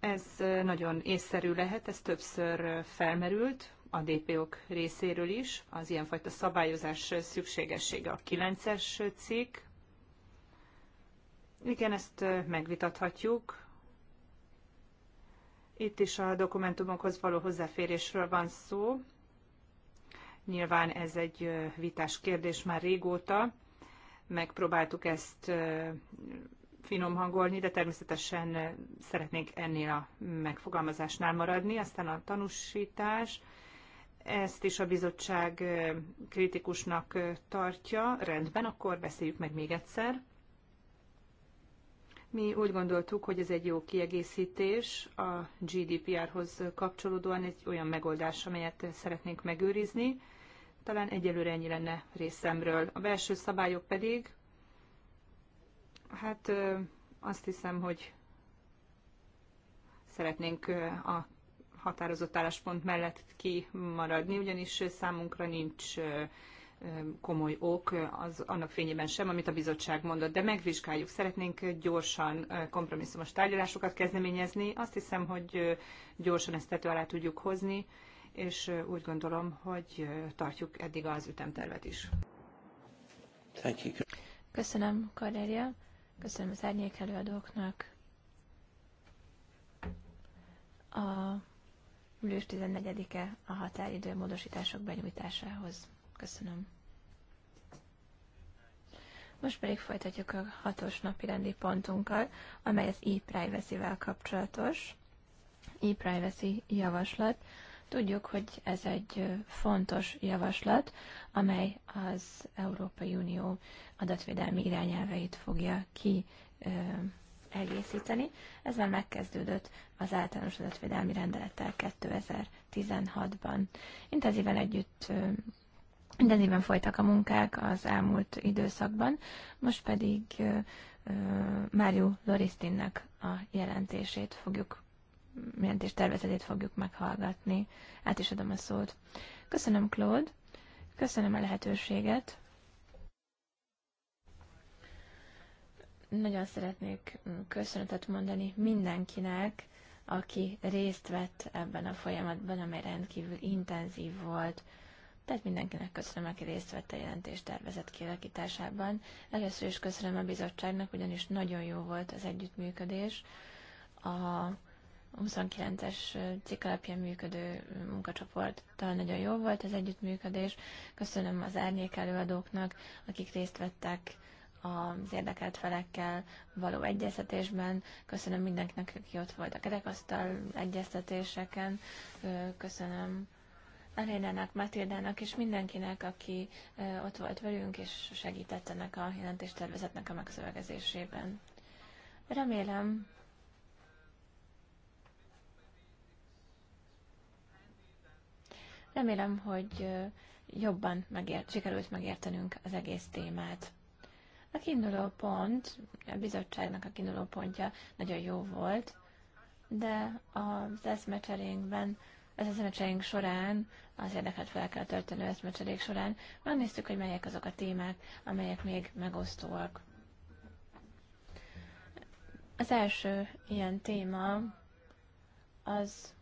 Ez nagyon észszerű lehet, ez többször felmerült, a DPO-k részéről is, az ilyenfajta szabályozás szükségessége a 9-es cikk. Igen, ezt megvitathatjuk. Itt is a dokumentumokhoz való hozzáférésről van szó. Nyilván ez egy vitás kérdés már régóta. Megpróbáltuk ezt finom hangolni, de természetesen szeretnénk ennél a megfogalmazásnál maradni. Aztán a tanúsítás, ezt is a bizottság kritikusnak tartja. Rendben, akkor beszéljük meg még egyszer. Mi úgy gondoltuk, hogy ez egy jó kiegészítés a GDPR-hoz kapcsolódóan, egy olyan megoldás, amelyet szeretnénk megőrizni. Talán egyelőre ennyi lenne részemről. A belső szabályok pedig, hát azt hiszem, hogy szeretnénk a határozott álláspont mellett kimaradni, ugyanis számunkra nincs komoly ok az annak fényében sem, amit a bizottság mondott, de megvizsgáljuk. Szeretnénk gyorsan kompromisszumos tárgyalásokat kezdeményezni. Azt hiszem, hogy gyorsan ezt tető alá tudjuk hozni, és úgy gondolom, hogy tartjuk eddig az ütemtervet is. Thank you. Köszönöm, Cordelia. Köszönöm az árnyék előadóknak. A július 14-e a határidő módosítások benyújtásához. Köszönöm. Most pedig folytatjuk a hatos napi rendi pontunkkal, amely az e-privacy-vel kapcsolatos. E-privacy javaslat. Tudjuk, hogy ez egy fontos javaslat, amely az Európai Unió adatvédelmi irányelveit fogja ki egészíteni. Ez már megkezdődött az általános adatvédelmi rendelettel 2016-ban. Intenzíven együtt Intenzíven folytak a munkák az elmúlt időszakban, most pedig Máriu Loristinnek a jelentését fogjuk, jelentés tervezetét fogjuk meghallgatni. Át is adom a szót. Köszönöm, Claude, köszönöm a lehetőséget, Nagyon szeretnék mm, köszönetet mondani mindenkinek, aki részt vett ebben a folyamatban, amely rendkívül intenzív volt. Tehát mindenkinek köszönöm, aki részt vett a jelentéstervezet kialakításában. Először is köszönöm a bizottságnak, ugyanis nagyon jó volt az együttműködés. A 29-es cikk alapján működő munkacsoporttal nagyon jó volt az együttműködés. Köszönöm az árnyék előadóknak, akik részt vettek az érdekelt felekkel való egyeztetésben. Köszönöm mindenkinek, aki ott volt a kerekasztal egyeztetéseken. Köszönöm Elénának, Matildának és mindenkinek, aki ott volt velünk és segített ennek a jelentéstervezetnek a megszövegezésében. Remélem, remélem, hogy jobban megért, sikerült megértenünk az egész témát. A kiinduló pont, a bizottságnak a kiinduló pontja nagyon jó volt, de az eszmecserénkben, az eszmecserénk során, az fel kell történő eszmecserék során megnéztük, hogy melyek azok a témák, amelyek még megosztóak. Az első ilyen téma az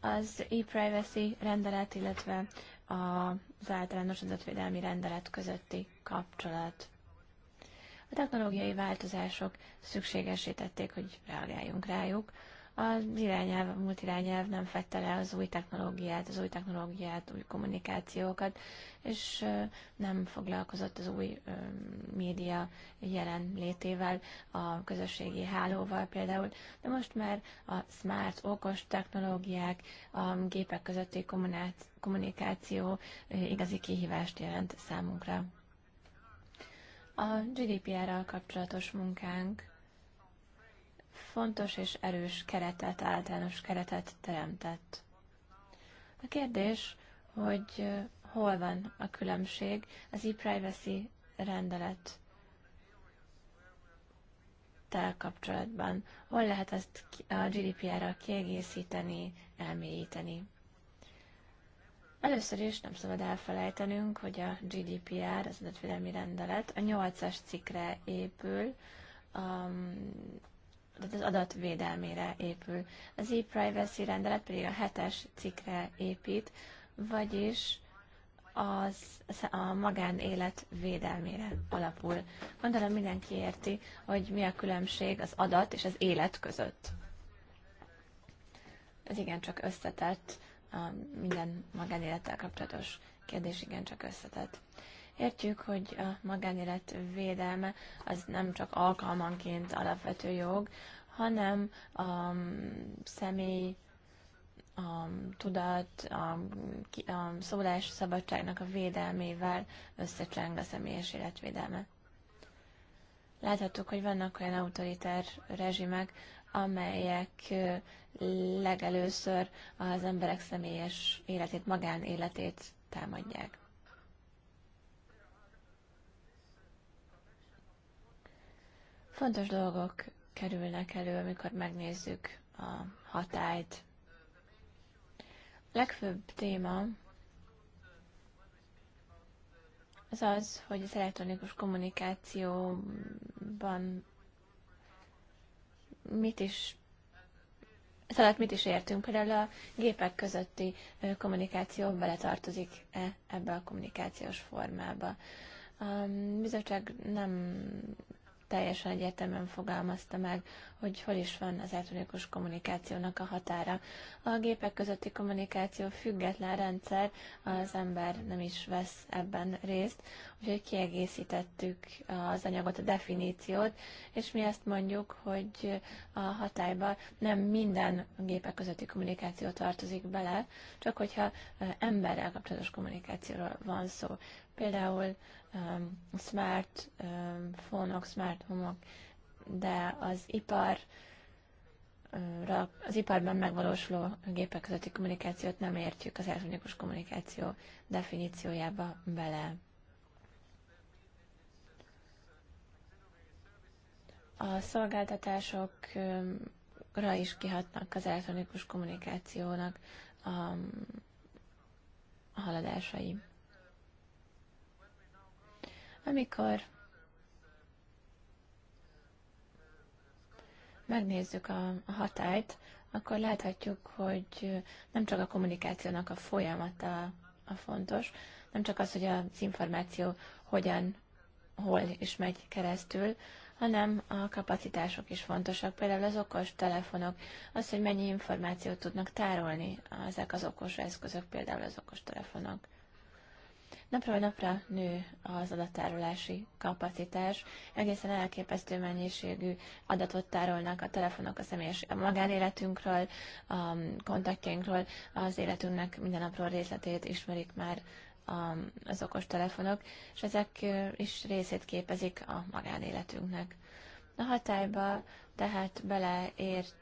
az e-privacy rendelet, illetve az általános adatvédelmi rendelet közötti kapcsolat. A technológiai változások szükségesítették, hogy reagáljunk rájuk, az irányelv, a múlt irányelv nem fette le az új technológiát, az új technológiát, új kommunikációkat, és nem foglalkozott az új média jelenlétével, a közösségi hálóval például, de most már a smart, okos technológiák, a gépek közötti kommunikáció igazi kihívást jelent számunkra. A GDPR-ral kapcsolatos munkánk fontos és erős keretet, általános keretet teremtett. A kérdés, hogy hol van a különbség az e-privacy rendelet tel kapcsolatban, hol lehet ezt a GDPR-ra kiegészíteni, elmélyíteni. Először is nem szabad elfelejtenünk, hogy a GDPR, az adatvédelmi rendelet, a 8-as cikkre épül, tehát az adatvédelmére épül. Az e-privacy rendelet pedig a hetes cikkre épít, vagyis az a magánélet védelmére alapul. Gondolom mindenki érti, hogy mi a különbség az adat és az élet között. Ez igen csak összetett, minden magánélettel kapcsolatos kérdés igen csak összetett. Értjük, hogy a magánélet védelme az nem csak alkalmanként alapvető jog, hanem a mm, személy, a mm, tudat, a, a szólás szabadságnak a védelmével összecseng a személyes életvédelme. Láthattuk, hogy vannak olyan autoritár rezsimek, amelyek legelőször az emberek személyes életét, magánéletét támadják. Fontos dolgok kerülnek elő, amikor megnézzük a hatályt. A legfőbb téma az az, hogy az elektronikus kommunikációban mit is ez mit is értünk? Például a gépek közötti kommunikáció beletartozik-e ebbe a kommunikációs formába? A bizottság nem teljesen egyértelműen fogalmazta meg, hogy hol is van az elektronikus kommunikációnak a határa. A gépek közötti kommunikáció független rendszer, az ember nem is vesz ebben részt, úgyhogy kiegészítettük az anyagot, a definíciót, és mi azt mondjuk, hogy a hatályba nem minden gépek közötti kommunikáció tartozik bele, csak hogyha emberrel kapcsolatos kommunikációról van szó például um, smart um, fonok, smart homok, de az ipar um, az iparban megvalósuló gépek közötti kommunikációt nem értjük az elektronikus kommunikáció definíciójába bele. A szolgáltatásokra is kihatnak az elektronikus kommunikációnak a haladásai. Amikor megnézzük a, a hatályt, akkor láthatjuk, hogy nem csak a kommunikációnak a folyamata a fontos, nem csak az, hogy az információ hogyan, hol is megy keresztül, hanem a kapacitások is fontosak. Például az okos telefonok, az, hogy mennyi információt tudnak tárolni ezek az okos eszközök, például az okos telefonok. Napról napra nő az adattárolási kapacitás, egészen elképesztő mennyiségű adatot tárolnak a telefonok a személyes a magánéletünkről, a kontaktjainkról, az életünknek minden napról részletét ismerik már az okos telefonok, és ezek is részét képezik a magánéletünknek. A hatályba tehát beleért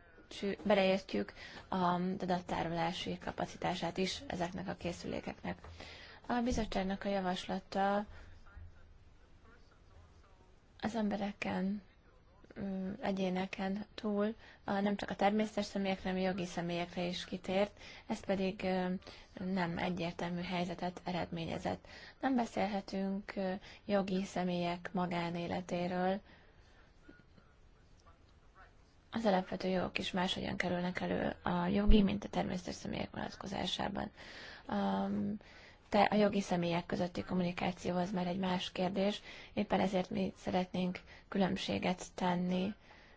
beleértjük a adattárolási kapacitását is ezeknek a készülékeknek. A bizottságnak a javaslata az embereken, mm, egyéneken túl a, nem csak a természetes személyekre, hanem a jogi személyekre is kitért, ez pedig nem egyértelmű helyzetet eredményezett. Nem beszélhetünk jogi személyek magánéletéről, az alapvető jogok is máshogyan kerülnek elő a jogi, mint a természetes személyek vonatkozásában. A de a jogi személyek közötti kommunikáció az már egy más kérdés, éppen ezért mi szeretnénk különbséget tenni,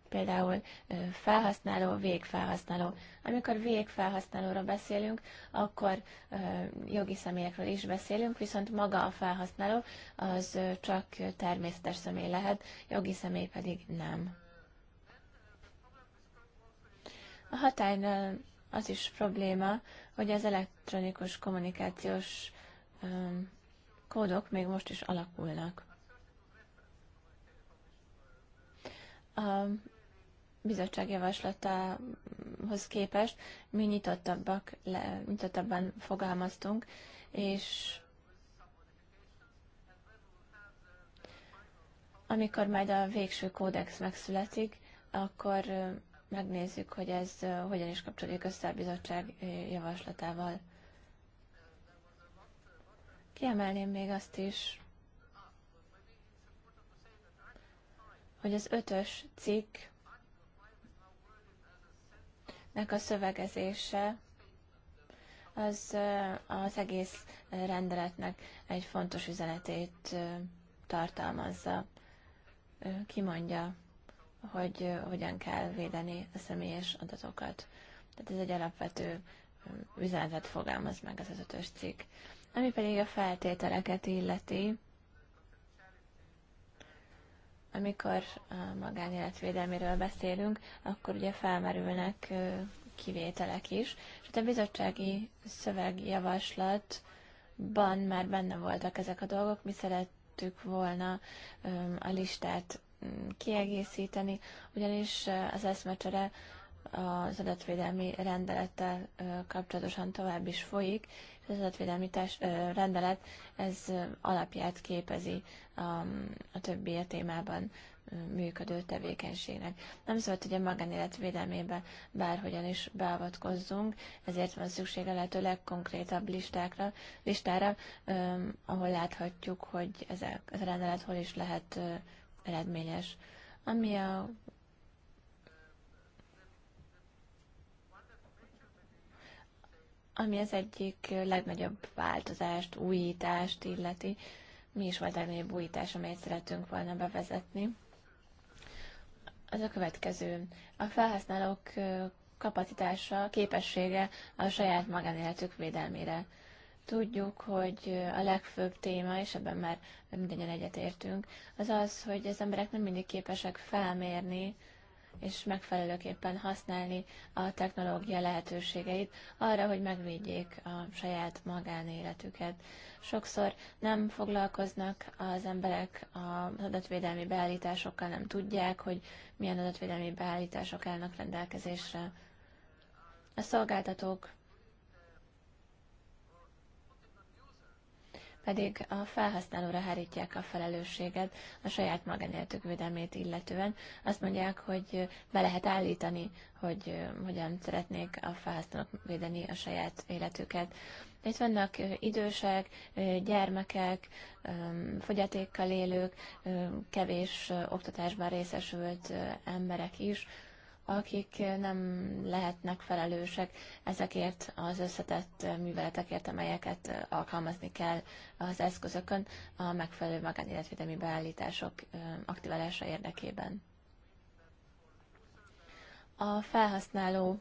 például felhasználó, végfelhasználó. Amikor végfelhasználóra beszélünk, akkor jogi személyekről is beszélünk, viszont maga a felhasználó az csak természetes személy lehet, jogi személy pedig nem. A határnál az is probléma, hogy az elektronikus kommunikációs kódok még most is alakulnak. A bizottság javaslatához képest mi nyitottabbak, le, nyitottabban fogalmaztunk, és amikor majd a végső kódex megszületik, akkor megnézzük, hogy ez hogyan is kapcsolódik össze a bizottság javaslatával. Kiemelném még azt is, hogy az ötös cikk nek a szövegezése az az egész rendeletnek egy fontos üzenetét tartalmazza. Kimondja, hogy hogyan kell védeni a személyes adatokat. Tehát ez egy alapvető üzenetet fogalmaz meg az az ötös cikk. Ami pedig a feltételeket illeti, amikor a magánéletvédelméről beszélünk, akkor ugye felmerülnek kivételek is, és hát a bizottsági szövegjavaslatban már benne voltak ezek a dolgok, mi szerettük volna a listát kiegészíteni, ugyanis az eszmecsere az adatvédelmi rendelettel kapcsolatosan tovább is folyik, az rendelet ez alapját képezi a, a többi a témában működő tevékenységnek. Nem szólt, hogy a magánélet védelmébe bárhogyan is beavatkozzunk, ezért van szükség a lehető legkonkrétabb listákra, listára, ahol láthatjuk, hogy ez a, ez a rendelet hol is lehet eredményes. Ami a ami az egyik legnagyobb változást, újítást illeti. Mi is volt a legnagyobb újítás, amelyet szeretünk volna bevezetni? Az a következő. A felhasználók kapacitása, képessége a saját magánéletük védelmére. Tudjuk, hogy a legfőbb téma, és ebben már mindannyian egyetértünk, az az, hogy az emberek nem mindig képesek felmérni, és megfelelőképpen használni a technológia lehetőségeit arra, hogy megvédjék a saját magánéletüket. Sokszor nem foglalkoznak az emberek az adatvédelmi beállításokkal, nem tudják, hogy milyen adatvédelmi beállítások állnak rendelkezésre. A szolgáltatók pedig a felhasználóra hárítják a felelősséget a saját magánéletük védelmét illetően. Azt mondják, hogy be lehet állítani, hogy hogyan szeretnék a felhasználók védeni a saját életüket. Itt vannak idősek, gyermekek, fogyatékkal élők, kevés oktatásban részesült emberek is, akik nem lehetnek felelősek ezekért az összetett műveletekért, amelyeket alkalmazni kell az eszközökön a megfelelő magánéletvédelmi beállítások aktiválása érdekében. A felhasználó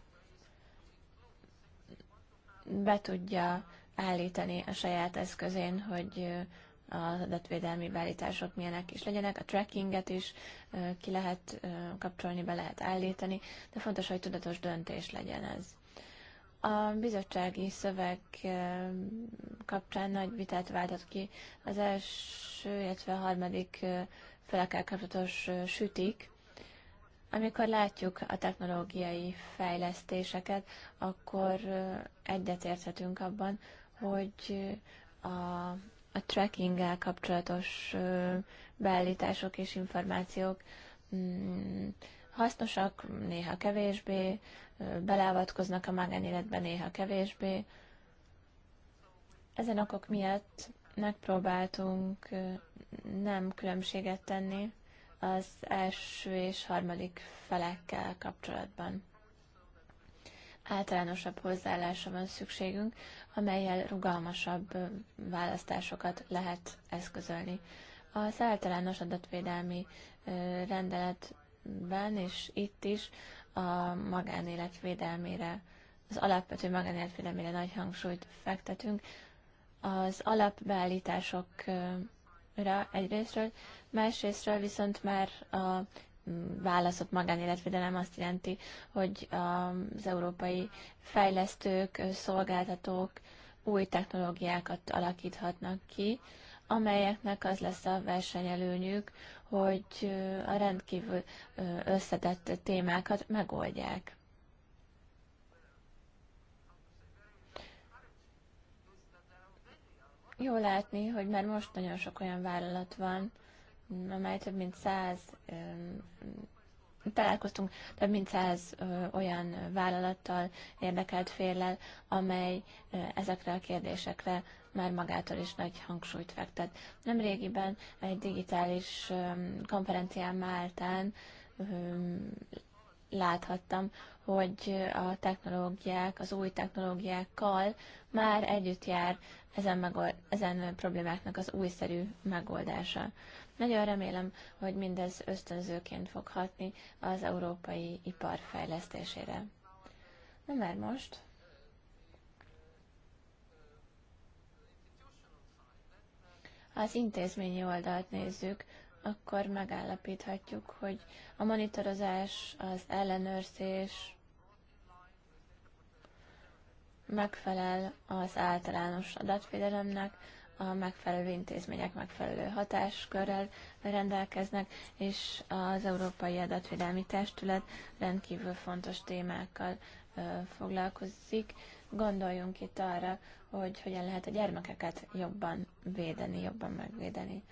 be tudja állítani a saját eszközén, hogy az adatvédelmi beállítások milyenek is legyenek, a trackinget is ki lehet kapcsolni, be lehet állítani, de fontos, hogy tudatos döntés legyen ez. A bizottsági szöveg kapcsán nagy vitát váltott ki az első, illetve a harmadik felekkel kapcsolatos sütik. Amikor látjuk a technológiai fejlesztéseket, akkor egyetérthetünk abban, hogy a a trackinggel kapcsolatos beállítások és információk mm, hasznosak, néha kevésbé, beleavatkoznak a magánéletbe, néha kevésbé. Ezen okok miatt megpróbáltunk nem különbséget tenni az első és harmadik felekkel kapcsolatban általánosabb hozzáállásra van szükségünk, amelyel rugalmasabb választásokat lehet eszközölni. Az általános adatvédelmi rendeletben és itt is a magánélet védelmére, az alapvető magánélet védelmére nagy hangsúlyt fektetünk. Az alapbeállítások egyrésztről, másrésztről viszont már a válaszott magánéletvédelem azt jelenti, hogy az európai fejlesztők, szolgáltatók új technológiákat alakíthatnak ki, amelyeknek az lesz a versenyelőnyük, hogy a rendkívül összetett témákat megoldják. Jó látni, hogy már most nagyon sok olyan vállalat van, amely több mint száz találkoztunk több mint száz olyan vállalattal, érdekelt féllel, amely ezekre a kérdésekre már magától is nagy hangsúlyt fektet. Nemrégiben egy digitális konferencián Máltán láthattam, hogy a technológiák, az új technológiákkal már együtt jár ezen, megold, ezen problémáknak az újszerű megoldása. Nagyon remélem, hogy mindez ösztönzőként fog hatni az európai ipar fejlesztésére. Na már most. Ha az intézményi oldalt nézzük, akkor megállapíthatjuk, hogy a monitorozás, az ellenőrzés megfelel az általános adatvédelemnek, a megfelelő intézmények megfelelő hatáskörrel rendelkeznek, és az Európai Adatvédelmi Testület rendkívül fontos témákkal foglalkozik. Gondoljunk itt arra, hogy hogyan lehet a gyermekeket jobban védeni, jobban megvédeni.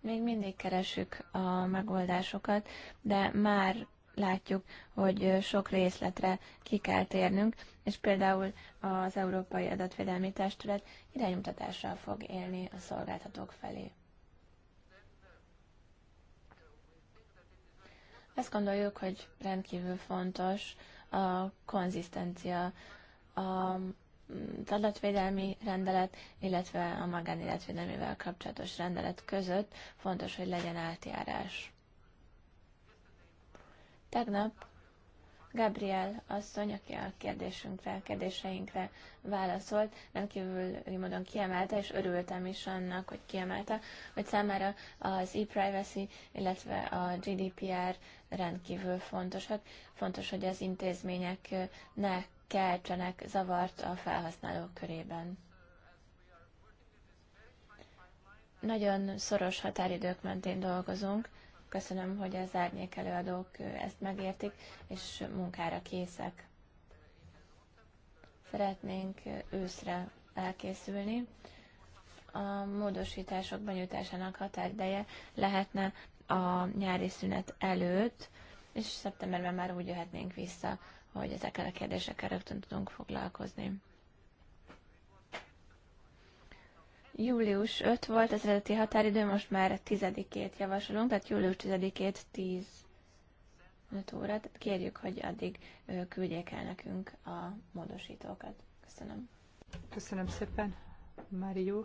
Még mindig keresük a megoldásokat, de már látjuk, hogy sok részletre ki kell térnünk, és például az Európai Adatvédelmi Testület iránymutatással fog élni a szolgáltatók felé. Azt gondoljuk, hogy rendkívül fontos a konzisztencia, a mm, adatvédelmi rendelet, illetve a magánéletvédelmével kapcsolatos rendelet között fontos, hogy legyen átjárás. Tegnap Gabriel asszony, aki a kérdésünkre, a kérdéseinkre válaszolt, rendkívül módon kiemelte, és örültem is annak, hogy kiemelte, hogy számára az e-privacy, illetve a GDPR rendkívül fontosak. Hát fontos, hogy az intézmények ne keltsenek zavart a felhasználók körében. Nagyon szoros határidők mentén dolgozunk, Köszönöm, hogy az árnyék előadók ezt megértik, és munkára készek. Szeretnénk őszre elkészülni. A módosítások benyújtásának határideje lehetne a nyári szünet előtt, és szeptemberben már úgy jöhetnénk vissza, hogy ezekkel a kérdésekkel rögtön tudunk foglalkozni. július 5 volt az eredeti határidő, most már 10-ét javasolunk, tehát július 10-ét 10 5 óra, tehát kérjük, hogy addig küldjék el nekünk a módosítókat. Köszönöm. Köszönöm szépen, Mário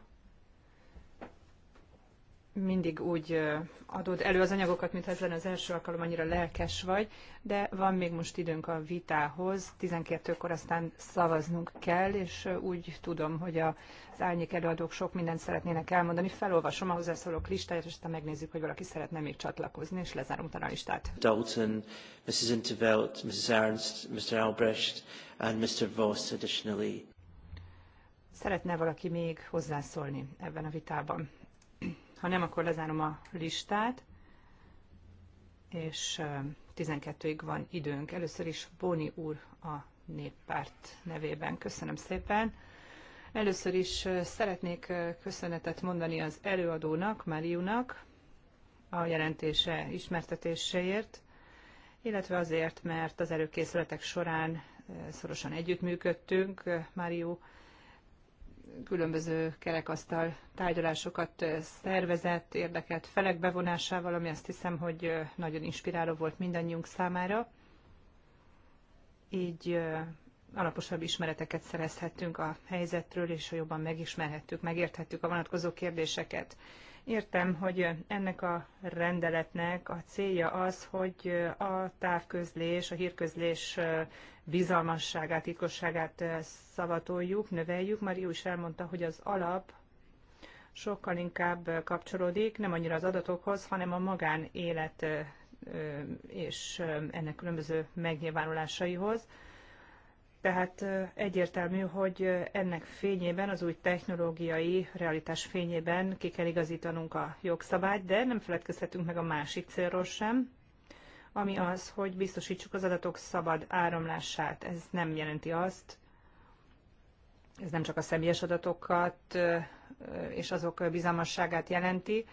mindig úgy adod elő az anyagokat, mintha ez lenne az első alkalom, annyira lelkes vagy, de van még most időnk a vitához, 12-kor aztán szavaznunk kell, és úgy tudom, hogy az árnyék előadók sok mindent szeretnének elmondani. Felolvasom a hozzászólók listáját, és aztán megnézzük, hogy valaki szeretne még csatlakozni, és talán a listát. Dalton, Mrs. Intervelt, Mrs. Ernst, Mr. Albrecht, and Mr. Voss additionally. Szeretne valaki még hozzászólni ebben a vitában? Ha nem, akkor lezárom a listát, és 12-ig van időnk. Először is Bóni úr a néppárt nevében. Köszönöm szépen. Először is szeretnék köszönetet mondani az előadónak, Máriunak, a jelentése ismertetéséért, illetve azért, mert az előkészületek során szorosan együttműködtünk. Máriu különböző kerekasztal tárgyalásokat szervezett, érdekelt felek bevonásával, ami azt hiszem, hogy nagyon inspiráló volt mindannyiunk számára. Így alaposabb ismereteket szerezhettünk a helyzetről, és jobban megismerhettük, megérthettük a vonatkozó kérdéseket. Értem, hogy ennek a rendeletnek a célja az, hogy a távközlés, a hírközlés bizalmasságát, titkosságát szavatoljuk, növeljük. Marió is elmondta, hogy az alap sokkal inkább kapcsolódik nem annyira az adatokhoz, hanem a magánélet és ennek különböző megnyilvánulásaihoz. Tehát egyértelmű, hogy ennek fényében, az új technológiai realitás fényében ki kell igazítanunk a jogszabályt, de nem feledkezhetünk meg a másik célról sem, ami az, hogy biztosítsuk az adatok szabad áramlását. Ez nem jelenti azt, ez nem csak a személyes adatokat és azok bizalmasságát jelenti,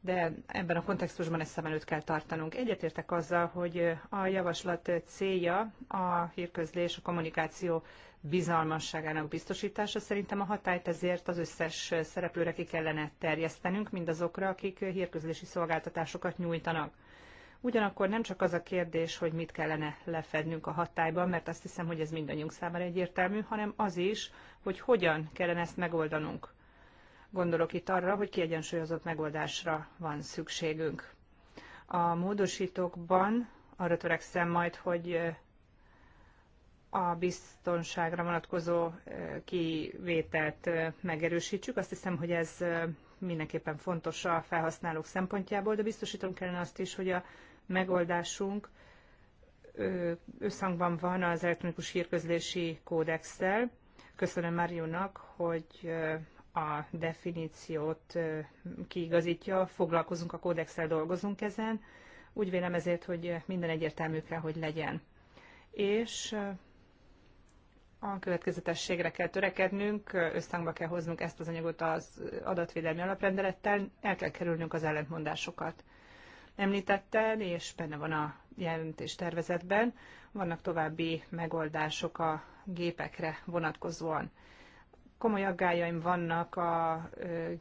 de ebben a kontextusban ezt szem előtt kell tartanunk. Egyetértek azzal, hogy a javaslat célja a hírközlés, a kommunikáció bizalmasságának biztosítása. Szerintem a hatályt ezért az összes szereplőre ki kellene terjesztenünk, mindazokra, akik hírközlési szolgáltatásokat nyújtanak. Ugyanakkor nem csak az a kérdés, hogy mit kellene lefednünk a hatályban, mert azt hiszem, hogy ez mindannyiunk számára egyértelmű, hanem az is, hogy hogyan kellene ezt megoldanunk. Gondolok itt arra, hogy kiegyensúlyozott megoldásra van szükségünk. A módosítókban arra törekszem majd, hogy a biztonságra vonatkozó kivételt megerősítsük. Azt hiszem, hogy ez mindenképpen fontos a felhasználók szempontjából, de biztosítom kellene azt is, hogy a megoldásunk összhangban van az elektronikus hírközlési kódexsel. Köszönöm Máriónak, hogy a definíciót kiigazítja, foglalkozunk a kódexsel, dolgozunk ezen. Úgy vélem ezért, hogy minden egyértelmű kell, hogy legyen. És a következetességre kell törekednünk, összhangba kell hoznunk ezt az anyagot az adatvédelmi alaprendelettel, el kell kerülnünk az ellentmondásokat. Említettel, és benne van a jelentés tervezetben, vannak további megoldások a gépekre vonatkozóan. Komoly aggájaim vannak a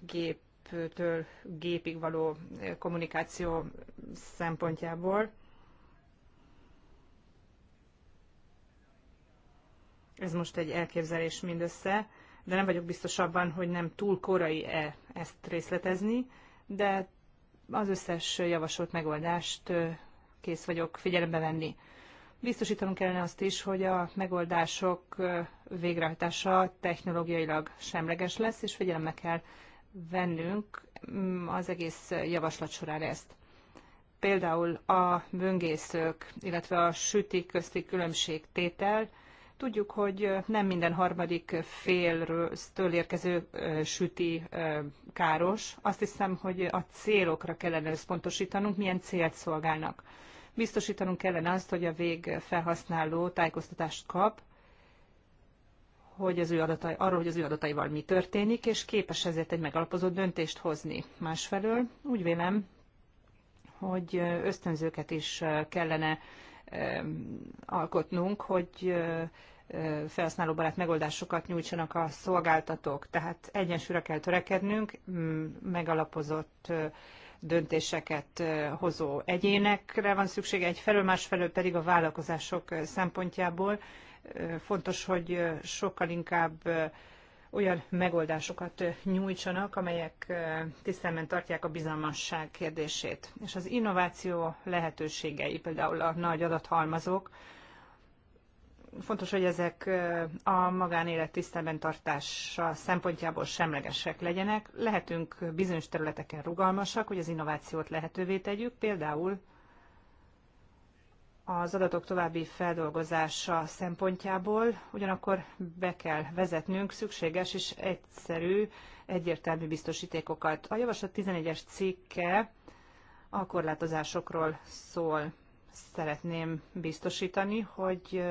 géptől gépig való kommunikáció szempontjából. Ez most egy elképzelés mindössze, de nem vagyok biztos abban, hogy nem túl korai-e ezt részletezni, de az összes javasolt megoldást kész vagyok figyelembe venni. Biztosítanunk kellene azt is, hogy a megoldások végrehajtása technológiailag semleges lesz, és figyelembe kell vennünk mm, az egész javaslat során ezt. Például a böngészők, illetve a sütik közti tétel. Tudjuk, hogy nem minden harmadik féltől érkező süti káros. Azt hiszem, hogy a célokra kellene összpontosítanunk, milyen célt szolgálnak Biztosítanunk kellene azt, hogy a végfelhasználó tájékoztatást kap, hogy az ő adatai, arról, hogy az ő adataival mi történik, és képes ezért egy megalapozott döntést hozni. Másfelől úgy vélem, hogy ösztönzőket is kellene alkotnunk, hogy felhasználóbarát megoldásokat nyújtsanak a szolgáltatók. Tehát egyensúlyra kell törekednünk, megalapozott döntéseket hozó egyénekre van szükség, egyfelől, másfelől pedig a vállalkozások szempontjából fontos, hogy sokkal inkább olyan megoldásokat nyújtsanak, amelyek tisztelmen tartják a bizalmasság kérdését. És az innováció lehetőségei, például a nagy adathalmazok, fontos, hogy ezek a magánélet tisztelben tartása szempontjából semlegesek legyenek. Lehetünk bizonyos területeken rugalmasak, hogy az innovációt lehetővé tegyük, például az adatok további feldolgozása szempontjából, ugyanakkor be kell vezetnünk szükséges és egyszerű, egyértelmű biztosítékokat. A javaslat 11-es cikke a korlátozásokról szól. Szeretném biztosítani, hogy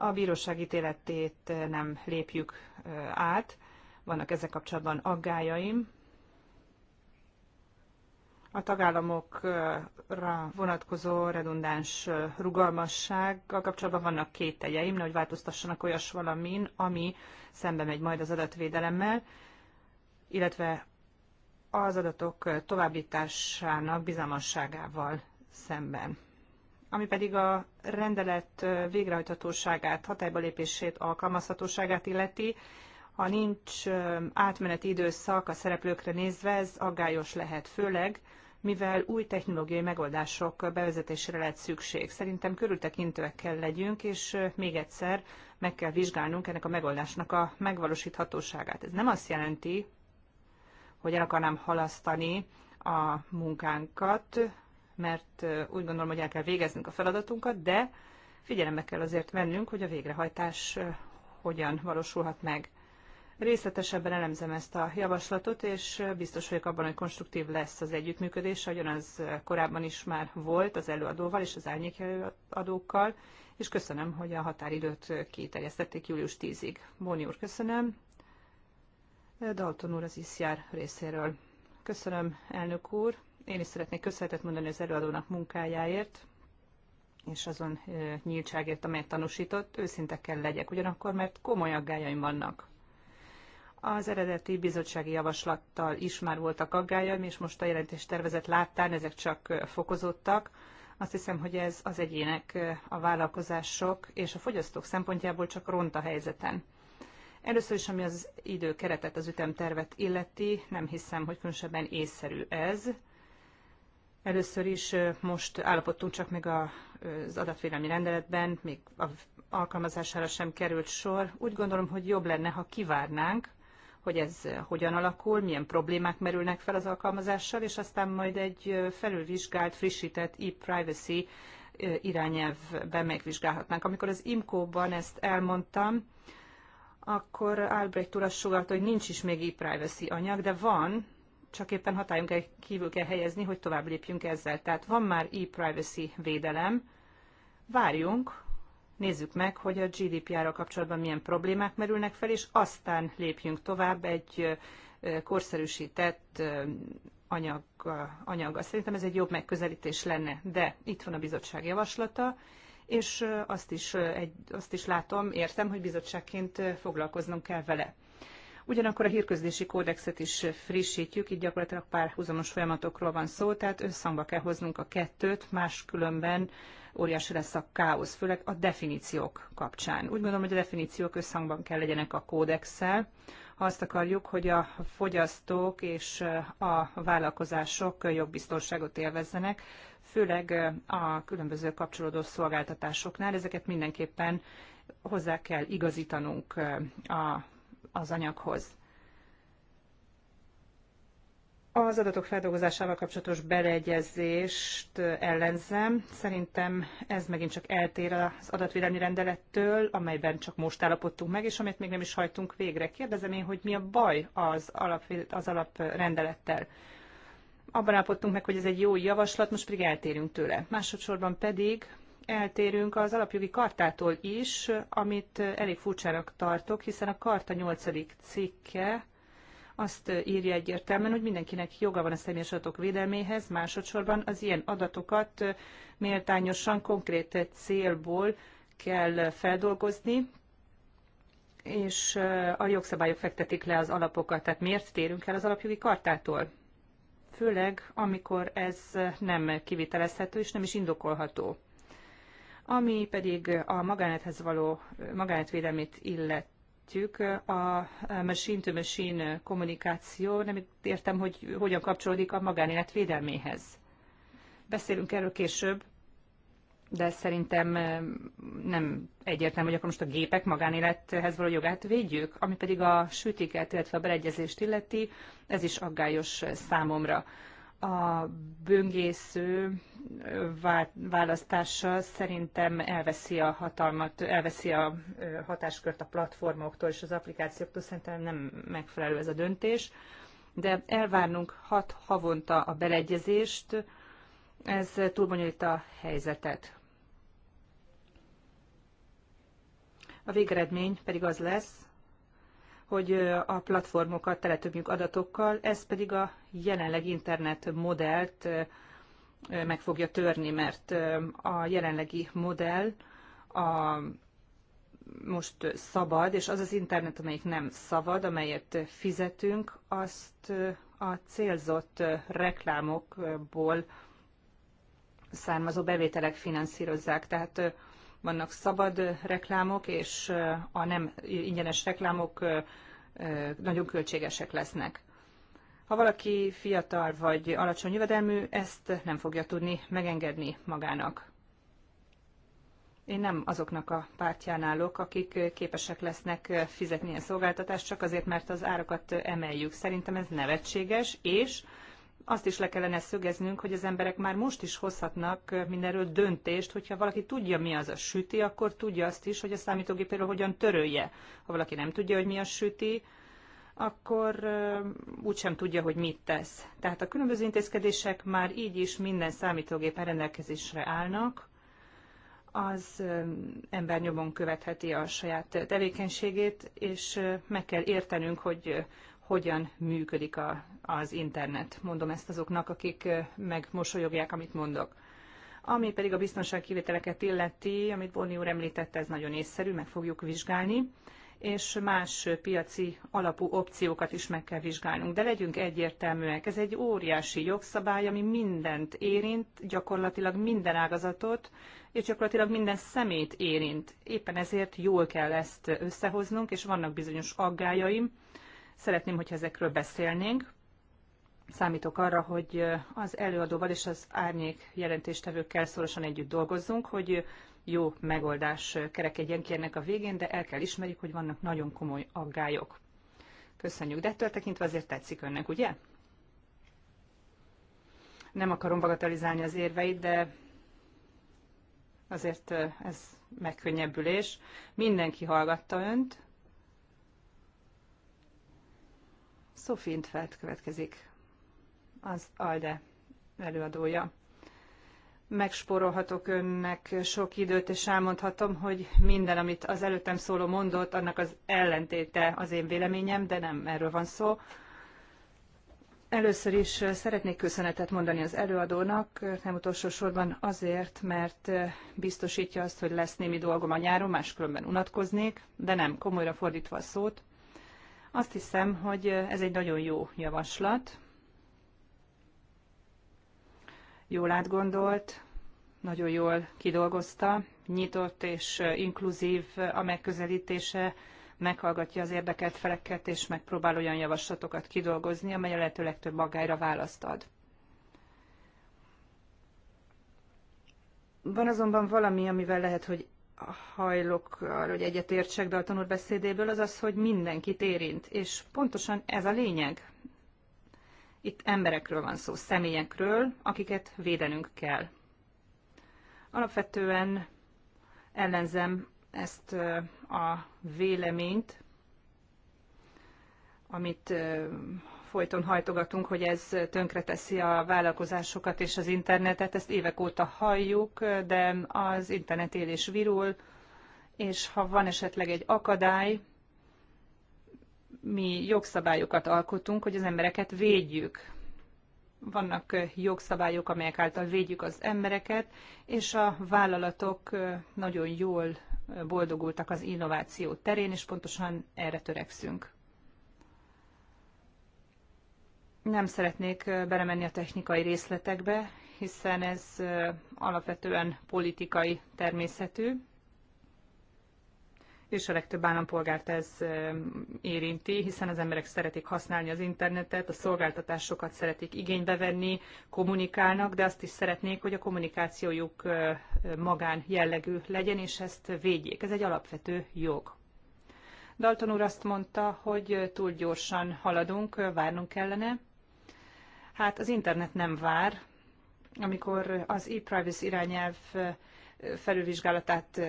a bíróság ítéletét nem lépjük át. Vannak ezzel kapcsolatban aggájaim. A tagállamokra vonatkozó redundáns rugalmassággal kapcsolatban vannak két tegyeim, hogy változtassanak olyas valamin, ami szembe megy majd az adatvédelemmel, illetve az adatok továbbításának bizalmasságával szemben ami pedig a rendelet végrehajthatóságát, hatályba lépését, alkalmazhatóságát illeti. Ha nincs átmeneti időszak a szereplőkre nézve, ez aggályos lehet, főleg mivel új technológiai megoldások bevezetésére lehet szükség. Szerintem körültekintőek kell legyünk, és még egyszer meg kell vizsgálnunk ennek a megoldásnak a megvalósíthatóságát. Ez nem azt jelenti, hogy el akarnám halasztani a munkánkat, mert úgy gondolom, hogy el kell végeznünk a feladatunkat, de figyelembe kell azért vennünk, hogy a végrehajtás hogyan valósulhat meg. Részletesebben elemzem ezt a javaslatot, és biztos vagyok abban, hogy konstruktív lesz az együttműködés, ahogyan az korábban is már volt az előadóval és az árnyék előadókkal, és köszönöm, hogy a határidőt kiterjesztették július 10-ig. Bóni úr, köszönöm. Dalton úr az ISZJÁR részéről. Köszönöm, elnök úr. Én is szeretnék köszönetet mondani az előadónak munkájáért, és azon nyíltságért, amelyet tanúsított. Őszinte kell legyek, ugyanakkor, mert komoly aggájaim vannak. Az eredeti bizottsági javaslattal is már voltak aggájaim, és most a jelentés tervezet láttán ezek csak fokozottak. Azt hiszem, hogy ez az egyének, a vállalkozások és a fogyasztók szempontjából csak ront a helyzeten. Először is, ami az időkeretet, az ütemtervet illeti, nem hiszem, hogy különösebben észszerű ez. Először is most állapodtunk csak meg az adatvédelmi rendeletben, még a alkalmazására sem került sor. Úgy gondolom, hogy jobb lenne, ha kivárnánk, hogy ez hogyan alakul, milyen problémák merülnek fel az alkalmazással, és aztán majd egy felülvizsgált, frissített e-privacy irányelvben megvizsgálhatnánk. Amikor az IMCO-ban ezt elmondtam, akkor Albrecht úr azt sugalt, hogy nincs is még e-privacy anyag, de van, csak éppen hatályon kell, kívül kell helyezni, hogy tovább lépjünk ezzel. Tehát van már e-privacy védelem, várjunk, nézzük meg, hogy a GDPR-ra kapcsolatban milyen problémák merülnek fel, és aztán lépjünk tovább egy korszerűsített anyag, anyaggal. Szerintem ez egy jobb megközelítés lenne, de itt van a bizottság javaslata, és azt is, egy, azt is látom, értem, hogy bizottságként foglalkoznom kell vele. Ugyanakkor a hírközlési kódexet is frissítjük, így gyakorlatilag párhuzamos folyamatokról van szó, tehát összhangba kell hoznunk a kettőt, máskülönben óriási lesz a káosz, főleg a definíciók kapcsán. Úgy gondolom, hogy a definíciók összhangban kell legyenek a kódexsel, ha azt akarjuk, hogy a fogyasztók és a vállalkozások jobb biztonságot élvezzenek, főleg a különböző kapcsolódó szolgáltatásoknál. Ezeket mindenképpen hozzá kell igazítanunk a az anyaghoz. Az adatok feldolgozásával kapcsolatos beleegyezést ellenzem. Szerintem ez megint csak eltér az adatvédelmi rendelettől, amelyben csak most állapodtunk meg, és amit még nem is hajtunk végre. Kérdezem én, hogy mi a baj az, alap, az alaprendelettel. Abban állapodtunk meg, hogy ez egy jó javaslat, most pedig eltérünk tőle. Másodszorban pedig eltérünk az alapjogi kartától is, amit elég furcsának tartok, hiszen a karta 8. cikke azt írja egyértelműen, hogy mindenkinek joga van a személyes adatok védelméhez, másodszorban az ilyen adatokat méltányosan, konkrét célból kell feldolgozni, és a jogszabályok fektetik le az alapokat. Tehát miért térünk el az alapjogi kartától? Főleg, amikor ez nem kivitelezhető és nem is indokolható. Ami pedig a magánethez való magánetvédelmét illetjük, a machine-to-machine -machine kommunikáció, nem értem, hogy hogyan kapcsolódik a magánélet védelméhez. Beszélünk erről később, de szerintem eh, nem egyértelmű, hogy akkor most a gépek magánélethez való jogát védjük, ami pedig a sütiket, illetve a beleegyezést illeti, ez is aggályos eh, számomra a böngésző választása szerintem elveszi a hatalmat, elveszi a hatáskört a platformoktól és az applikációktól, szerintem nem megfelelő ez a döntés, de elvárnunk hat havonta a beleegyezést, ez túlbonyolít a helyzetet. A végeredmény pedig az lesz, hogy a platformokat teletömjük adatokkal, ez pedig a jelenleg internet modellt meg fogja törni, mert a jelenlegi modell a most szabad, és az az internet, amelyik nem szabad, amelyet fizetünk, azt a célzott reklámokból származó bevételek finanszírozzák. Tehát vannak szabad reklámok, és a nem ingyenes reklámok nagyon költségesek lesznek. Ha valaki fiatal vagy alacsony jövedelmű, ezt nem fogja tudni megengedni magának. Én nem azoknak a pártján állok, akik képesek lesznek fizetni a szolgáltatást, csak azért, mert az árakat emeljük. Szerintem ez nevetséges, és azt is le kellene szögeznünk, hogy az emberek már most is hozhatnak mindenről döntést, hogyha valaki tudja, mi az a süti, akkor tudja azt is, hogy a számítógépéről hogyan törölje. Ha valaki nem tudja, hogy mi a süti, akkor úgysem tudja, hogy mit tesz. Tehát a különböző intézkedések már így is minden számítógépen rendelkezésre állnak, az ember nyomon követheti a saját tevékenységét, és meg kell értenünk, hogy hogyan működik a, az internet. Mondom ezt azoknak, akik megmosolyogják, amit mondok. Ami pedig a biztonsági kivételeket illeti, amit Bonni úr említette, ez nagyon észszerű, meg fogjuk vizsgálni, és más piaci alapú opciókat is meg kell vizsgálnunk. De legyünk egyértelműek, ez egy óriási jogszabály, ami mindent érint, gyakorlatilag minden ágazatot, és gyakorlatilag minden szemét érint. Éppen ezért jól kell ezt összehoznunk, és vannak bizonyos aggájaim, Szeretném, hogyha ezekről beszélnénk. Számítok arra, hogy az előadóval és az árnyék jelentéstevőkkel szorosan együtt dolgozzunk, hogy jó megoldás kerekedjen ki ennek a végén, de el kell ismerjük, hogy vannak nagyon komoly aggályok. Köszönjük, de ettől tekintve azért tetszik önnek, ugye? Nem akarom bagatelizálni az érveit, de azért ez megkönnyebbülés. Mindenki hallgatta önt, Sophie Intfeld következik, az ALDE előadója. Megsporolhatok önnek sok időt, és elmondhatom, hogy minden, amit az előttem szóló mondott, annak az ellentéte az én véleményem, de nem erről van szó. Először is szeretnék köszönetet mondani az előadónak, nem utolsó sorban azért, mert biztosítja azt, hogy lesz némi dolgom a nyáron, máskülönben unatkoznék, de nem, komolyra fordítva a szót. Azt hiszem, hogy ez egy nagyon jó javaslat, jól átgondolt, nagyon jól kidolgozta, nyitott és inkluzív a megközelítése, meghallgatja az érdekelt feleket, és megpróbál olyan javaslatokat kidolgozni, amely a lehető legtöbb magára választ ad. Van azonban valami, amivel lehet, hogy hajlok arra, hogy egyetértsek a úr beszédéből, az az, hogy mindenkit érint. És pontosan ez a lényeg. Itt emberekről van szó, személyekről, akiket védenünk kell. Alapvetően ellenzem ezt a véleményt, amit folyton hajtogatunk, hogy ez tönkreteszi a vállalkozásokat és az internetet. Ezt évek óta halljuk, de az internet él és virul, és ha van esetleg egy akadály, mi jogszabályokat alkotunk, hogy az embereket védjük. Vannak jogszabályok, amelyek által védjük az embereket, és a vállalatok nagyon jól boldogultak az innováció terén, és pontosan erre törekszünk. Nem szeretnék belemenni a technikai részletekbe, hiszen ez alapvetően politikai természetű, és a legtöbb állampolgárt ez érinti, hiszen az emberek szeretik használni az internetet, a szolgáltatásokat szeretik igénybe venni, kommunikálnak, de azt is szeretnék, hogy a kommunikációjuk magán jellegű legyen, és ezt védjék. Ez egy alapvető jog. Dalton úr azt mondta, hogy túl gyorsan haladunk, várnunk kellene. Hát az internet nem vár. Amikor az e-privacy irányelv felülvizsgálatát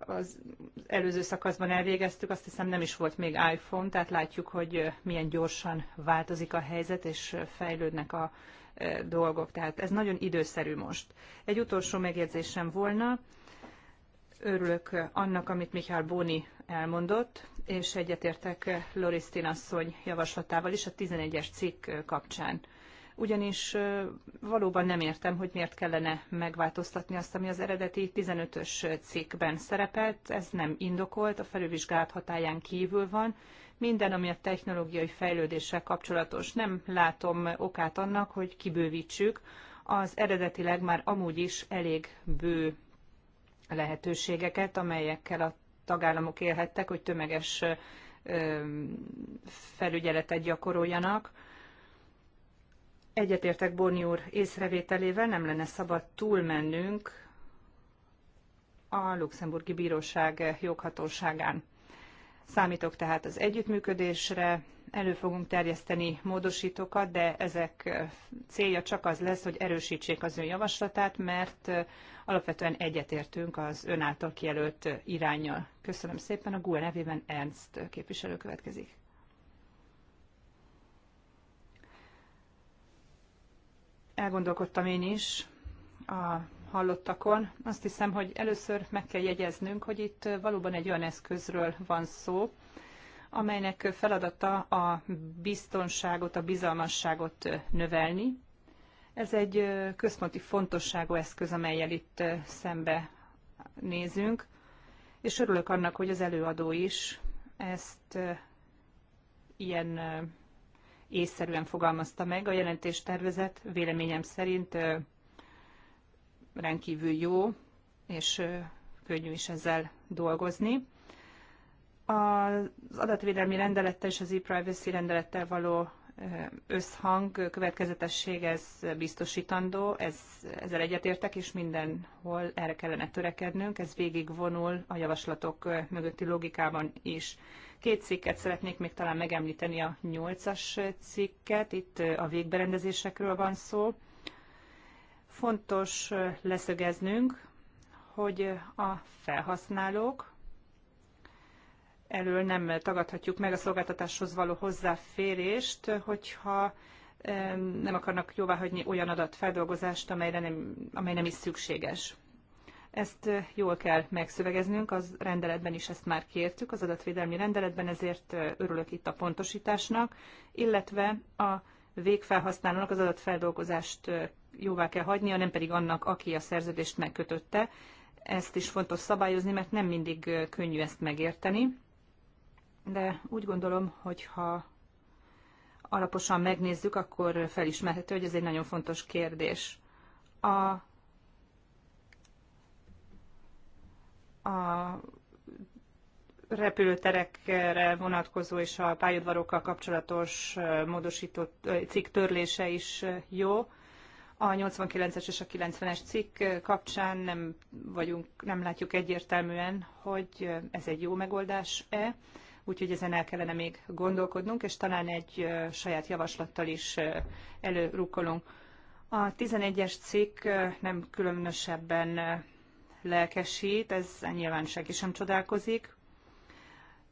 az előző szakaszban elvégeztük, azt hiszem nem is volt még iPhone, tehát látjuk, hogy milyen gyorsan változik a helyzet, és fejlődnek a dolgok. Tehát ez nagyon időszerű most. Egy utolsó megjegyzésem volna. Örülök annak, amit Mihály Bóni elmondott, és egyetértek Loris asszony javaslatával is a 11-es cikk kapcsán ugyanis valóban nem értem, hogy miért kellene megváltoztatni azt, ami az eredeti 15-ös cikkben szerepelt. Ez nem indokolt, a felülvizsgálat hatáján kívül van. Minden, ami a technológiai fejlődéssel kapcsolatos, nem látom okát annak, hogy kibővítsük az eredetileg már amúgy is elég bő lehetőségeket, amelyekkel a tagállamok élhettek, hogy tömeges felügyeletet gyakoroljanak Egyetértek Borni úr észrevételével, nem lenne szabad túlmennünk a luxemburgi bíróság joghatóságán. Számítok tehát az együttműködésre, elő fogunk terjeszteni módosítókat, de ezek célja csak az lesz, hogy erősítsék az ön javaslatát, mert alapvetően egyetértünk az ön által kijelölt irányjal. Köszönöm szépen, a GUE nevében Ernst képviselő következik. elgondolkodtam én is a hallottakon. Azt hiszem, hogy először meg kell jegyeznünk, hogy itt valóban egy olyan eszközről van szó, amelynek feladata a biztonságot, a bizalmasságot növelni. Ez egy központi fontosságú eszköz, amelyel itt szembe nézünk, és örülök annak, hogy az előadó is ezt ilyen észszerűen fogalmazta meg. A jelentés tervezet véleményem szerint rendkívül jó, és könnyű is ezzel dolgozni. Az adatvédelmi rendelettel és az e-privacy rendelettel való összhang, következetesség, ez biztosítandó, ez, ezzel egyetértek, és mindenhol erre kellene törekednünk, ez végigvonul a javaslatok mögötti logikában is. Két cikket szeretnék még talán megemlíteni, a nyolcas cikket, itt a végberendezésekről van szó. Fontos leszögeznünk, hogy a felhasználók, elől nem tagadhatjuk meg a szolgáltatáshoz való hozzáférést, hogyha eh, nem akarnak jóváhagyni olyan adatfeldolgozást, amelyre nem, amely nem is szükséges. Ezt eh, jól kell megszövegeznünk, az rendeletben is ezt már kértük, az adatvédelmi rendeletben, ezért eh, örülök itt a pontosításnak, illetve a végfelhasználónak az adatfeldolgozást jóvá kell hagynia, nem pedig annak, aki a szerződést megkötötte. Ezt is fontos szabályozni, mert nem mindig könnyű ezt megérteni de úgy gondolom, hogy ha alaposan megnézzük, akkor felismerhető, hogy ez egy nagyon fontos kérdés. A, a repülőterekre vonatkozó és a pályaudvarokkal kapcsolatos módosított cikk törlése is jó. A 89-es és a 90-es cikk kapcsán nem, vagyunk, nem látjuk egyértelműen, hogy ez egy jó megoldás-e úgyhogy ezen el kellene még gondolkodnunk, és talán egy saját javaslattal is előrukkolunk. A 11-es cikk nem különösebben lelkesít, ez nyilván senki sem csodálkozik.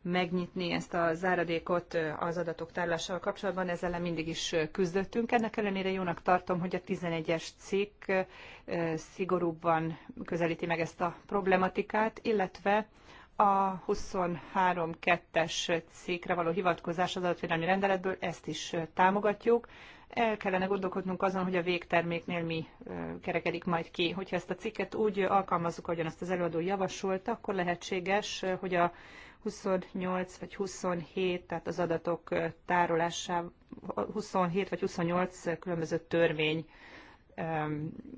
Megnyitni ezt a záradékot az adatok tárlással kapcsolatban, ezzel mindig is küzdöttünk. Ennek ellenére jónak tartom, hogy a 11-es cikk szigorúbban közelíti meg ezt a problematikát, illetve a 23.2-es cikkre való hivatkozás az adatvédelmi rendeletből, ezt is támogatjuk. El kellene gondolkodnunk azon, hogy a végterméknél mi kerekedik majd ki. Hogyha ezt a cikket úgy alkalmazzuk, ahogyan azt az előadó javasolta, akkor lehetséges, hogy a 28 vagy 27, tehát az adatok tárolásában 27 vagy 28 különböző törvény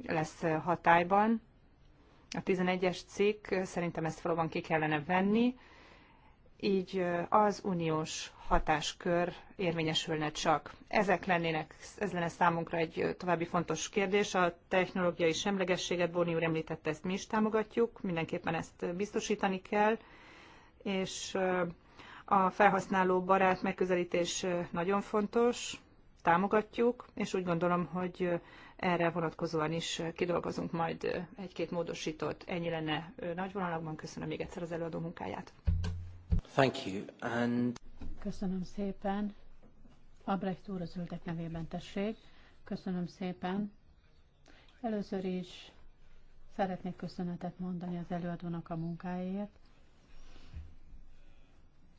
lesz hatályban a 11-es cikk, szerintem ezt valóban ki kellene venni, így az uniós hatáskör érvényesülne csak. Ezek lennének, ez lenne számunkra egy további fontos kérdés. A technológiai semlegességet, Bóni úr említette, ezt mi is támogatjuk, mindenképpen ezt biztosítani kell, és a felhasználó barát megközelítés nagyon fontos, támogatjuk, és úgy gondolom, hogy erre vonatkozóan is kidolgozunk majd egy-két módosítót. Ennyi lenne nagy vonalakban. Köszönöm még egyszer az előadó munkáját. Thank you. And... Köszönöm szépen. Abrecht úr a zöldek nevében tessék. Köszönöm szépen. Először is szeretnék köszönetet mondani az előadónak a munkáért.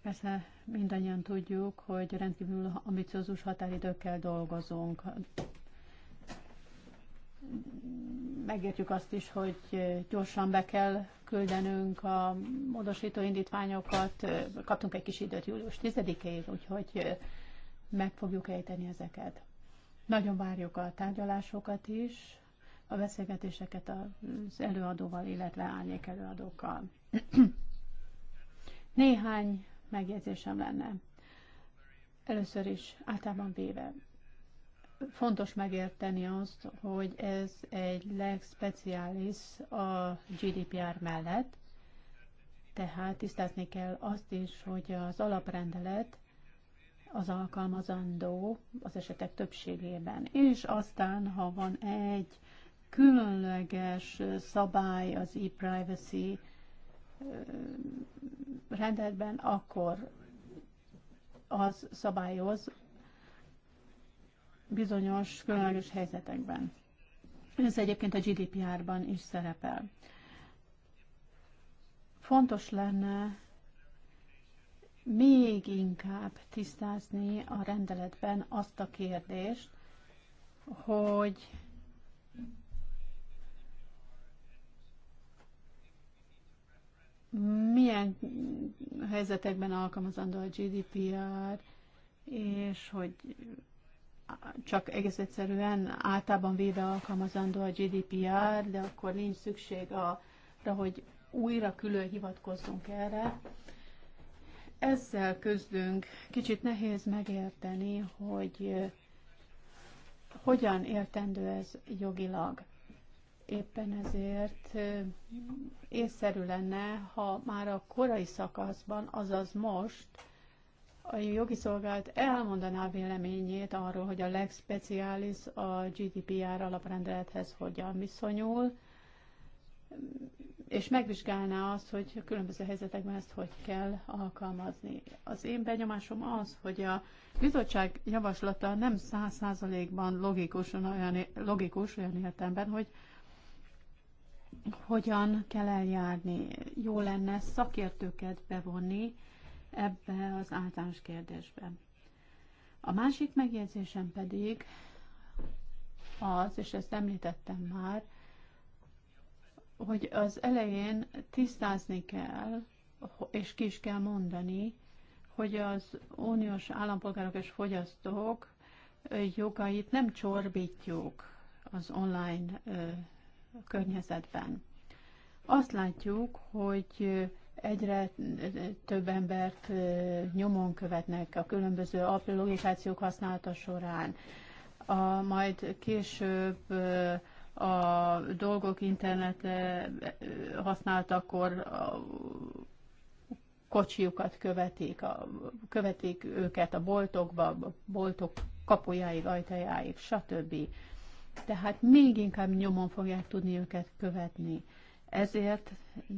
Persze mindannyian tudjuk, hogy rendkívül ambiciózus határidőkkel dolgozunk. Megértjük azt is, hogy gyorsan be kell küldenünk a módosító indítványokat. Kaptunk egy kis időt július 10-ig, úgyhogy meg fogjuk ejteni ezeket. Nagyon várjuk a tárgyalásokat is, a beszélgetéseket az előadóval, illetve árnyék előadókkal. Néhány megjegyzésem lenne. Először is általában véve fontos megérteni azt, hogy ez egy legspeciális a GDPR mellett, tehát tisztázni kell azt is, hogy az alaprendelet az alkalmazandó az esetek többségében. És aztán, ha van egy különleges szabály az e-privacy rendetben, akkor az szabályoz bizonyos különleges helyzetekben. Ez egyébként a GDPR-ban is szerepel. Fontos lenne még inkább tisztázni a rendeletben azt a kérdést, hogy milyen helyzetekben alkalmazandó a GDPR, és hogy csak egész egyszerűen általában véve alkalmazandó a GDPR, de akkor nincs szükség arra, hogy újra külön hivatkozzunk erre. Ezzel közdünk. Kicsit nehéz megérteni, hogy hogyan értendő ez jogilag. Éppen ezért észszerű lenne, ha már a korai szakaszban, azaz most, a jogi szolgált elmondaná véleményét arról, hogy a legspeciális a GDPR alaprendelethez hogyan viszonyul, és megvizsgálná azt, hogy különböző helyzetekben ezt hogy kell alkalmazni. Az én benyomásom az, hogy a bizottság javaslata nem száz százalékban logikus olyan, logikus olyan értelemben, hogy hogyan kell eljárni. Jó lenne szakértőket bevonni ebbe az általános kérdésbe. A másik megjegyzésem pedig az, és ezt említettem már, hogy az elején tisztázni kell, és ki is kell mondani, hogy az uniós állampolgárok és fogyasztók jogait nem csorbítjuk az online környezetben. Azt látjuk, hogy egyre több embert nyomon követnek a különböző applikációk használata során. A, majd később a dolgok internet használtakor a kocsiukat követik, a, követik őket a boltokba, a boltok kapujáig, ajtajáig, stb tehát még inkább nyomon fogják tudni őket követni. Ezért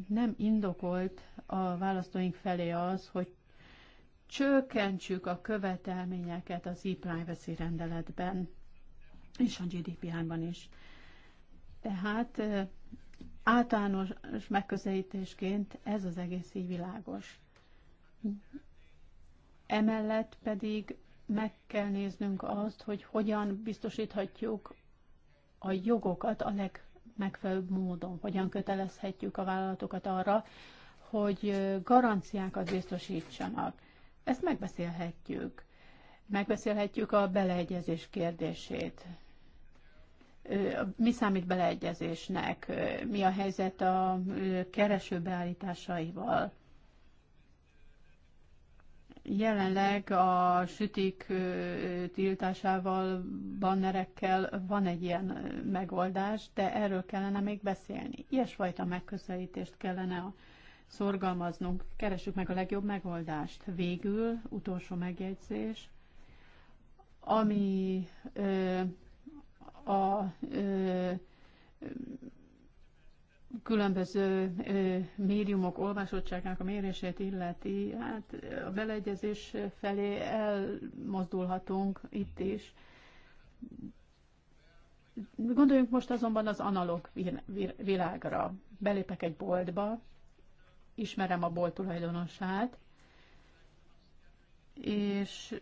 nem indokolt a választóink felé az, hogy csökkentsük a követelményeket az e-privacy rendeletben és a GDPR-ban is. Tehát általános megközelítésként ez az egész így világos. Emellett pedig meg kell néznünk azt, hogy hogyan biztosíthatjuk a jogokat a legmegfelelőbb módon, hogyan kötelezhetjük a vállalatokat arra, hogy garanciákat biztosítsanak. Ezt megbeszélhetjük. Megbeszélhetjük a beleegyezés kérdését. Mi számít beleegyezésnek? Mi a helyzet a kereső beállításaival? Jelenleg a sütik tiltásával, bannerekkel van egy ilyen megoldás, de erről kellene még beszélni. Ilyesfajta megközelítést kellene szorgalmaznunk. Keressük meg a legjobb megoldást. Végül, utolsó megjegyzés, ami ö, a ö, különböző médiumok olvasottságának a mérését illeti, hát a beleegyezés felé elmozdulhatunk itt is. Gondoljunk most azonban az analóg világra. Belépek egy boltba, ismerem a bolt tulajdonosát, és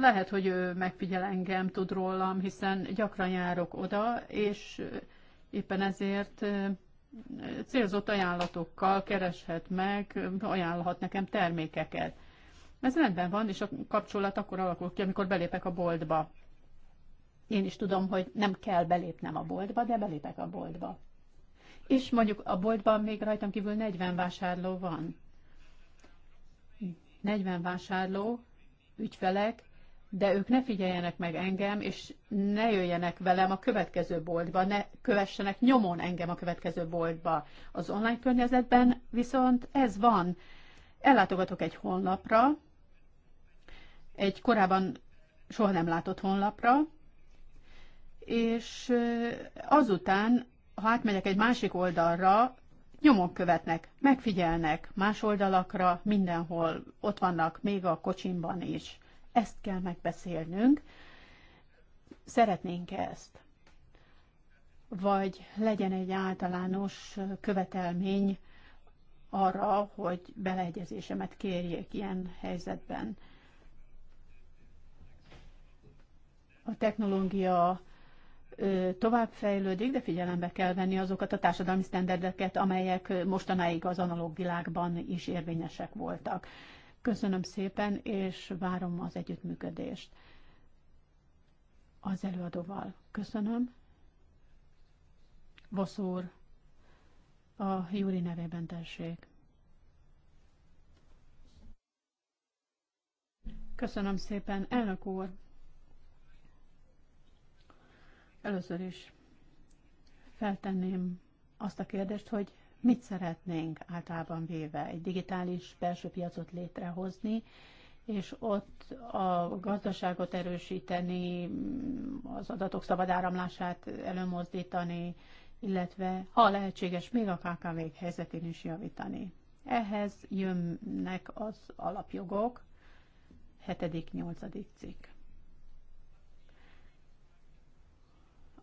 lehet, hogy ő megfigyel engem, tud rólam, hiszen gyakran járok oda, és éppen ezért célzott ajánlatokkal kereshet meg, ajánlhat nekem termékeket. Ez rendben van, és a kapcsolat akkor alakul ki, amikor belépek a boltba. Én is tudom, hogy nem kell belépnem a boltba, de belépek a boltba. És mondjuk a boltban még rajtam kívül 40 vásárló van. 40 vásárló, ügyfelek, de ők ne figyeljenek meg engem, és ne jöjjenek velem a következő boltba, ne kövessenek nyomon engem a következő boltba. Az online környezetben viszont ez van. Ellátogatok egy honlapra, egy korábban soha nem látott honlapra, és azután, ha átmegyek egy másik oldalra, nyomon követnek, megfigyelnek más oldalakra, mindenhol, ott vannak még a kocsimban is ezt kell megbeszélnünk. Szeretnénk ezt? Vagy legyen egy általános követelmény arra, hogy beleegyezésemet kérjék ilyen helyzetben. A technológia tovább fejlődik, de figyelembe kell venni azokat a társadalmi sztenderdeket, amelyek mostanáig az analóg világban is érvényesek voltak. Köszönöm szépen, és várom az együttműködést az előadóval. Köszönöm. Vosz úr, a Júri nevében tessék. Köszönöm szépen, elnök úr. Először is feltenném azt a kérdést, hogy Mit szeretnénk általában véve? Egy digitális belső piacot létrehozni, és ott a gazdaságot erősíteni, az adatok szabad áramlását előmozdítani, illetve ha lehetséges, még a kkv helyzetén is javítani. Ehhez jönnek az alapjogok, 7.-8. cikk.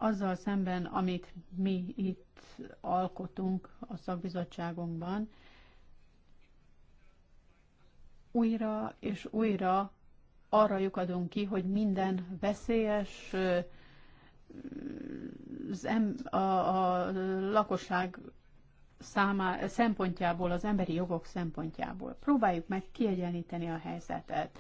azzal szemben, amit mi itt alkotunk a szakbizottságunkban, újra és újra arra lyukadunk ki, hogy minden veszélyes, az em, a, a lakosság számá, szempontjából, az emberi jogok szempontjából. Próbáljuk meg kiegyenlíteni a helyzetet.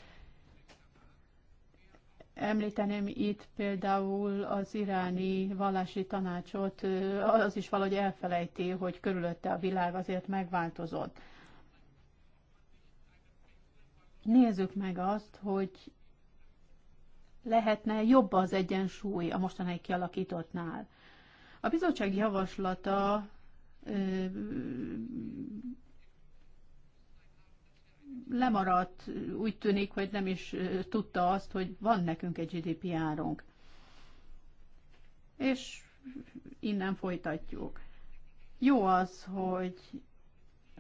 Említeném itt például az iráni vallási tanácsot, az is valahogy elfelejti, hogy körülötte a világ azért megváltozott. Nézzük meg azt, hogy lehetne jobb az egyensúly a mostanáig kialakítottnál. A bizottság javaslata lemaradt, úgy tűnik, hogy nem is tudta azt, hogy van nekünk egy GDPR-unk. És innen folytatjuk. Jó az, hogy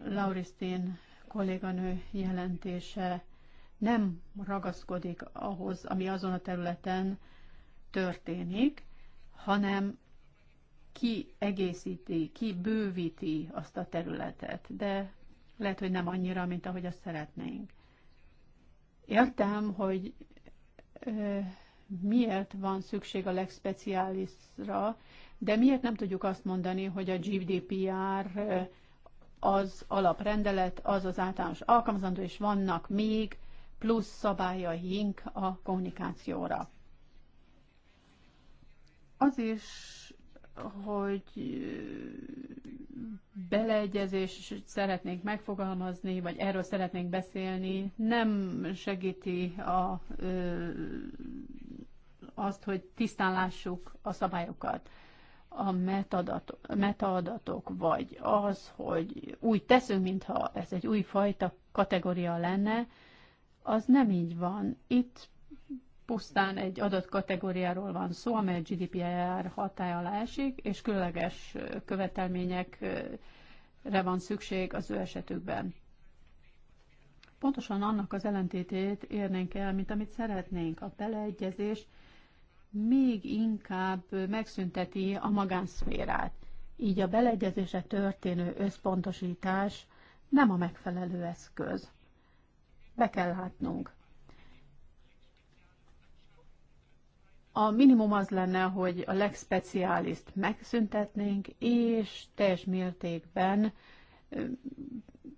Lauristin kolléganő jelentése nem ragaszkodik ahhoz, ami azon a területen történik, hanem ki egészíti, ki bővíti azt a területet. De lehet, hogy nem annyira, mint ahogy azt szeretnénk. Értem, hogy ö, miért van szükség a legspeciálisra, de miért nem tudjuk azt mondani, hogy a GDPR az alaprendelet, az az általános alkalmazandó, és vannak még plusz szabályaink a kommunikációra. Az is hogy beleegyezés szeretnénk megfogalmazni, vagy erről szeretnénk beszélni, nem segíti a, azt, hogy tisztán lássuk a szabályokat. A metadatok, metaadatok, vagy az, hogy úgy teszünk, mintha ez egy új fajta kategória lenne, az nem így van. Itt pusztán egy adott kategóriáról van szó, amely GDPR hatája alá esik, és különleges követelményekre van szükség az ő esetükben. Pontosan annak az ellentétét érnénk el, mint amit szeretnénk. A beleegyezés még inkább megszünteti a magánszférát. Így a beleegyezésre történő összpontosítás nem a megfelelő eszköz. Be kell látnunk. A minimum az lenne, hogy a legspeciálist megszüntetnénk, és teljes mértékben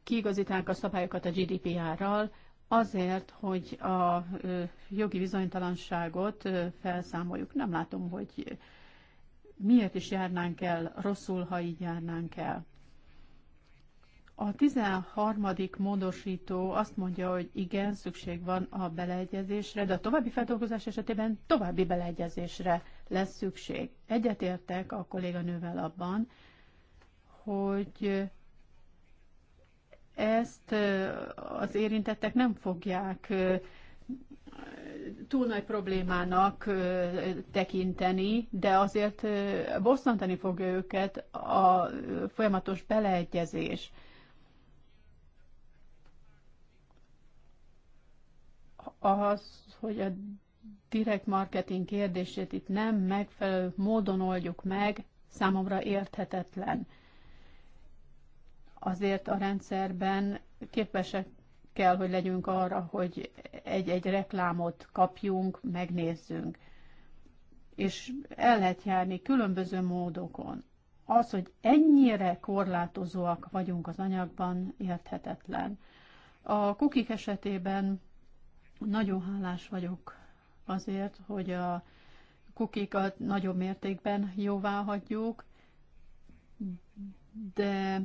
kiigazítanánk a szabályokat a GDPR-ral, azért, hogy a jogi bizonytalanságot felszámoljuk. Nem látom, hogy miért is járnánk el rosszul, ha így járnánk el. A 13. módosító azt mondja, hogy igen, szükség van a beleegyezésre, de a további feldolgozás esetében további beleegyezésre lesz szükség. Egyetértek a kolléganővel abban, hogy ezt az érintettek nem fogják túl nagy problémának tekinteni, de azért bosszantani fogja őket a folyamatos beleegyezés. az, hogy a direkt marketing kérdését itt nem megfelelő módon oldjuk meg, számomra érthetetlen. Azért a rendszerben képesek kell, hogy legyünk arra, hogy egy-egy reklámot kapjunk, megnézzünk. És el lehet járni különböző módokon. Az, hogy ennyire korlátozóak vagyunk az anyagban, érthetetlen. A kukik esetében nagyon hálás vagyok azért, hogy a kukikat nagyobb mértékben jóvá hagyjuk, de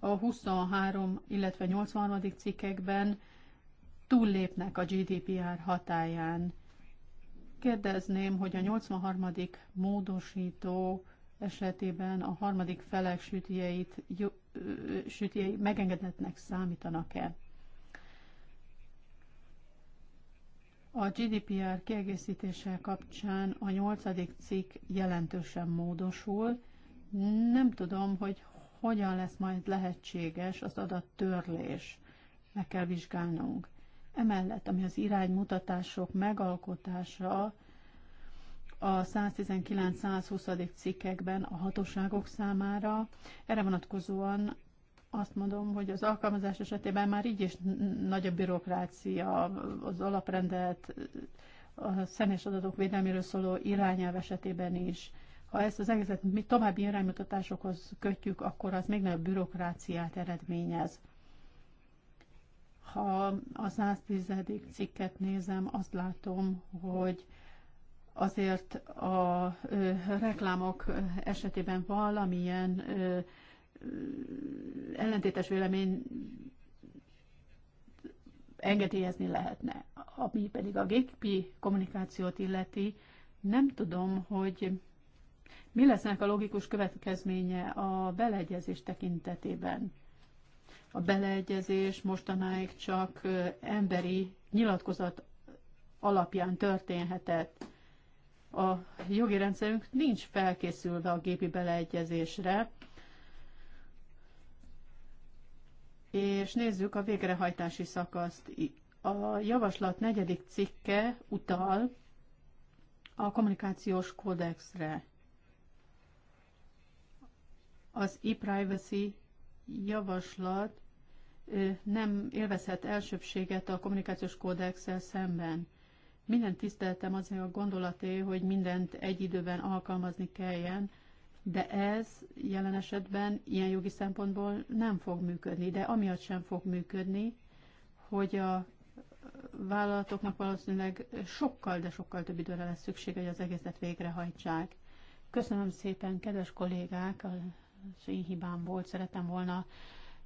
a 23, illetve 83. cikkekben túllépnek a GDPR hatáján. Kérdezném, hogy a 83. módosító esetében a harmadik felek sütjeit, sütjei megengedetnek számítanak-e? A GDPR kiegészítése kapcsán a nyolcadik cikk jelentősen módosul. Nem tudom, hogy hogyan lesz majd lehetséges az adattörlés. Meg kell vizsgálnunk. Emellett, ami az iránymutatások megalkotása, a 119-120. cikkekben a hatóságok számára. Erre vonatkozóan azt mondom, hogy az alkalmazás esetében már így is nagy a bürokrácia, az alaprendelt, a személyes adatok védelméről szóló irányelv esetében is. Ha ezt az egészet mi további iránymutatásokhoz kötjük, akkor az még nagyobb bürokráciát eredményez. Ha a 110. cikket nézem, azt látom, hogy azért a ö, reklámok esetében valamilyen ö, ellentétes vélemény engedélyezni lehetne. Ami pedig a gépi kommunikációt illeti, nem tudom, hogy mi lesznek a logikus következménye a beleegyezés tekintetében. A beleegyezés mostanáig csak emberi nyilatkozat alapján történhetett. A jogi rendszerünk nincs felkészülve a gépi beleegyezésre, És nézzük a végrehajtási szakaszt. A javaslat negyedik cikke utal a kommunikációs kódexre. Az e-privacy javaslat nem élvezhet elsőbséget a kommunikációs kódexsel szemben. Minden tiszteltem azért a gondolaté, hogy mindent egy időben alkalmazni kelljen, de ez jelen esetben ilyen jogi szempontból nem fog működni, de amiatt sem fog működni, hogy a vállalatoknak valószínűleg sokkal, de sokkal több időre lesz szükség, hogy az egészet végrehajtsák. Köszönöm szépen, kedves kollégák, az én hibám volt, szeretem volna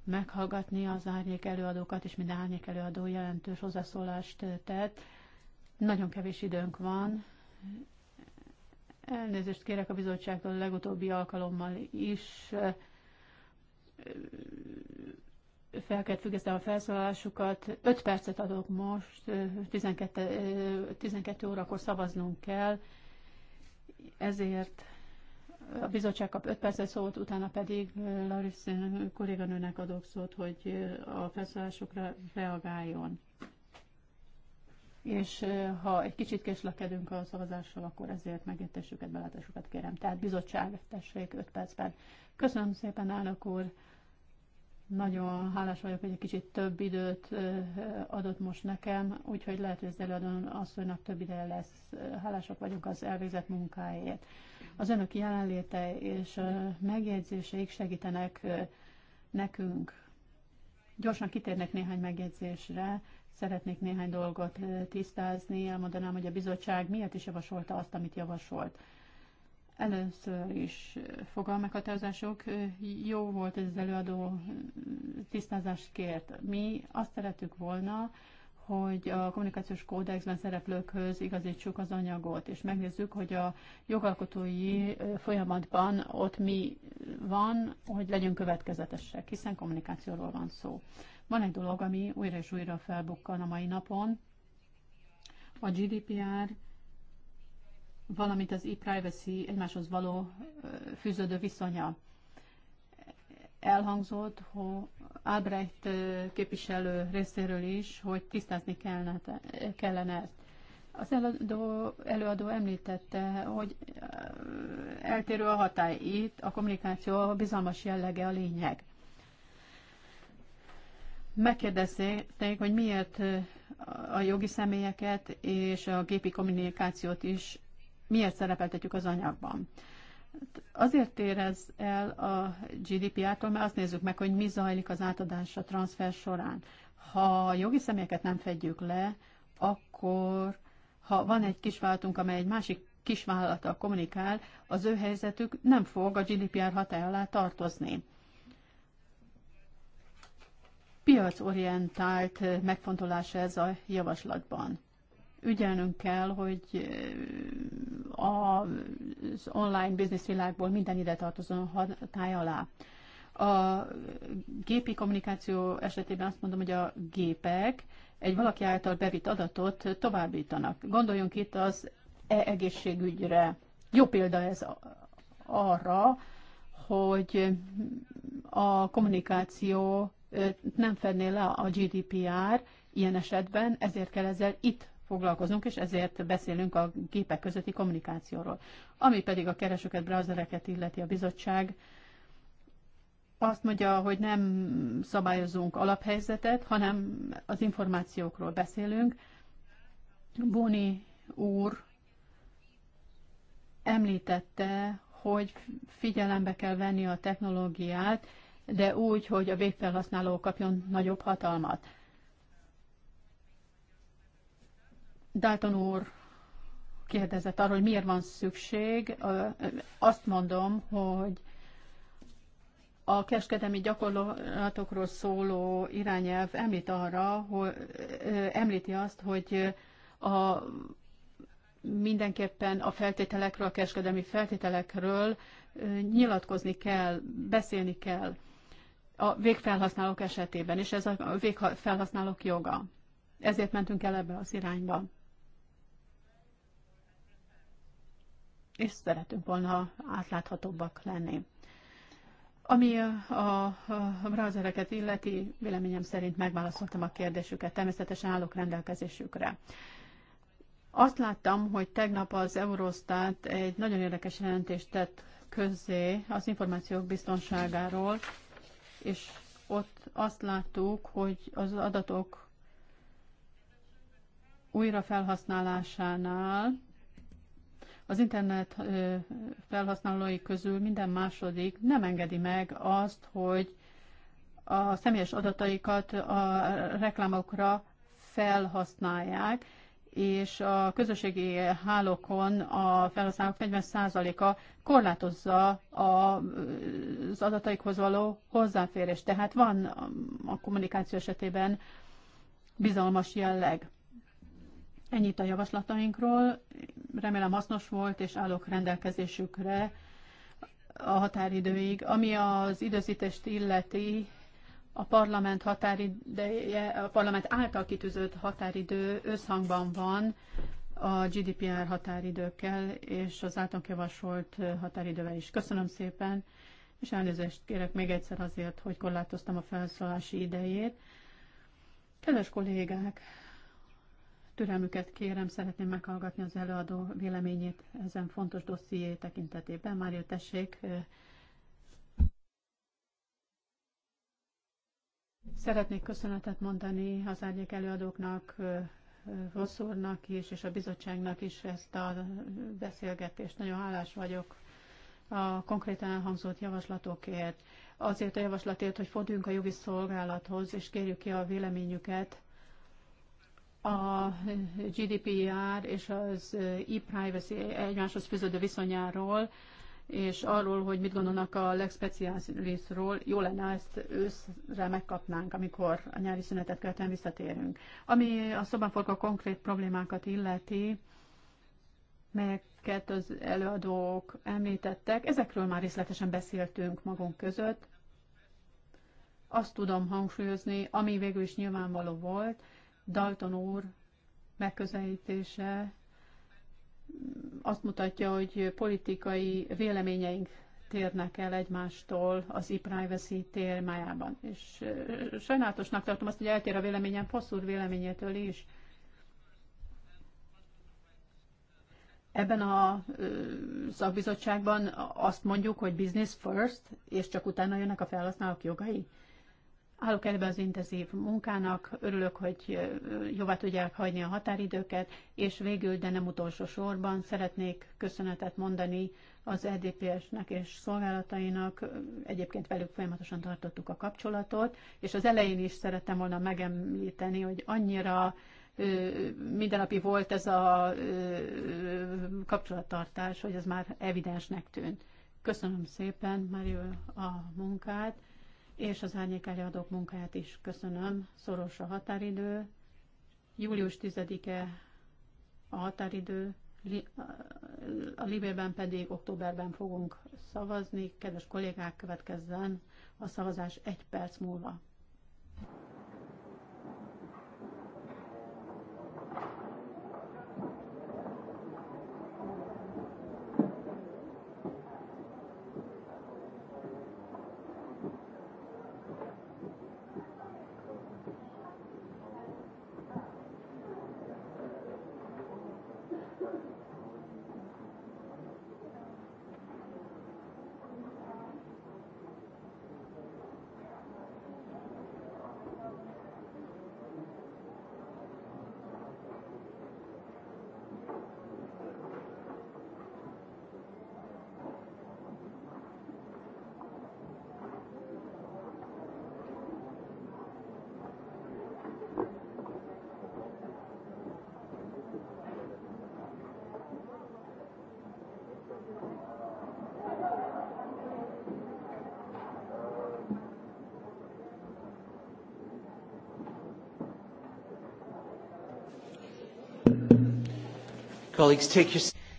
meghallgatni az árnyék előadókat, és minden árnyék előadó jelentős hozzászólást tett. Nagyon kevés időnk van, Elnézést kérek a bizottságtól a legutóbbi alkalommal is. Fel kellett függesztem a felszólalásukat. 5 percet adok most, 12, 12 órakor szavaznunk kell, ezért a bizottság kap 5 percet szót, utána pedig Larissa kolléganőnek adok szót, hogy a felszólásokra reagáljon és ha egy kicsit késlekedünk a szavazással, akkor ezért megértésüket, belátásukat kérem. Tehát bizottság, tessék 5 percben. Köszönöm szépen, elnök úr! Nagyon hálás vagyok, hogy egy kicsit több időt adott most nekem, úgyhogy lehet, hogy az előadón asszonynak több ideje lesz. Hálásak vagyunk az elvégzett munkáért. Az önök jelenléte és megjegyzéseik segítenek nekünk. Gyorsan kitérnek néhány megjegyzésre. Szeretnék néhány dolgot tisztázni, elmondanám, hogy a bizottság miért is javasolta azt, amit javasolt. Először is fogalmeghatározások. Jó volt ez az előadó tisztázást kért. Mi azt szerettük volna, hogy a kommunikációs kódexben szereplőkhöz igazítsuk az anyagot, és megnézzük, hogy a jogalkotói folyamatban ott mi van, hogy legyünk következetesek, hiszen kommunikációról van szó. Van egy dolog, ami újra és újra felbukkan a mai napon. A GDPR, valamint az e-privacy egymáshoz való fűződő viszonya. Elhangzott, hogy Albrecht képviselő részéről is, hogy tisztázni kellene, kellene ezt. Az előadó, előadó említette, hogy eltérő a hatály itt, a kommunikáció bizalmas jellege a lényeg. Megkérdezték, hogy miért a jogi személyeket és a gépi kommunikációt is miért szerepeltetjük az anyagban. Azért érez el a GDPR-tól, mert azt nézzük meg, hogy mi zajlik az átadás a transfer során. Ha a jogi személyeket nem fedjük le, akkor ha van egy kisvállalatunk, amely egy másik kisvállalattal kommunikál, az ő helyzetük nem fog a GDPR hatály alá tartozni piacorientált megfontolás ez a javaslatban. Ügyelnünk kell, hogy az online biznisz világból minden ide tartozó hatály alá. A gépi kommunikáció esetében azt mondom, hogy a gépek egy valaki által bevitt adatot továbbítanak. Gondoljunk itt az e egészségügyre. Jó példa ez arra, hogy a kommunikáció nem fedné le a GDPR ilyen esetben, ezért kell ezzel itt foglalkozunk, és ezért beszélünk a gépek közötti kommunikációról. Ami pedig a keresőket, browsereket illeti a bizottság, azt mondja, hogy nem szabályozunk alaphelyzetet, hanem az információkról beszélünk. Boni úr említette, hogy figyelembe kell venni a technológiát, de úgy, hogy a végfelhasználó kapjon nagyobb hatalmat. Dalton úr kérdezett arról, hogy miért van szükség. Azt mondom, hogy a kereskedelmi gyakorlatokról szóló irányelv említ arra, hogy említi azt, hogy a mindenképpen a feltételekről, a kereskedelmi feltételekről nyilatkozni kell, beszélni kell a végfelhasználók esetében, és ez a végfelhasználók joga. Ezért mentünk el ebbe az irányba. És szeretünk volna átláthatóbbak lenni. Ami a, a browsereket illeti, véleményem szerint megválaszoltam a kérdésüket, természetesen állok rendelkezésükre. Azt láttam, hogy tegnap az Eurostat egy nagyon érdekes jelentést tett közzé az információk biztonságáról, és ott azt láttuk, hogy az adatok újra felhasználásánál az internet felhasználói közül minden második nem engedi meg azt, hogy a személyes adataikat a reklámokra felhasználják, és a közösségi hálókon a felhasználók 40%-a korlátozza az adataikhoz való hozzáférést. Tehát van a kommunikáció esetében bizalmas jelleg. Ennyit a javaslatainkról. Remélem hasznos volt, és állok rendelkezésükre a határidőig. Ami az időzítést illeti, a parlament, határideje, a parlament által kitűzött határidő összhangban van a GDPR határidőkkel és az általunk javasolt határidővel is. Köszönöm szépen, és elnézést kérek még egyszer azért, hogy korlátoztam a felszólási idejét. Kedves kollégák, türelmüket kérem, szeretném meghallgatni az előadó véleményét ezen fontos dosszié tekintetében. Mária, tessék, Szeretnék köszönetet mondani az árnyék előadóknak, úrnak is, és a bizottságnak is ezt a beszélgetést. Nagyon hálás vagyok a konkrétan elhangzott javaslatokért. Azért a javaslatért, hogy forduljunk a jogi szolgálathoz, és kérjük ki a véleményüket a GDPR és az e-privacy egymáshoz fűződő viszonyáról, és arról, hogy mit gondolnak a legspeciálisról, jó lenne ezt őszre megkapnánk, amikor a nyári szünetet követően visszatérünk. Ami a szobaforka konkrét problémákat illeti, melyeket az előadók említettek, ezekről már részletesen beszéltünk magunk között. Azt tudom hangsúlyozni, ami végül is nyilvánvaló volt, Dalton úr megközelítése azt mutatja, hogy politikai véleményeink térnek el egymástól az e-privacy témájában. És sajnálatosnak tartom azt, hogy eltér a véleményem faszúr véleményétől is. Ebben a szakbizottságban azt mondjuk, hogy business first, és csak utána jönnek a felhasználók jogai. Állok ebbe az intenzív munkának, örülök, hogy jóvá tudják hagyni a határidőket, és végül, de nem utolsó sorban szeretnék köszönetet mondani az EDPS-nek és szolgálatainak. Egyébként velük folyamatosan tartottuk a kapcsolatot, és az elején is szerettem volna megemlíteni, hogy annyira mindennapi volt ez a kapcsolattartás, hogy ez már evidensnek tűnt. Köszönöm szépen, Mario, a munkát és az árnyék előadók munkáját is köszönöm. Szoros a határidő. Július 10-e a határidő, a Libérben pedig októberben fogunk szavazni. Kedves kollégák, következzen a szavazás egy perc múlva.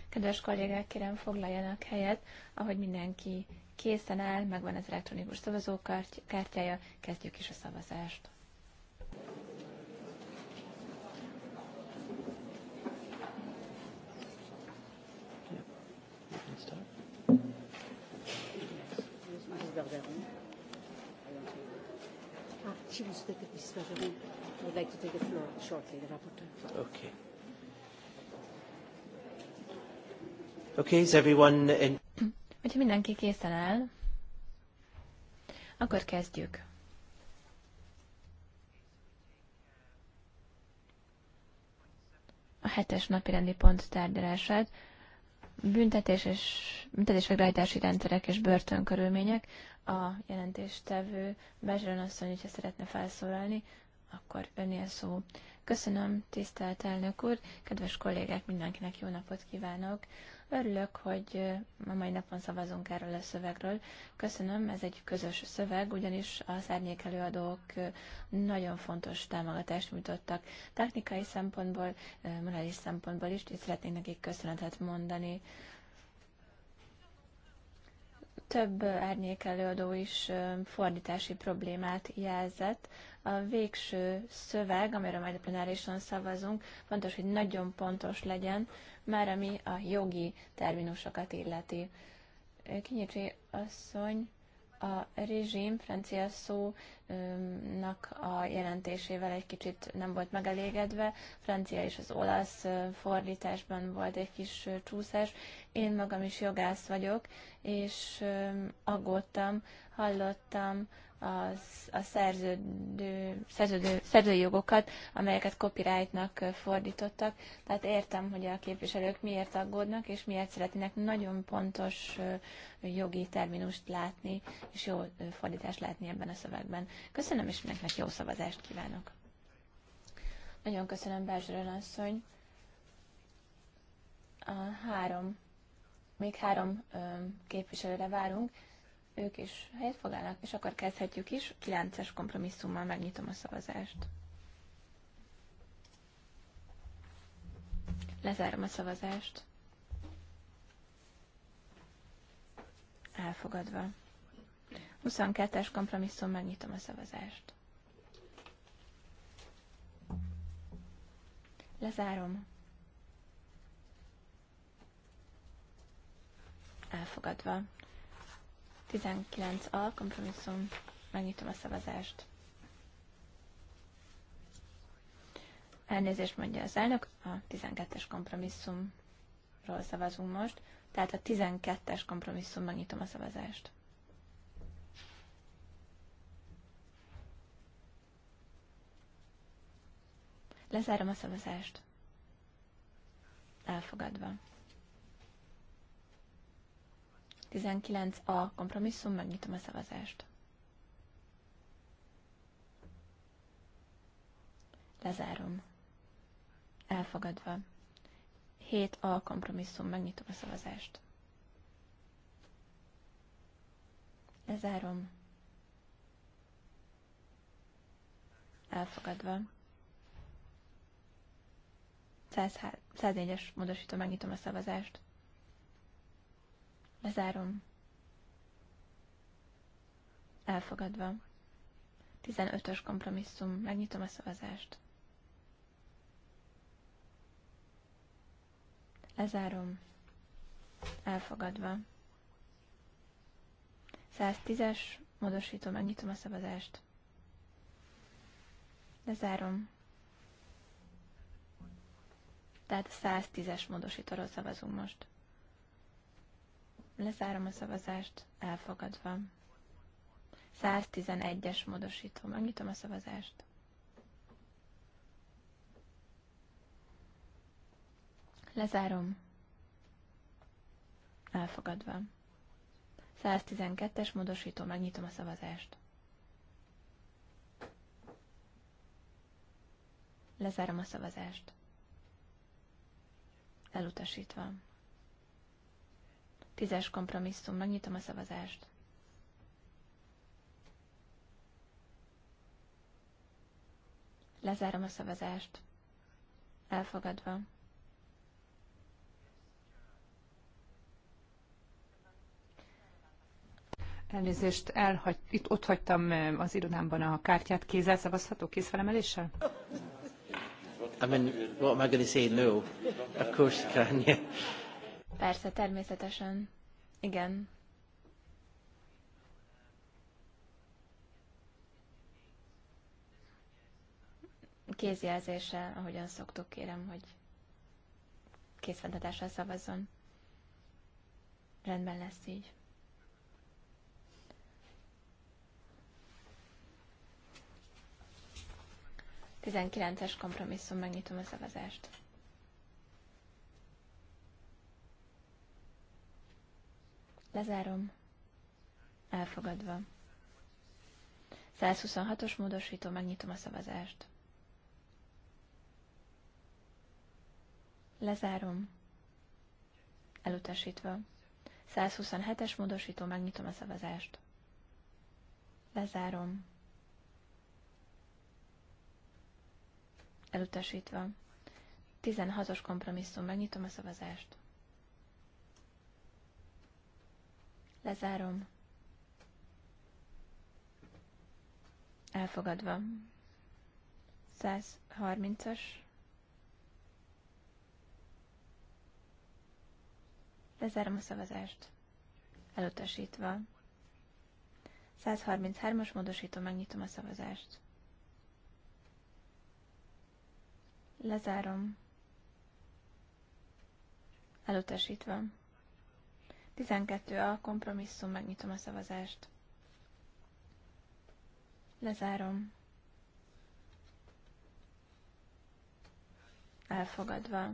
Kedves kollégák, kérem foglaljanak helyet, ahogy mindenki készen áll, megvan az elektronikus szavazókártyája, kezdjük is a szavazást. Okay, is everyone in... Hogyha mindenki készen áll, akkor kezdjük. A hetes napi rendi pont tárgyalását, büntetés és büntetés végrehajtási rendszerek és börtönkörülmények, a jelentéstevő Bezsőn asszony, hogyha szeretne felszólalni, akkor önél szó. Köszönöm, tisztelt elnök úr, kedves kollégák, mindenkinek jó napot kívánok! Örülök, hogy a mai napon szavazunk erről a szövegről. Köszönöm, ez egy közös szöveg, ugyanis a szárnyék előadók nagyon fontos támogatást nyújtottak technikai szempontból, morális szempontból is, és szeretnék nekik köszönetet mondani több árnyék előadó is fordítási problémát jelzett, a végső szöveg, amiről majd a plenárison szavazunk, fontos, hogy nagyon pontos legyen, már ami a jogi terminusokat illeti. Kinyitsi asszony a rezsim francia szónak a jelentésével egy kicsit nem volt megelégedve. Francia és az olasz fordításban volt egy kis csúszás. Én magam is jogász vagyok, és aggódtam, hallottam, az, a szerződő, szerződő, szerzői jogokat, amelyeket copyrightnak fordítottak. Tehát értem, hogy a képviselők miért aggódnak, és miért szeretnének nagyon pontos jogi terminust látni, és jó fordítást látni ebben a szövegben. Köszönöm, és mindenkinek jó szavazást kívánok! Nagyon köszönöm, Bázsrőn asszony. A három, még három képviselőre várunk ők is helyet foglalnak, és akkor kezdhetjük is. 9-es kompromisszummal megnyitom a szavazást. Lezárom a szavazást. Elfogadva. 22-es kompromisszum, megnyitom a szavazást. Lezárom. Elfogadva. 19a kompromisszum. Megnyitom a szavazást. Elnézést mondja az elnök, a 12-es kompromisszumról szavazunk most. Tehát a 12-es kompromisszum, megnyitom a szavazást. Lezárom a szavazást. Elfogadva. 19a kompromisszum, megnyitom a szavazást. Lezárom. Elfogadva. 7a kompromisszum, megnyitom a szavazást. Lezárom. Elfogadva. 104-es módosító, megnyitom a szavazást. Lezárom. Elfogadva. 15-ös kompromisszum. Megnyitom a szavazást. Lezárom. Elfogadva. 110-es. Módosítom. Megnyitom a szavazást. Lezárom. Tehát 110-es módosítóról szavazunk most. Lezárom a szavazást, elfogadva. 111-es módosítom. Megnyitom a szavazást. Lezárom. Elfogadva. 112-es módosító. Megnyitom a szavazást. Lezárom a szavazást. Elutasítva. Tízes kompromisszum, megnyitom a szavazást. Lezárom a szavazást. Elfogadva. Elnézést, elhagy, itt ott hagytam az irodámban a kártyát. Kézzel szavazható, Kézfelemeléssel? I mean, what am I going to say? No. Of course you can, yeah. Persze, természetesen. Igen. Kézjelzése, ahogyan szoktuk, kérem, hogy készfentetással szavazzon. Rendben lesz így. Tizenkilences kompromisszum, megnyitom a szavazást. Lezárom. Elfogadva. 126-os módosító, megnyitom a szavazást. Lezárom. Elutasítva. 127-es módosító, megnyitom a szavazást. Lezárom. Elutasítva. 16-os kompromisszum, megnyitom a szavazást. Lezárom. Elfogadva. 130-as. Lezárom a szavazást. Elutasítva. 133-as módosítom, megnyitom a szavazást. Lezárom. Elutasítva. 12 a kompromisszum, megnyitom a szavazást. Lezárom. Elfogadva.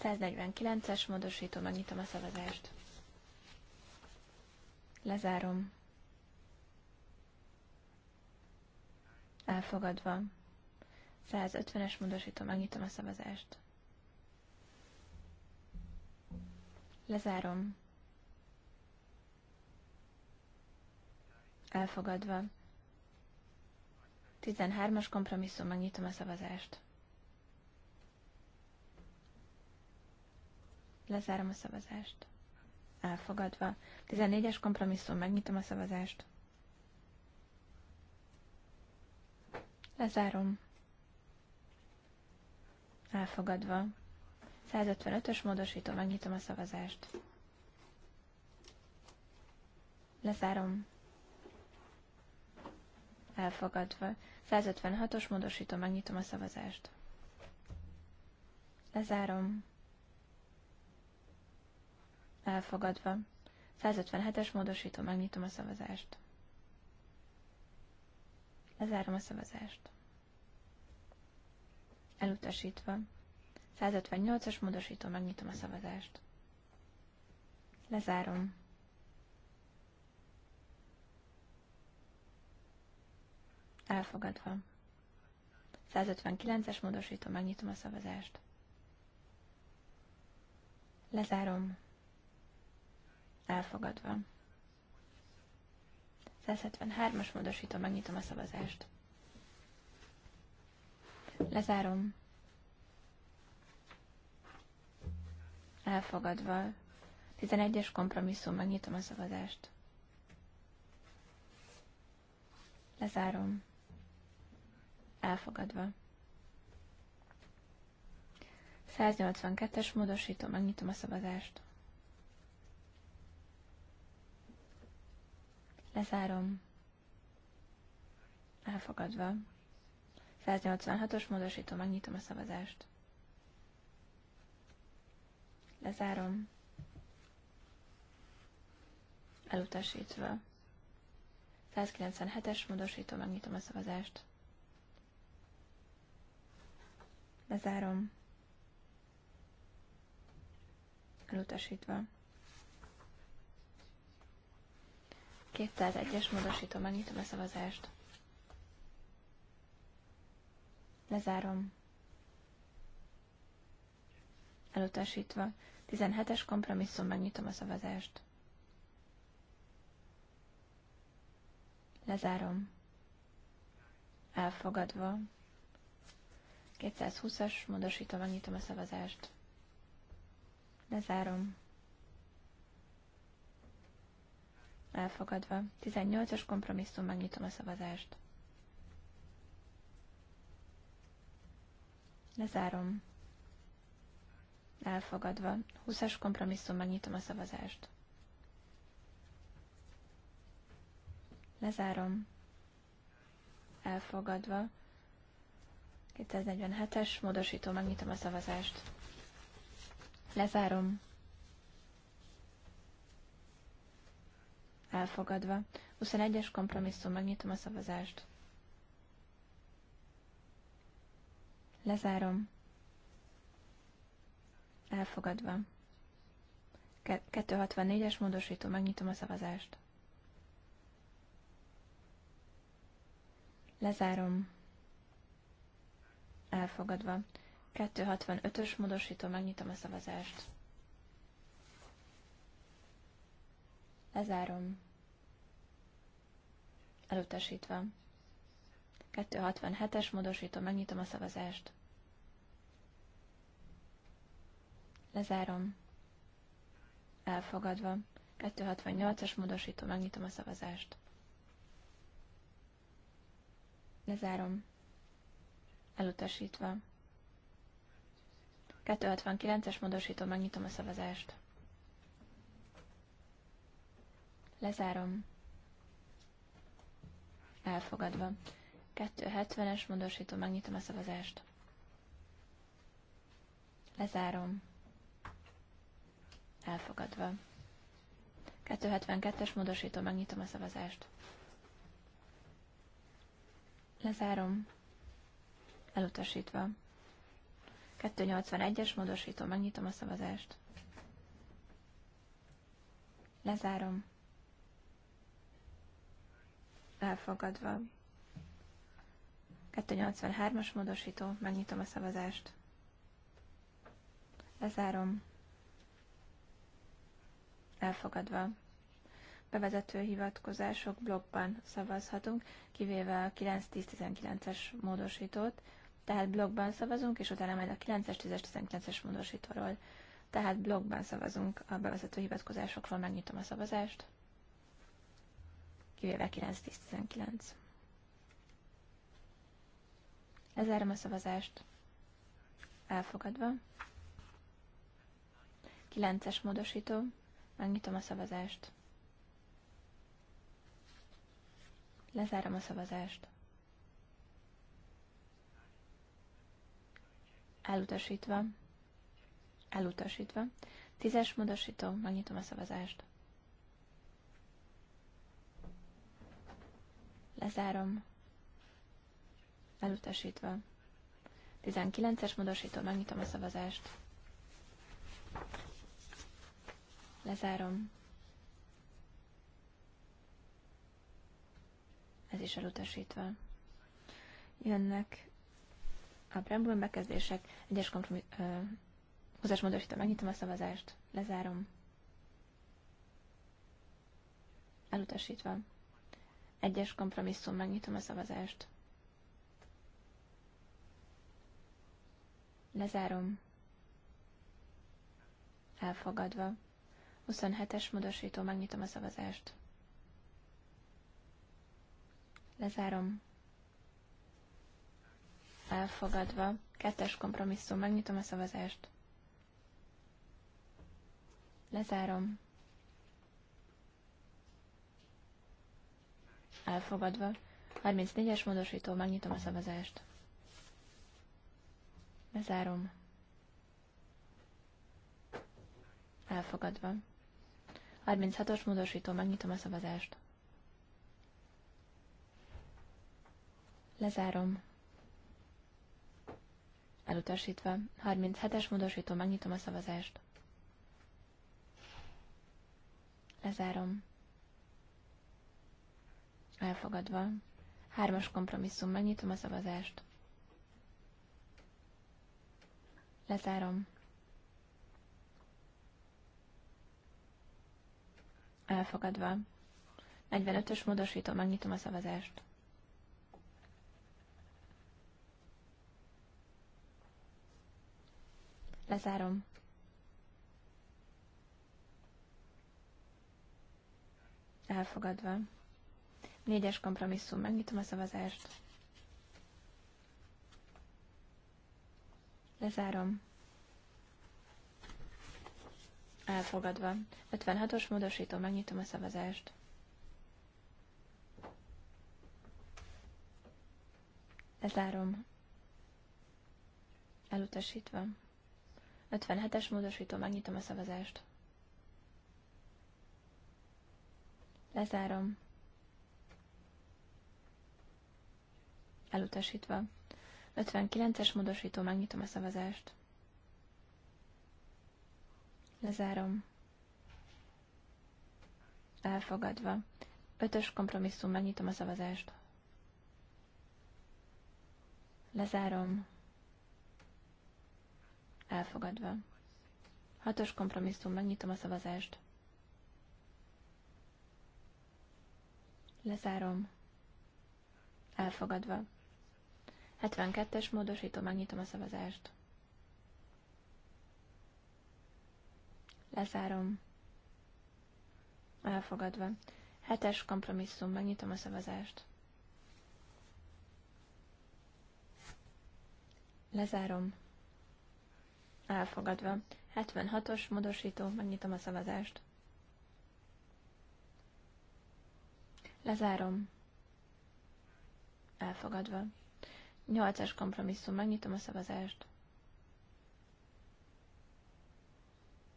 149-es módosító, megnyitom a szavazást. Lezárom. Elfogadva. 150-es módosító, megnyitom a szavazást. Lezárom. Elfogadva. 13-as kompromisszum, megnyitom a szavazást. Lezárom a szavazást. Elfogadva. 14-es kompromisszum, megnyitom a szavazást. Lezárom. Elfogadva. 155-ös módosító, megnyitom a szavazást. Lezárom. Elfogadva. 156-os módosító, megnyitom a szavazást. Lezárom. Elfogadva. 157-es módosító, megnyitom a szavazást. Lezárom a szavazást. Elutasítva. 158-as módosító, megnyitom a szavazást. Lezárom. Elfogadva. 159-es módosító, megnyitom a szavazást. Lezárom. Elfogadva. 173-as módosító, megnyitom a szavazást. Lezárom. elfogadva. 11-es kompromisszum, megnyitom a szavazást. Lezárom. Elfogadva. 182-es módosító, megnyitom a szavazást. Lezárom. Elfogadva. 186-os módosító, megnyitom a szavazást. Lezárom. Elutasítva. 197-es módosító, megnyitom a szavazást. Lezárom. Elutasítva. 201-es módosító, megnyitom a szavazást. Lezárom. Elutasítva. 17-es kompromisszum, megnyitom a szavazást. Lezárom. Elfogadva. 220-as, módosítom, megnyitom a szavazást. Lezárom. Elfogadva. 18-as kompromisszum, megnyitom a szavazást. Lezárom elfogadva. 20-as kompromisszum, megnyitom a szavazást. Lezárom. Elfogadva. 247-es, módosító, megnyitom a szavazást. Lezárom. Elfogadva. 21-es kompromisszum, megnyitom a szavazást. Lezárom elfogadva. 264-es módosító, megnyitom a szavazást. Lezárom. Elfogadva. 265-ös módosító, megnyitom a szavazást. Lezárom. Elutasítva. 267-es módosító, megnyitom a szavazást. Lezárom. Elfogadva. 268-as módosító, megnyitom a szavazást. Lezárom. Elutasítva. 269-es módosító, megnyitom a szavazást. Lezárom. Elfogadva. 270-es módosító, megnyitom a szavazást. Lezárom. Elfogadva. 272-es módosító, megnyitom a szavazást. Lezárom. Elutasítva. 281-es módosító, megnyitom a szavazást. Lezárom. Elfogadva. 283-as módosító, megnyitom a szavazást. Lezárom elfogadva. Bevezető hivatkozások blogban szavazhatunk, kivéve a 9-10-19-es módosítót, tehát blogban szavazunk, és utána majd a 9-es, 10-es, 19-es módosítóról. Tehát blogban szavazunk a bevezető hivatkozásokról, megnyitom a szavazást, kivéve 9-10-19. Lezárom a szavazást. Elfogadva. 9-es módosító. Megnyitom a szavazást. Lezárom a szavazást. Elutasítva. Elutasítva. Tízes módosító. Megnyitom a szavazást. Lezárom. Elutasítva. 19-es módosító. Megnyitom a szavazást. Lezárom. Ez is elutasítva. Jönnek a preambulum bekezdések, egyes kompromis... Hozásmódosítom, megnyitom a szavazást, lezárom. Elutasítva. Egyes kompromisszum, megnyitom a szavazást. Lezárom. Elfogadva. 27-es módosító, megnyitom a szavazást. Lezárom. Elfogadva. Kettes kompromisszum, megnyitom a szavazást. Lezárom. Elfogadva. 34-es módosító, megnyitom a szavazást. Lezárom. Elfogadva. 36-os módosító, megnyitom a szavazást. Lezárom. Elutasítva. 37-es módosító, megnyitom a szavazást. Lezárom. Elfogadva. Hármas kompromisszum, megnyitom a szavazást. Lezárom. elfogadva. 45-ös módosító, megnyitom a szavazást. Lezárom. Elfogadva. Négyes kompromisszum, megnyitom a szavazást. Lezárom. Elfogadva. 56-os módosító, megnyitom a szavazást. Lezárom. Elutasítva. 57-es módosító, megnyitom a szavazást. Lezárom. Elutasítva. 59-es módosító, megnyitom a szavazást. Lezárom. Elfogadva. Ötös kompromisszum, megnyitom a szavazást. Lezárom. Elfogadva. Hatos kompromisszum, megnyitom a szavazást. Lezárom. Elfogadva. 72-es módosító, megnyitom a szavazást. Lezárom. Elfogadva. Hetes kompromisszum. Megnyitom a szavazást. Lezárom. Elfogadva. 76-os módosító. Megnyitom a szavazást. Lezárom. Elfogadva. 8-as kompromisszum. Megnyitom a szavazást.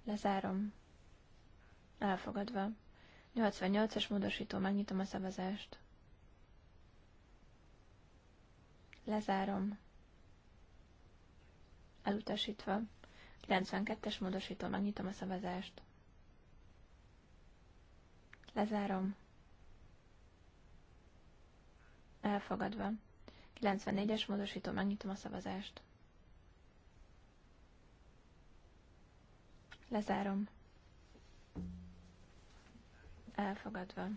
Lezárom. Elfogadva. 88-as módosító, megnyitom a szavazást. Lezárom. Elutasítva. 92-es módosító, megnyitom a szavazást. Lezárom. Elfogadva. 94-es módosító, megnyitom a szavazást. Lezárom. Elfogadva.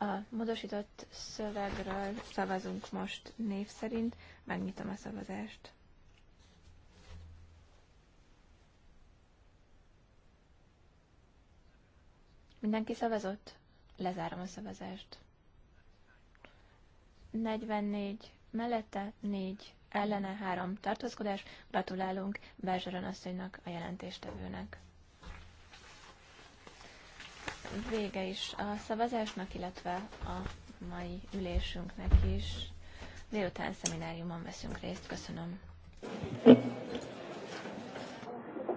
A módosított szövegről szavazunk most név szerint. Megnyitom a szavazást. Mindenki szavazott? Lezárom a szavazást. 44 mellette, 4 ellene, három tartózkodás. Gratulálunk Bázsaran asszonynak, a jelentéstevőnek. Vége is a szavazásnak, illetve a mai ülésünknek is. Délután szemináriumon veszünk részt. Köszönöm.